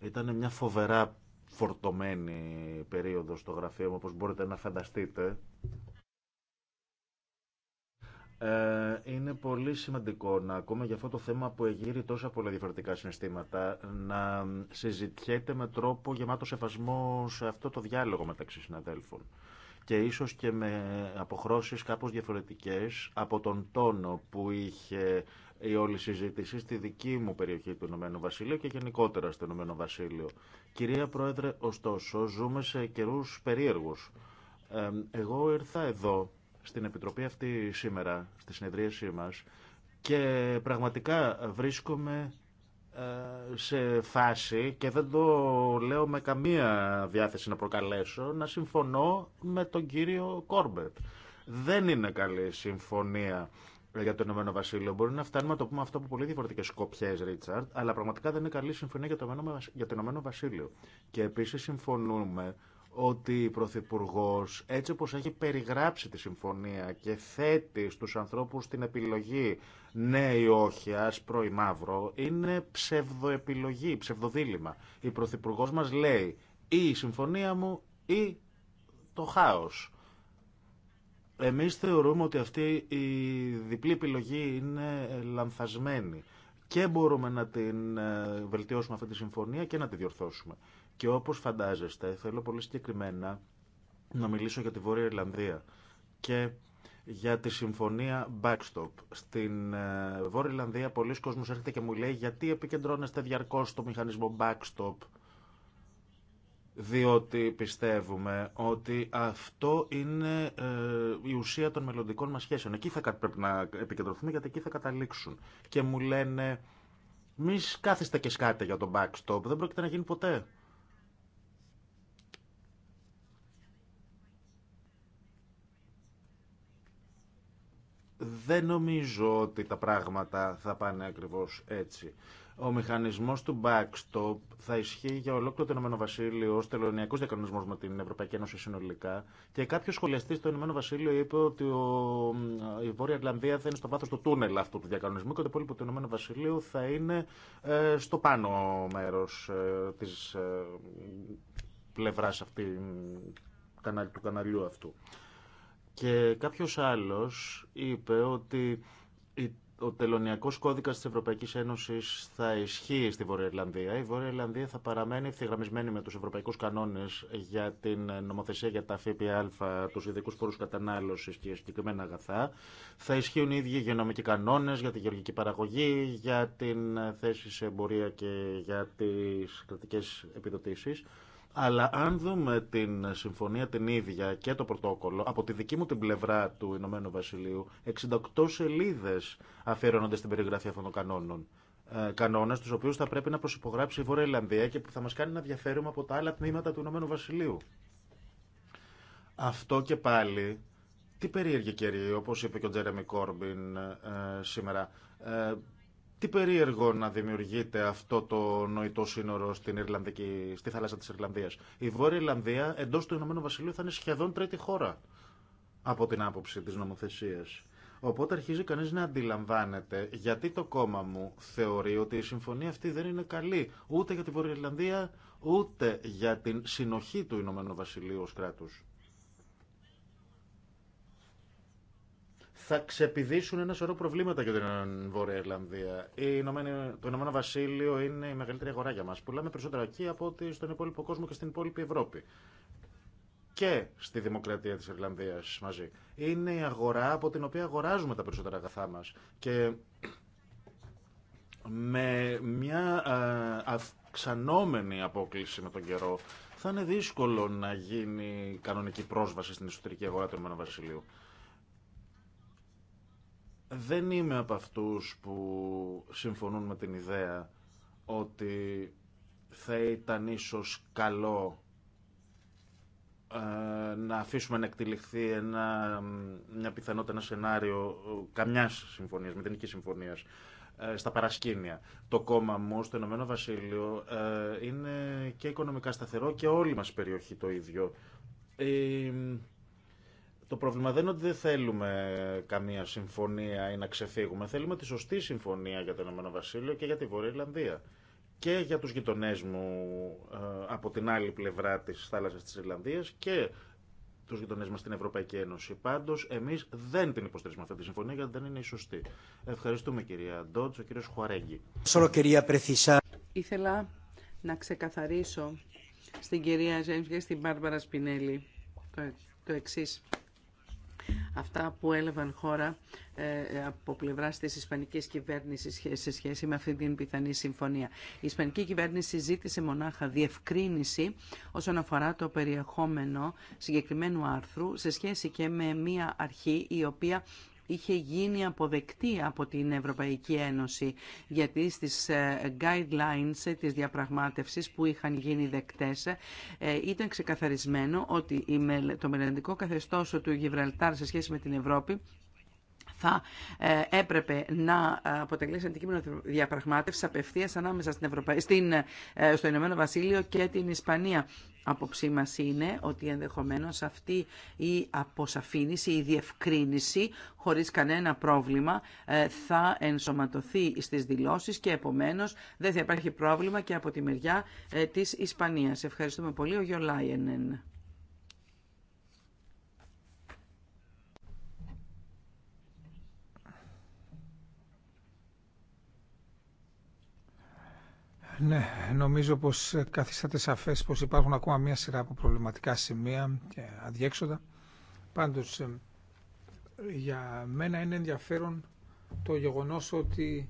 Ήταν μια φοβερά φορτωμένη περίοδος στο γραφείο μου, όπως μπορείτε να φανταστείτε. Ε, είναι πολύ σημαντικό να ακούμε για αυτό το θέμα που εγείρει τόσα πολλά διαφορετικά συναισθήματα, να συζητιέται με τρόπο γεμάτο σεβασμό σε αυτό το διάλογο μεταξύ συναδέλφων και ίσως και με αποχρώσεις κάπως διαφορετικές από τον τόνο που είχε η όλη συζήτηση στη δική μου περιοχή του Ηνωμένου Βασίλειου και γενικότερα στο Ηνωμένο Βασίλειο. Κυρία Πρόεδρε, ωστόσο, ζούμε σε καιρούς περίεργους. Εγώ ήρθα εδώ, στην Επιτροπή αυτή σήμερα, στη συνεδρίασή μας, και πραγματικά βρίσκομαι ε, σε φάση και δεν το λέω με καμία διάθεση να προκαλέσω να συμφωνώ με τον κύριο Κόρμπετ. Δεν είναι καλή συμφωνία για το Ηνωμένο Βασίλειο. Μπορεί να φτάνουμε να το πούμε αυτό από πολύ διαφορετικέ σκοπιέ, Ρίτσαρτ, αλλά πραγματικά δεν είναι καλή συμφωνία για το Ηνωμένο Βασίλειο. Και επίση συμφωνούμε ότι ο Πρωθυπουργό, έτσι όπως έχει περιγράψει τη συμφωνία και θέτει στους ανθρώπους την επιλογή ναι ή όχι, άσπρο ή μαύρο, είναι ψευδοεπιλογή, ψευδοδήλημα. Η Πρωθυπουργό μας λέει ή η συμφωνία μου ή το χάος. Εμείς θεωρούμε ότι αυτή η διπλή επιλογή είναι λανθασμένη και μπορούμε να την ε, βελτιώσουμε αυτή τη συμφωνία και να τη διορθώσουμε. Και όπως φαντάζεστε, θέλω πολύ συγκεκριμένα να μιλήσω για τη Βόρεια Ιρλανδία και για τη συμφωνία Backstop. Στην ε, Βόρεια Ιρλανδία πολλοί κόσμοι έρχεται και μου λέει γιατί επικεντρώνεστε διαρκώ στο μηχανισμό Backstop διότι πιστεύουμε ότι αυτό είναι ε, η ουσία των μελλοντικών μας σχέσεων. Εκεί θα πρέπει να επικεντρωθούμε γιατί εκεί θα καταλήξουν. Και μου λένε μη κάθεστε και σκάτε για τον backstop, δεν πρόκειται να γίνει ποτέ. δεν νομίζω ότι τα πράγματα θα πάνε ακριβώς έτσι. Ο μηχανισμός του backstop θα ισχύει για ολόκληρο το Ηνωμένο Βασίλειο ως τελωνιακός διακανονισμός με την Ευρωπαϊκή Ένωση συνολικά και κάποιο σχολιαστής στο Ηνωμένο Βασίλειο είπε ότι ο... η Βόρεια Ιρλανδία θα είναι στο βάθος του τούνελ αυτού του διακανονισμού και το υπόλοιπο του Ηνωμένου Βασιλείου θα είναι ε, στο πάνω μέρος ε, της ε, πλευράς αυτή, του καναλιού αυτού. Και κάποιος άλλος είπε ότι ο τελωνιακός κώδικας της Ευρωπαϊκής Ένωσης θα ισχύει στη Βόρεια Ιρλανδία. Η Βόρεια Ιρλανδία θα παραμένει ευθυγραμμισμένη με τους ευρωπαϊκούς κανόνες για την νομοθεσία για τα ΦΠΑ, τους ειδικούς πόρους κατανάλωσης και συγκεκριμένα αγαθά. Θα ισχύουν οι ίδιοι υγειονομικοί κανόνες για τη γεωργική παραγωγή, για την θέση σε εμπορία και για τις κρατικές επιδοτήσεις. Αλλά αν δούμε την συμφωνία την ίδια και το πρωτόκολλο, από τη δική μου την πλευρά του Ηνωμένου Βασιλείου, 68 σελίδε αφιερώνονται στην περιγραφή αυτών των κανόνων. Ε, Κανόνε, του οποίου θα πρέπει να προσυπογράψει η Βόρεια Ιρλανδία και που θα μα κάνει να διαφέρουμε από τα άλλα τμήματα του Ηνωμένου Βασιλείου. Αυτό και πάλι, τι περίεργη κυρία, όπω είπε και ο Τζέρεμι Κόρμπιν ε, σήμερα. Ε, τι περίεργο να δημιουργείται αυτό το νοητό σύνορο στην Ιρλανδική, στη θάλασσα της Ιρλανδίας. Η Βόρεια Ιρλανδία εντός του Ηνωμένου Βασιλείου θα είναι σχεδόν τρίτη χώρα από την άποψη της νομοθεσίας. Οπότε αρχίζει κανείς να αντιλαμβάνεται γιατί το κόμμα μου θεωρεί ότι η συμφωνία αυτή δεν είναι καλή ούτε για τη Βόρεια Ιρλανδία ούτε για την συνοχή του Ηνωμένου Βασιλείου ως κράτους. θα ξεπηδήσουν ένα σωρό προβλήματα για την Βόρεια Ιρλανδία. Η Ηνωμένη, το Ηνωμένο Βασίλειο είναι η μεγαλύτερη αγορά για μα. Πουλάμε περισσότερα εκεί από ότι στον υπόλοιπο κόσμο και στην υπόλοιπη Ευρώπη. Και στη δημοκρατία τη Ιρλανδία μαζί. Είναι η αγορά από την οποία αγοράζουμε τα περισσότερα αγαθά μα. Και με μια αυξανόμενη απόκληση με τον καιρό θα είναι δύσκολο να γίνει κανονική πρόσβαση στην εσωτερική αγορά του Ηνωμένου Βασιλείου δεν είμαι από αυτούς που συμφωνούν με την ιδέα ότι θα ήταν ίσως καλό ε, να αφήσουμε να εκτελεχθεί ένα, μια πιθανότητα, ένα σενάριο ε, καμιάς συμφωνίας, μηδενικής συμφωνίας ε, στα παρασκήνια. Το κόμμα μου στο Ηνωμένο Βασίλειο είναι και οικονομικά σταθερό και όλη μας περιοχή το ίδιο. Το πρόβλημα δεν είναι ότι δεν θέλουμε καμία συμφωνία ή να ξεφύγουμε. Θέλουμε τη σωστή συμφωνία για το Ηνωμένο Βασίλειο και για τη Βόρεια Ιρλανδία. Και για τους γειτονέ μου ε, από την άλλη πλευρά της θάλασσας της Ιρλανδίας και τους γειτονέ μας στην Ευρωπαϊκή Ένωση. Πάντως, εμείς δεν την υποστηρίζουμε αυτή τη συμφωνία γιατί δεν είναι η σωστή. Ευχαριστούμε κυρία Ντότς, ο κύριος Χουαρέγγι. Ήθελα να ξεκαθαρίσω στην κυρία Ζέμφια και στην Μπάρμπαρα Σπινέλη το εξή αυτά που έλεγαν χώρα ε, από πλευρά τη Ισπανική κυβέρνηση σε σχέση με αυτή την πιθανή συμφωνία. Η Ισπανική κυβέρνηση ζήτησε μονάχα διευκρίνηση όσον αφορά το περιεχόμενο συγκεκριμένου άρθρου σε σχέση και με μία αρχή η οποία είχε γίνει αποδεκτή από την Ευρωπαϊκή Ένωση γιατί στις ε, guidelines της διαπραγμάτευσης που είχαν γίνει δεκτές ε, ήταν ξεκαθαρισμένο ότι το μελλοντικό καθεστώς του Γιβραλτάρ σε σχέση με την Ευρώπη θα ε, έπρεπε να αποτελέσει αντικείμενο διαπραγμάτευση απευθεία ανάμεσα στην στην, στο Ηνωμένο Βασίλειο και την Ισπανία άποψή μας είναι ότι ενδεχομένως αυτή η αποσαφήνιση, η διευκρίνηση χωρίς κανένα πρόβλημα ε, θα ενσωματωθεί στις δηλώσεις και επομένως δεν θα υπάρχει πρόβλημα και από τη μεριά ε, της Ισπανίας. Ευχαριστούμε πολύ ο Γιολάιενεν. Ναι, νομίζω πως καθίσατε σαφές πως υπάρχουν ακόμα μία σειρά από προβληματικά σημεία και αδιέξοδα. Πάντως, ε, για μένα είναι ενδιαφέρον το γεγονός ότι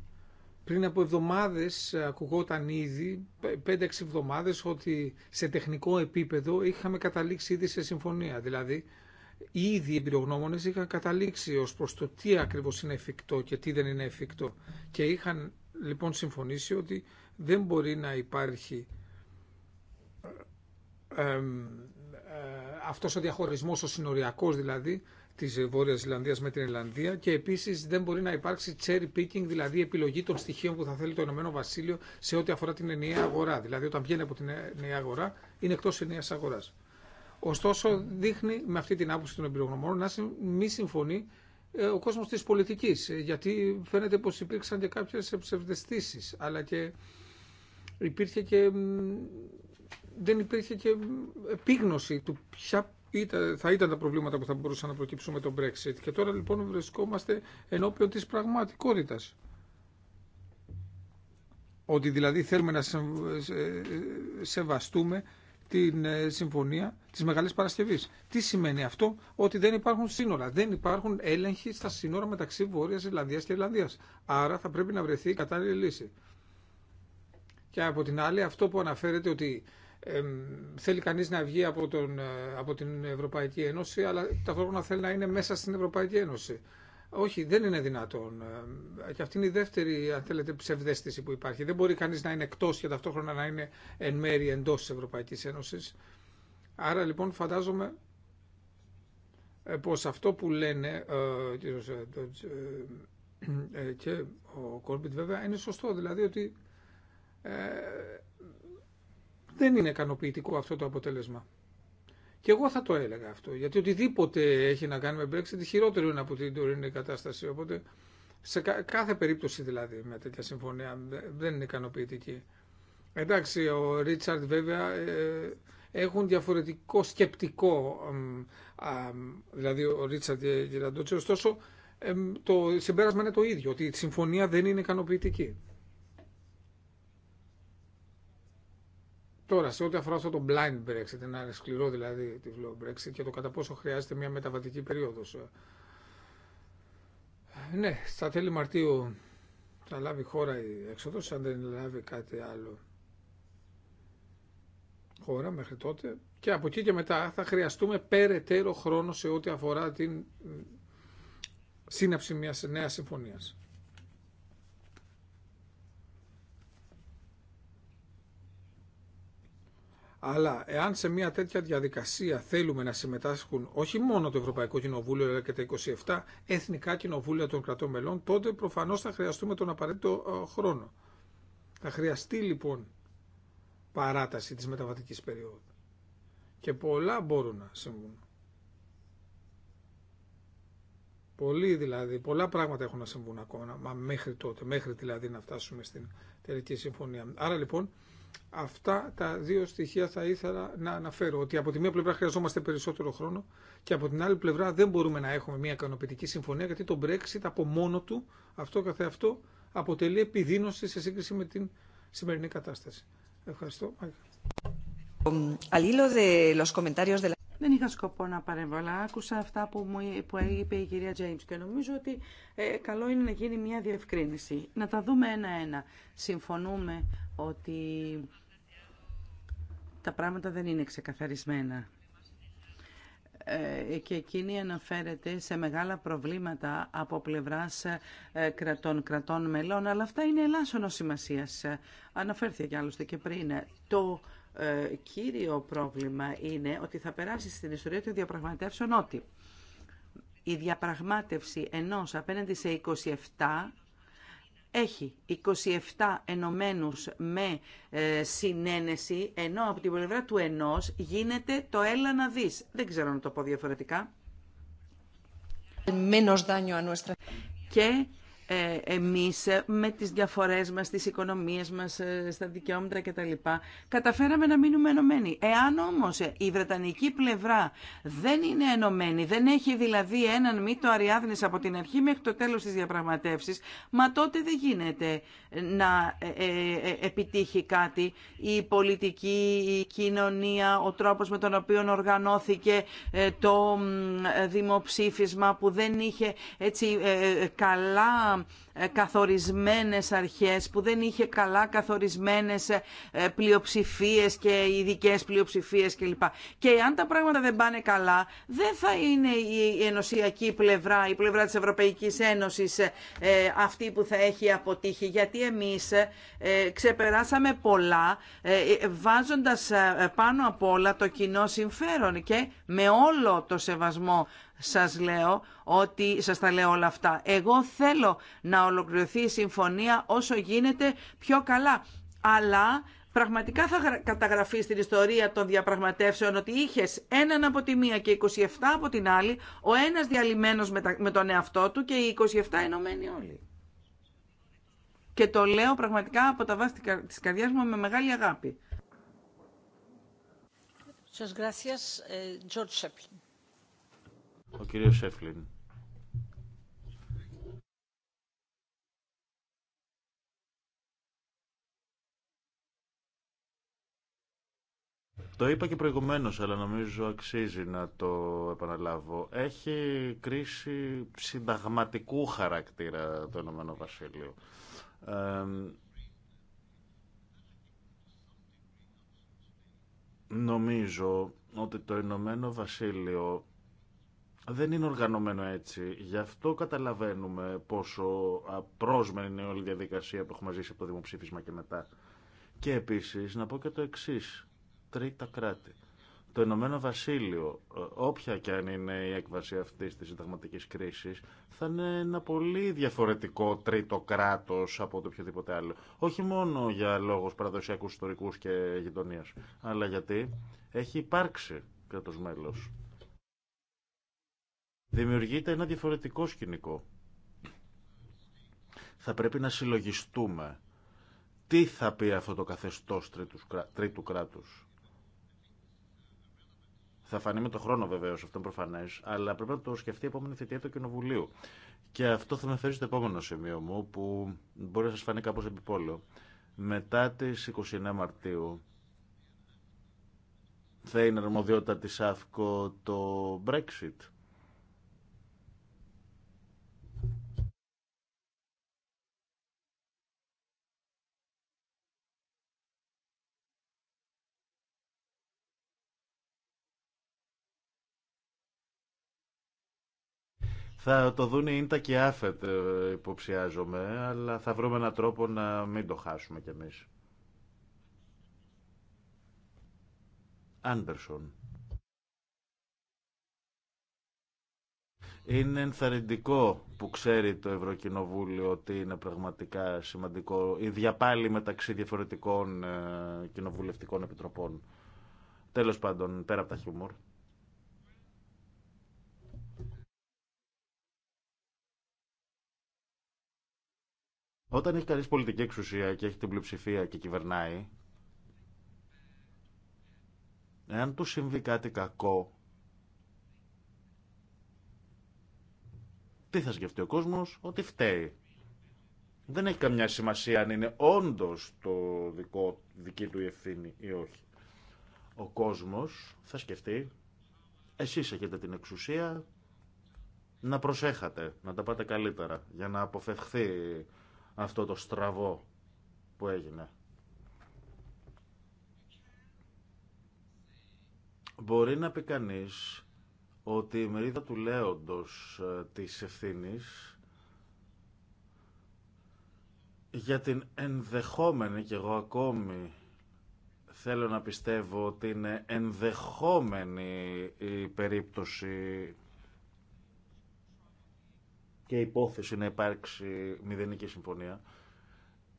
πριν από εβδομάδες ακουγόταν ήδη, 5-6 εβδομάδες, ότι σε τεχνικό επίπεδο είχαμε καταλήξει ήδη σε συμφωνία. Δηλαδή, ήδη οι εμπειρογνώμονες είχαν καταλήξει ως προς το τι ακριβώς είναι εφικτό και τι δεν είναι εφικτό. Και είχαν λοιπόν συμφωνήσει ότι δεν μπορεί να υπάρχει ε, αυτός ο διαχωρισμός, ο συνοριακός δηλαδή, της Βόρειας Ιλανδίας με την Ιλανδία και επίσης δεν μπορεί να υπάρξει cherry picking, δηλαδή επιλογή των στοιχείων που θα θέλει το Ηνωμένο Βασίλειο σε ό,τι αφορά την ενιαία αγορά. Δηλαδή, όταν βγαίνει από την ε, ενιαία αγορά, είναι εκτό ενιαίας αγοράς Ωστόσο, δείχνει με αυτή την άποψη των εμπειρογνωμών να μη συμφωνεί ε, ο κόσμος της πολιτικής γιατί φαίνεται πως υπήρξαν και κάποιε ψευδεστήσει, αλλά και δεν υπήρχε και επίγνωση του ποια θα ήταν τα προβλήματα που θα μπορούσαν να προκύψουν με τον Brexit. Και τώρα λοιπόν βρισκόμαστε ενώπιον της πραγματικότητας. Ότι δηλαδή θέλουμε να σεβαστούμε την ε, συμφωνία της Μεγάλης Παρασκευής. Τι σημαίνει αυτό, ότι δεν υπάρχουν σύνορα, δεν υπάρχουν έλεγχοι στα σύνορα μεταξύ Βόρειας Ιρλανδίας και Ιρλανδίας. Άρα θα πρέπει να βρεθεί η κατάλληλη λύση και από την άλλη αυτό που αναφέρεται ότι θέλει κανείς να βγει από, τον, ε, από την Ευρωπαϊκή Ένωση αλλά ταυτόχρονα θέλει να είναι μέσα στην Ευρωπαϊκή Ένωση. Όχι, δεν είναι δυνατόν. Ε, και αυτή είναι η δεύτερη, αν θέλετε, ψευδέστηση που υπάρχει. Δεν μπορεί κανείς να είναι εκτός και ταυτόχρονα να είναι εν μέρη εντός της Ευρωπαϊκής Ένωσης. Άρα λοιπόν φαντάζομαι ε, πως αυτό που λένε ε, και ο Κόρμπιτ βέβαια είναι σωστό. Δηλαδή ότι ε, δεν είναι ικανοποιητικό αυτό το αποτέλεσμα. Και εγώ θα το έλεγα αυτό, γιατί οτιδήποτε έχει να κάνει με Brexit χειρότερο είναι από την τωρινή κατάσταση. Οπότε σε κάθε περίπτωση δηλαδή με τέτοια συμφωνία δεν είναι ικανοποιητική. Εντάξει, ο Ρίτσαρντ βέβαια ε, έχουν διαφορετικό σκεπτικό, δηλαδή ο Ρίτσαρντ και η Γεραντότση, ωστόσο το συμπέρασμα είναι το ίδιο, ότι η συμφωνία δεν είναι ικανοποιητική. Τώρα, σε ό,τι αφορά αυτό το blind Brexit, ένα σκληρό δηλαδή τυφλό Brexit και το κατά πόσο χρειάζεται μια μεταβατική περίοδο. Ε, ναι, στα τέλη Μαρτίου θα λάβει χώρα η έξοδο, αν δεν λάβει κάτι άλλο χώρα μέχρι τότε. Και από εκεί και μετά θα χρειαστούμε περαιτέρω χρόνο σε ό,τι αφορά την σύναψη μια νέα συμφωνία. Αλλά εάν σε μια τέτοια διαδικασία θέλουμε να συμμετάσχουν όχι μόνο το Ευρωπαϊκό Κοινοβούλιο αλλά και τα 27 εθνικά κοινοβούλια των κρατών μελών, τότε προφανώς θα χρειαστούμε τον απαραίτητο ε, χρόνο. Θα χρειαστεί λοιπόν παράταση της μεταβατικής περίοδου. Και πολλά μπορούν να συμβούν. Πολλοί δηλαδή, πολλά πράγματα έχουν να συμβούν ακόμα, μέχρι τότε, μέχρι δηλαδή να φτάσουμε στην τελική συμφωνία. Άρα λοιπόν, Αυτά τα δύο στοιχεία θα ήθελα να αναφέρω. Ότι από τη μία πλευρά χρειαζόμαστε περισσότερο χρόνο και από την άλλη πλευρά δεν μπορούμε να έχουμε μια ικανοποιητική συμφωνία γιατί το Brexit από μόνο του αυτό καθεαυτό αποτελεί επιδείνωση σε σύγκριση με την σημερινή κατάσταση. Ευχαριστώ. Al de los comentarios de la... Δεν είχα σκοπό να παρέμβω, αλλά άκουσα αυτά που, μου, που είπε η κυρία James και νομίζω ότι ε, καλό είναι να γίνει μια διευκρίνηση. Να τα δούμε ένα-ένα. Συμφωνούμε ότι τα πράγματα δεν είναι ξεκαθαρισμένα ε, και εκείνη αναφέρεται σε μεγάλα προβλήματα από πλευράς ε, κρατών, κρατών μελών, αλλά αυτά είναι ελάσσονο σημασίας. Αναφέρθηκε άλλωστε και πριν. Το ε, κύριο πρόβλημα είναι ότι θα περάσει στην ιστορία των διαπραγματεύσεων ότι η διαπραγμάτευση ενός απέναντι σε 27 έχει 27 ενωμένους με ε, συνένεση, ενώ από την πλευρά του ενός γίνεται το έλα να δεις. Δεν ξέρω να το πω διαφορετικά. Menos daño a nuestra... Και ε, εμείς ε, με τις διαφορές μας, τις οικονομίες μας, ε, στα δικαιώματα κτλ. Καταφέραμε να μείνουμε ενωμένοι. Εάν όμως η Βρετανική πλευρά δεν είναι ενωμένη, δεν έχει δηλαδή έναν μύτο αριάδνης από την αρχή μέχρι το τέλος της διαπραγματεύσεις, μα τότε δεν γίνεται να επιτύχει κάτι η πολιτική, η κοινωνία, ο τρόπος με τον οποίο οργανώθηκε το δημοψήφισμα που δεν είχε έτσι καλά ε, καθορισμένες αρχές, που δεν είχε καλά καθορισμένες ε, πλειοψηφίες και ειδικέ πλειοψηφίες κλπ. Και αν τα πράγματα δεν πάνε καλά, δεν θα είναι η ενωσιακή πλευρά, η πλευρά της Ευρωπαϊκής Ένωσης ε, αυτή που θα έχει αποτύχει, γιατί εμείς ξεπεράσαμε πολλά βάζοντας πάνω απ' όλα το κοινό συμφέρον και με όλο το σεβασμό σας λέω ότι σας τα λέω όλα αυτά. Εγώ θέλω να ολοκληρωθεί η συμφωνία όσο γίνεται πιο καλά. Αλλά πραγματικά θα καταγραφεί στην ιστορία των διαπραγματεύσεων ότι είχες έναν από τη μία και 27 από την άλλη, ο ένας διαλυμένος με τον εαυτό του και οι 27 ενωμένοι όλοι. Και το λέω πραγματικά από τα βάση της καρδιάς μου με μεγάλη αγάπη. Σας ε, ο κύριος Σέφλιν. Το είπα και προηγουμένως, αλλά νομίζω αξίζει να το επαναλάβω. Έχει κρίση συνταγματικού χαρακτήρα το Ηνωμένο Βασίλειο. νομίζω ότι το Ηνωμένο Βασίλειο δεν είναι οργανωμένο έτσι. Γι' αυτό καταλαβαίνουμε πόσο απρόσμενη είναι όλη η διαδικασία που έχουμε ζήσει από το δημοψήφισμα και μετά. Και επίσης να πω και το εξή. Τρίτα κράτη. Το Ηνωμένο Βασίλειο, ε, όποια και αν είναι η έκβαση αυτή τη συνταγματική κρίση, θα είναι ένα πολύ διαφορετικό τρίτο κράτο από το οποιοδήποτε άλλο. Όχι μόνο για λόγου παραδοσιακού ιστορικού και γειτονία, αλλά γιατί έχει υπάρξει κράτο μέλο δημιουργείται ένα διαφορετικό σκηνικό. Θα πρέπει να συλλογιστούμε τι θα πει αυτό το καθεστώς τρίτου κράτους. Θα φανεί με το χρόνο βεβαίως, αυτό είναι προφανές, αλλά πρέπει να το σκεφτεί η επόμενη θητεία του Κοινοβουλίου. Και αυτό θα με φέρει στο επόμενο σημείο μου, που μπορεί να σας φανεί κάπως επιπόλαιο. Μετά τις 29 Μαρτίου, θα είναι αρμοδιότητα της ΑΦΚΟ το Brexit. Θα το δουν οι Ίντα και Άφετ, ε, υποψιάζομαι, αλλά θα βρούμε έναν τρόπο να μην το χάσουμε κι εμείς. Άντερσον. Είναι ενθαρρυντικό που ξέρει το Ευρωκοινοβούλιο ότι είναι πραγματικά σημαντικό η διαπάλη μεταξύ διαφορετικών ε, κοινοβουλευτικών επιτροπών. Τέλος πάντων, πέρα από τα χιούμορ. Όταν έχει κανεί πολιτική εξουσία και έχει την πλειοψηφία και κυβερνάει, εάν του συμβεί κάτι κακό, τι θα σκεφτεί ο κόσμος, ότι φταίει. Δεν έχει καμιά σημασία αν είναι όντως το δικό, δική του η ευθύνη ή όχι. Ο κόσμος θα σκεφτεί, εσείς έχετε την εξουσία να προσέχατε, να τα πάτε καλύτερα, για να αποφευχθεί αυτό το στραβό που έγινε. Μπορεί να πει κανείς ότι η μερίδα του λέοντος ε, της ευθύνης για την ενδεχόμενη και εγώ ακόμη θέλω να πιστεύω ότι είναι ενδεχόμενη η περίπτωση και υπόθεση να υπάρξει μηδενική συμφωνία.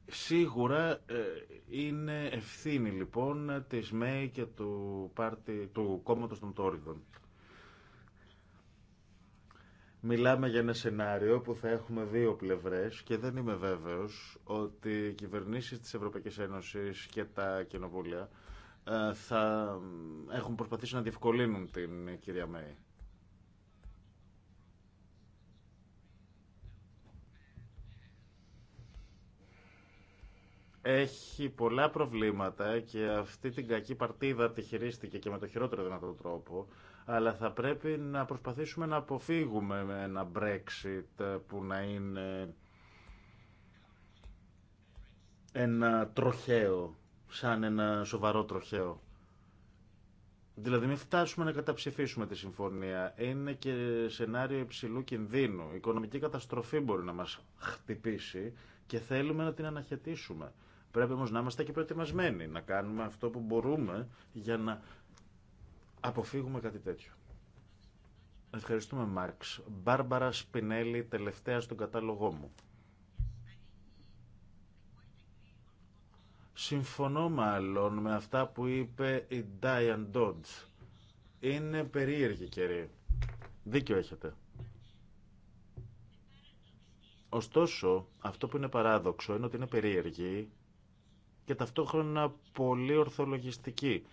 Σίγουρα ε, είναι ευθύνη λοιπόν της ΜΕΗ και του, πάρτι, του κόμματος των Τόριδων. Μιλάμε για ένα σενάριο που θα έχουμε δύο πλευρές και δεν είμαι βέβαιος ότι οι κυβερνήσεις της Ευρωπαϊκής Ένωσης και τα κοινοβούλια ε, θα ε, έχουν προσπαθήσει να διευκολύνουν την κυρία Μέη. έχει πολλά προβλήματα και αυτή την κακή παρτίδα τη χειρίστηκε και με το χειρότερο δυνατό τρόπο, αλλά θα πρέπει να προσπαθήσουμε να αποφύγουμε ένα Brexit που να είναι ένα τροχαίο, σαν ένα σοβαρό τροχαίο. Δηλαδή μην φτάσουμε να καταψηφίσουμε τη συμφωνία. Είναι και σενάριο υψηλού κινδύνου. Η οικονομική καταστροφή μπορεί να μας χτυπήσει και θέλουμε να την αναχαιτήσουμε. Πρέπει όμω να είμαστε και προετοιμασμένοι να κάνουμε αυτό που μπορούμε για να αποφύγουμε κάτι τέτοιο. Ευχαριστούμε, Μάρξ. Μπάρμπαρα Σπινέλη, τελευταία στον κατάλογό μου. Συμφωνώ μάλλον με αυτά που είπε η Diane Ντόντς. Είναι περίεργη κύριε. Δίκιο έχετε. Ωστόσο, αυτό που είναι παράδοξο είναι ότι είναι περίεργη και ταυτόχρονα πολύ ορθολογιστική.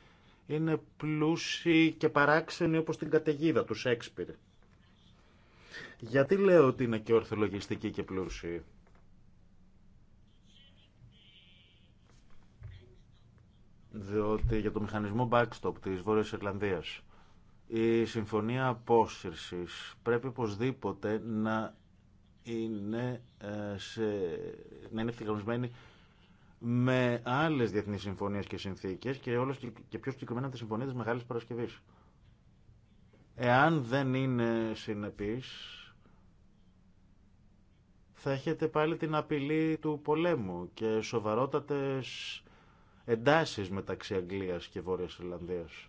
Είναι πλούσιοι και παράξενοι όπως την καταιγίδα του Σέξπιρ. Γιατί λέω ότι είναι και ορθολογιστική και πλούσιοι. Διότι για το μηχανισμό backstop της Βόρειας Ιρλανδίας η συμφωνία απόσυρσης πρέπει οπωσδήποτε να είναι, ε, σε, να με άλλες διεθνείς συμφωνίες και συνθήκες και, όλες, και πιο συγκεκριμένα τη συμφωνία της Μεγάλης Παρασκευής. Εάν δεν είναι συνεπής, θα έχετε πάλι την απειλή του πολέμου και σοβαρότατες εντάσεις μεταξύ Αγγλίας και Βόρειας Ιρλανδίας.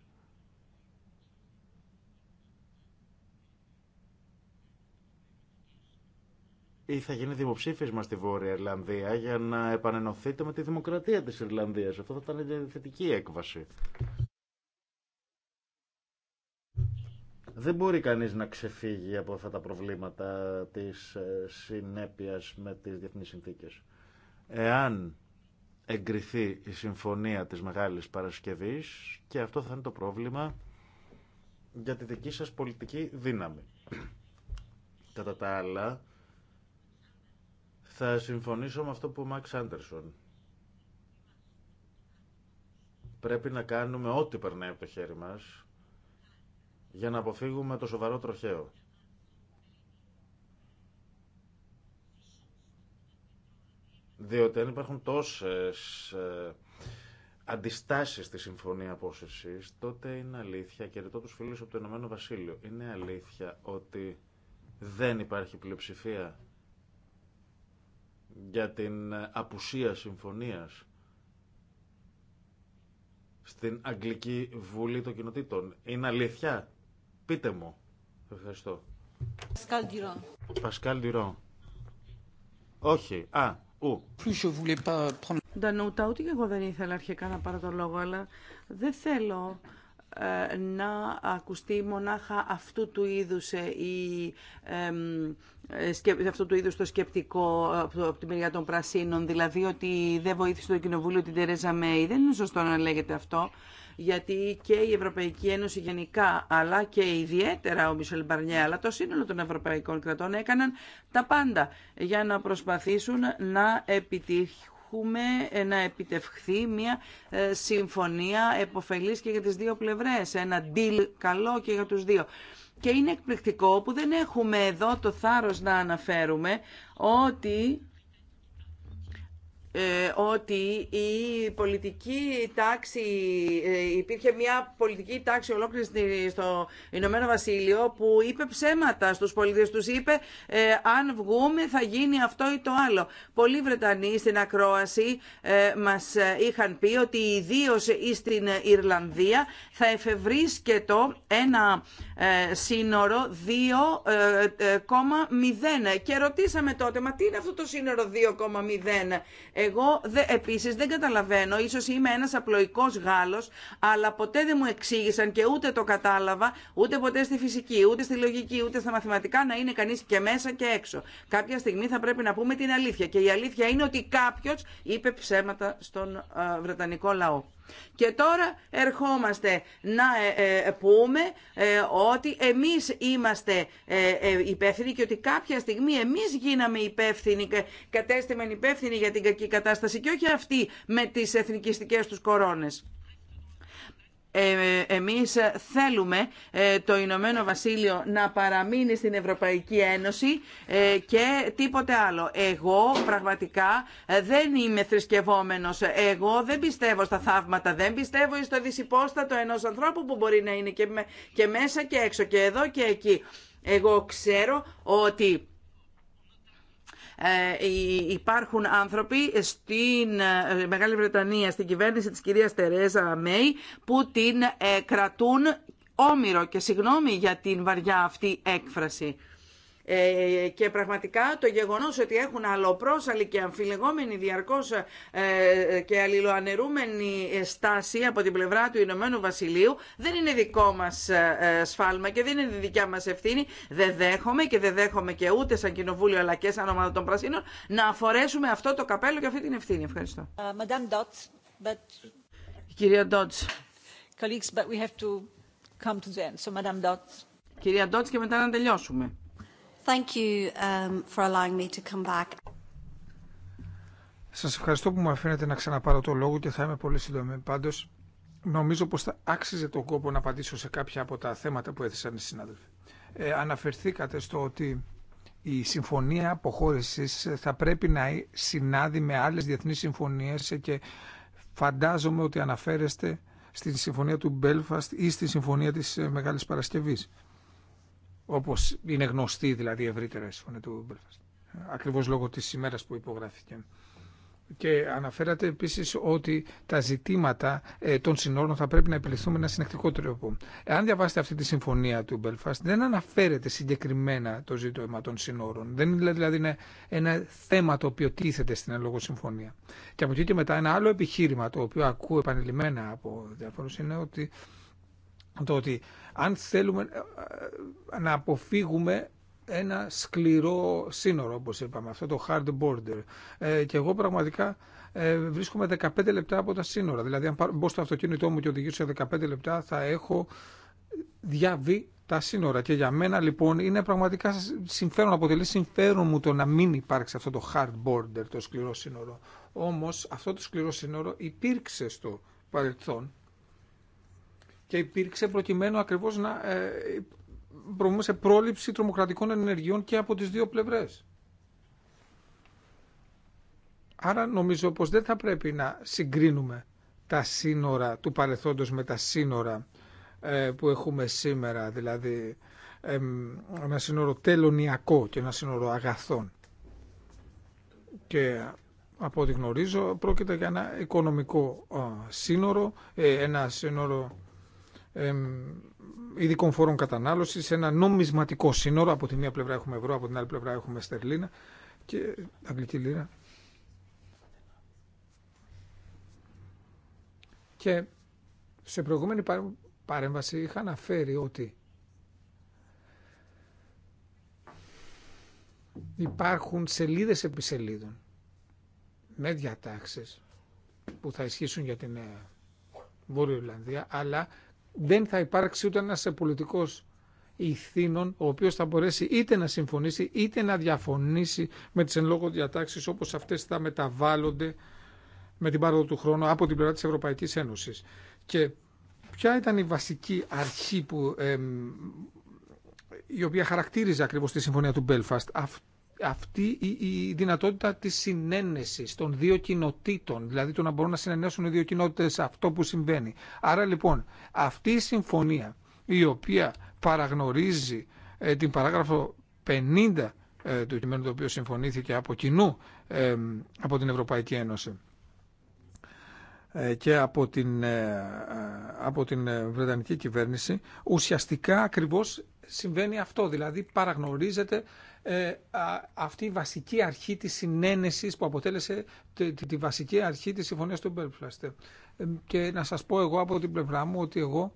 ή θα γίνει δημοψήφισμα στη Βόρεια Ιρλανδία για να επανενωθείτε με τη δημοκρατία της Ιρλανδίας. Αυτό θα ήταν θετική έκβαση. Δεν μπορεί κανείς να ξεφύγει από αυτά τα προβλήματα της ε, συνέπειας με τις διεθνείς συνθήκες. Εάν εγκριθεί η συμφωνία της Μεγάλης Παρασκευής και αυτό θα είναι το πρόβλημα για τη δική σας πολιτική δύναμη. Κατά τα άλλα, θα συμφωνήσω με αυτό που ο Μαξ Άντερσον. Πρέπει να κάνουμε ό,τι περνάει από το χέρι μας για να αποφύγουμε το σοβαρό τροχαίο. Διότι αν υπάρχουν τόσες ε, αντιστάσεις στη συμφωνία από εσείς, τότε είναι αλήθεια, και ρωτώ τους φίλους από το Ηνωμένο Βασίλειο, είναι αλήθεια ότι δεν υπάρχει πλειοψηφία για την απουσία συμφωνίας στην Αγγλική Βουλή των Κοινοτήτων. Είναι αλήθεια. Πείτε μου. Ευχαριστώ. Πασκάλ Ντιρό. Πασκάλ Όχι. Α, ου. Ντανούτα, ούτε και εγώ δεν ήθελα αρχικά να πάρω το λόγο, αλλά δεν θέλω ε, να ακουστεί μονάχα αυτού του είδους ε, η, ε, αυτού του είδους το σκεπτικό από τη μεριά των πρασίνων, δηλαδή ότι δεν βοήθησε το Κοινοβούλιο την Τερέζα Μέη. Δεν είναι σωστό να λέγεται αυτό, γιατί και η Ευρωπαϊκή Ένωση γενικά, αλλά και ιδιαίτερα ο Μισελ Μπαρνιέ, αλλά το σύνολο των ευρωπαϊκών κρατών έκαναν τα πάντα για να προσπαθήσουν να επιτύχουν έχουμε να επιτευχθεί μια ε, συμφωνία εποφελής και για τις δύο πλευρές, ένα deal καλό και για τους δύο. Και είναι εκπληκτικό που δεν έχουμε εδώ το θάρρος να αναφέρουμε ότι ε, ότι η πολιτική τάξη, ε, υπήρχε μια πολιτική τάξη ολόκληρη στο Ηνωμένο Βασίλειο που είπε ψέματα στους πολίτες τους, είπε ε, αν βγούμε θα γίνει αυτό ή το άλλο. Πολλοί Βρετανοί στην ακρόαση μας είχαν πει ότι ιδίω στην Ιρλανδία θα εφευρίσκεται ένα σύνορο 2,0 και ρωτήσαμε τότε, μα τι είναι αυτό το σύνορο 2,0 εγώ δε, επίσης δεν καταλαβαίνω, ίσως είμαι ένας απλοϊκός Γάλλος, αλλά ποτέ δεν μου εξήγησαν και ούτε το κατάλαβα, ούτε ποτέ στη φυσική, ούτε στη λογική, ούτε στα μαθηματικά να είναι κανείς και μέσα και έξω. Κάποια στιγμή θα πρέπει να πούμε την αλήθεια και η αλήθεια είναι ότι κάποιος είπε ψέματα στον ε, Βρετανικό λαό. Και τώρα ερχόμαστε να ε, ε, πούμε ε, ότι εμείς είμαστε υπεύθυνοι και ότι κάποια στιγμή εμείς γίναμε υπεύθυνοι, κατέστημεν υπεύθυνοι για την κακή κατάσταση και όχι αυτοί με τις εθνικιστικές τους κορώνες. Ε, εμείς θέλουμε ε, το Ηνωμένο Βασίλειο να παραμείνει στην Ευρωπαϊκή Ένωση ε, και τίποτε άλλο. Εγώ πραγματικά δεν είμαι θρησκευόμενος. Εγώ δεν πιστεύω στα θαύματα. Δεν πιστεύω στο δυσυπόστατο ενός ανθρώπου που μπορεί να είναι και μέσα και έξω και εδώ και εκεί. Εγώ ξέρω ότι ε, υπάρχουν άνθρωποι στην ε, Μεγάλη Βρετανία, στην κυβέρνηση της κυρίας Τερέζα Μέη, που την ε, κρατούν όμοιρο και συγγνώμη για την βαριά αυτή έκφραση. Ε, και πραγματικά το γεγονός ότι έχουν αλλοπρόσαλη και αμφιλεγόμενη διαρκώς ε, και αλληλοανερούμενη στάση από την πλευρά του Ηνωμένου Βασιλείου δεν είναι δικό μας ε, σφάλμα και δεν είναι δικιά μας ευθύνη. Δεν δέχομαι και δεν δέχομαι και ούτε σαν κοινοβούλιο αλλά και σαν ομάδα των Πρασίνων να αφορέσουμε αυτό το καπέλο και αυτή την ευθύνη. Ευχαριστώ. Κυρία Ντότς. Κυρία Ντότς και μετά να τελειώσουμε. Thank you um, for allowing me to come back. Σας ευχαριστώ που μου αφήνετε να ξαναπάρω το λόγο και θα είμαι πολύ σύντομη. Πάντως, νομίζω πως θα άξιζε τον κόπο να απαντήσω σε κάποια από τα θέματα που έθεσαν οι συνάδελφοι. Ε, αναφερθήκατε στο ότι η συμφωνία αποχώρησης θα πρέπει να συνάδει με άλλες διεθνείς συμφωνίες και φαντάζομαι ότι αναφέρεστε στη συμφωνία του Μπέλφαστ ή στη συμφωνία της ε, Μεγάλης Παρασκευής όπω είναι γνωστή δηλαδή ευρύτερα η συμφωνία του Μπέλφαστ. Ακριβώ λόγω τη ημέρα που υπογράφηκε. Και αναφέρατε επίση ότι τα ζητήματα ε, των συνόρων θα πρέπει να επιληθούν με ένα συνεχτικό τρόπο. Αν διαβάσετε αυτή τη συμφωνία του Μπέλφαστ δεν αναφέρεται συγκεκριμένα το ζήτημα των συνόρων. Δεν είναι δηλαδή είναι ένα θέμα το οποίο τίθεται στην ελόγω συμφωνία. Και από εκεί και μετά ένα άλλο επιχείρημα το οποίο ακούω επανειλημμένα από διαφόρου είναι ότι το ότι αν θέλουμε ε, ε, να αποφύγουμε ένα σκληρό σύνορο, όπως είπαμε, αυτό το hard border. Ε, και εγώ πραγματικά ε, βρίσκομαι 15 λεπτά από τα σύνορα. Δηλαδή, αν μπω στο αυτοκίνητό μου και οδηγήσω σε 15 λεπτά, θα έχω διαβεί τα σύνορα. Και για μένα, λοιπόν, είναι πραγματικά συμφέρον, αποτελεί συμφέρον μου το να μην υπάρξει αυτό το hard border, το σκληρό σύνορο. Όμως, αυτό το σκληρό σύνορο υπήρξε στο παρελθόν και υπήρξε προκειμένου ακριβώ να ε, προβούμε σε πρόληψη τρομοκρατικών ενεργειών και από τις δύο πλευρές. Άρα νομίζω πως δεν θα πρέπει να συγκρίνουμε τα σύνορα του παρελθόντος με τα σύνορα ε, που έχουμε σήμερα, δηλαδή ένα σύνορο τελωνιακό και ένα σύνορο αγαθών. Και από ό,τι γνωρίζω πρόκειται για ένα οικονομικό ε, σύνορο, ένα σύνορο ειδικών φόρων κατανάλωσης, ένα νομισματικό σύνορο. Από τη μία πλευρά έχουμε ευρώ, από την άλλη πλευρά έχουμε στερλίνα και αγγλική λίρα. Και σε προηγούμενη παρέμβαση είχα αναφέρει ότι υπάρχουν σελίδες επί σελίδων με διατάξεις που θα ισχύσουν για την ε, Βόρειο Ιρλανδία, αλλά δεν θα υπάρξει ούτε ένας πολιτικός ηθήνων ο οποίος θα μπορέσει είτε να συμφωνήσει είτε να διαφωνήσει με τις εν λόγω διατάξεις όπως αυτές θα μεταβάλλονται με την πάροδο του χρόνου από την πλευρά της Ευρωπαϊκής Ένωσης. Και ποια ήταν η βασική αρχή που, η οποία χαρακτήριζε ακριβώς τη Συμφωνία του Belfast αυτή η, δυνατότητα της συνένεση των δύο κοινοτήτων, δηλαδή το να μπορούν να συνενέσουν οι δύο κοινότητες αυτό που συμβαίνει. Άρα λοιπόν αυτή η συμφωνία η οποία παραγνωρίζει ε, την παράγραφο 50 ε, του κειμένου το οποίο συμφωνήθηκε από κοινού ε, από την Ευρωπαϊκή Ένωση και από την, από την Βρετανική κυβέρνηση ουσιαστικά ακριβώς συμβαίνει αυτό, δηλαδή παραγνωρίζεται ε, αυτή η βασική αρχή της συνένεσης που αποτέλεσε τη, βασική αρχή της συμφωνίας του Belfast. Ε, και να σας πω εγώ από την πλευρά μου ότι εγώ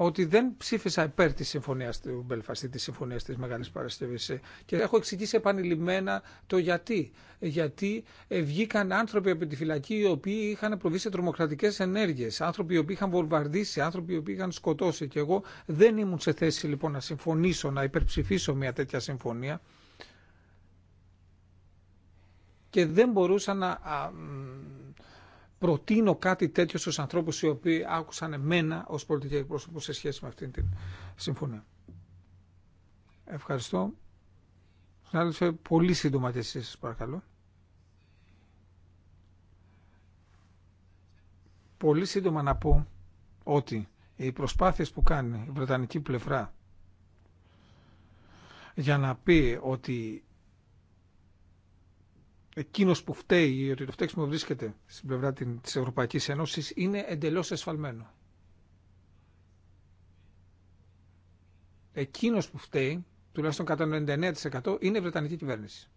ότι δεν ψήφισα υπέρ τη συμφωνία του Μπελφαστή, τη συμφωνία τη Μεγάλη Παρασκευή. Και έχω εξηγήσει επανειλημμένα το γιατί. Γιατί ε, βγήκαν άνθρωποι από τη φυλακή οι οποίοι είχαν προβεί σε τρομοκρατικέ ενέργειε, άνθρωποι οι οποίοι είχαν βομβαρδίσει, άνθρωποι οι οποίοι είχαν σκοτώσει. Και εγώ δεν ήμουν σε θέση λοιπόν να συμφωνήσω, να υπερψηφίσω μια τέτοια συμφωνία. Και δεν μπορούσα να προτείνω κάτι τέτοιο στους ανθρώπους οι οποίοι άκουσαν εμένα ως πολιτική εκπρόσωπο σε σχέση με αυτήν την συμφωνία. Ευχαριστώ. Συνάδελφε, πολύ σύντομα και εσείς, παρακαλώ. Πολύ σύντομα να πω ότι οι προσπάθειες που κάνει η Βρετανική πλευρά για να πει ότι εκείνο που φταίει, ότι το φταίξιμο βρίσκεται στην πλευρά τη Ευρωπαϊκή Ένωση, είναι εντελώ εσφαλμένο. Εκείνο που φταίει, τουλάχιστον κατά 99%, είναι η Βρετανική κυβέρνηση.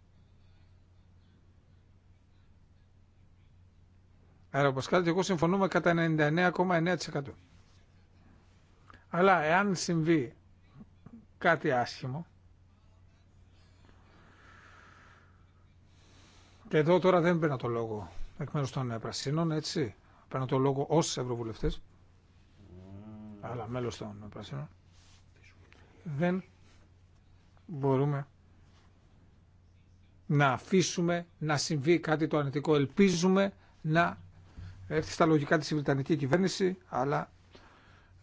Άρα, όπω κάνετε, εγώ συμφωνούμε κατά 99,9%. Αλλά εάν συμβεί κάτι άσχημο, Και εδώ τώρα δεν παίρνω το λόγο εκ μέρου των ε, Πρασίνων, έτσι. Παίρνω το λόγο ω Ευρωβουλευτή, αλλά μέλο των ε, Πρασίνων. Δεν μπορούμε να αφήσουμε να συμβεί κάτι το αρνητικό. Ελπίζουμε να έρθει στα λογικά της η Βρετανική κυβέρνηση, αλλά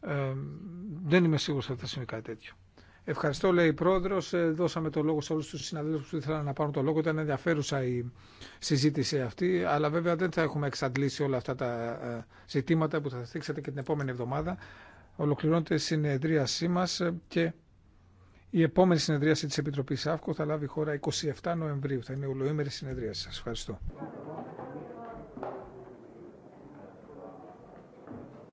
ε, δεν είμαι σίγουρος ότι θα συμβεί κάτι τέτοιο. Ευχαριστώ, λέει η πρόεδρο. Ε, δώσαμε το λόγο σε όλου του συναδέλφου που ήθελαν να πάρουν το λόγο. Ήταν ενδιαφέρουσα η συζήτηση αυτή, αλλά βέβαια δεν θα έχουμε εξαντλήσει όλα αυτά τα ε, ζητήματα που θα θίξετε και την επόμενη εβδομάδα. Ολοκληρώνεται η συνεδρίασή μα και η επόμενη συνεδρίαση τη Επιτροπή ΑΦΚΟ θα λάβει χώρα 27 Νοεμβρίου. Θα είναι ολοήμερη συνεδρίαση. Σα ευχαριστώ.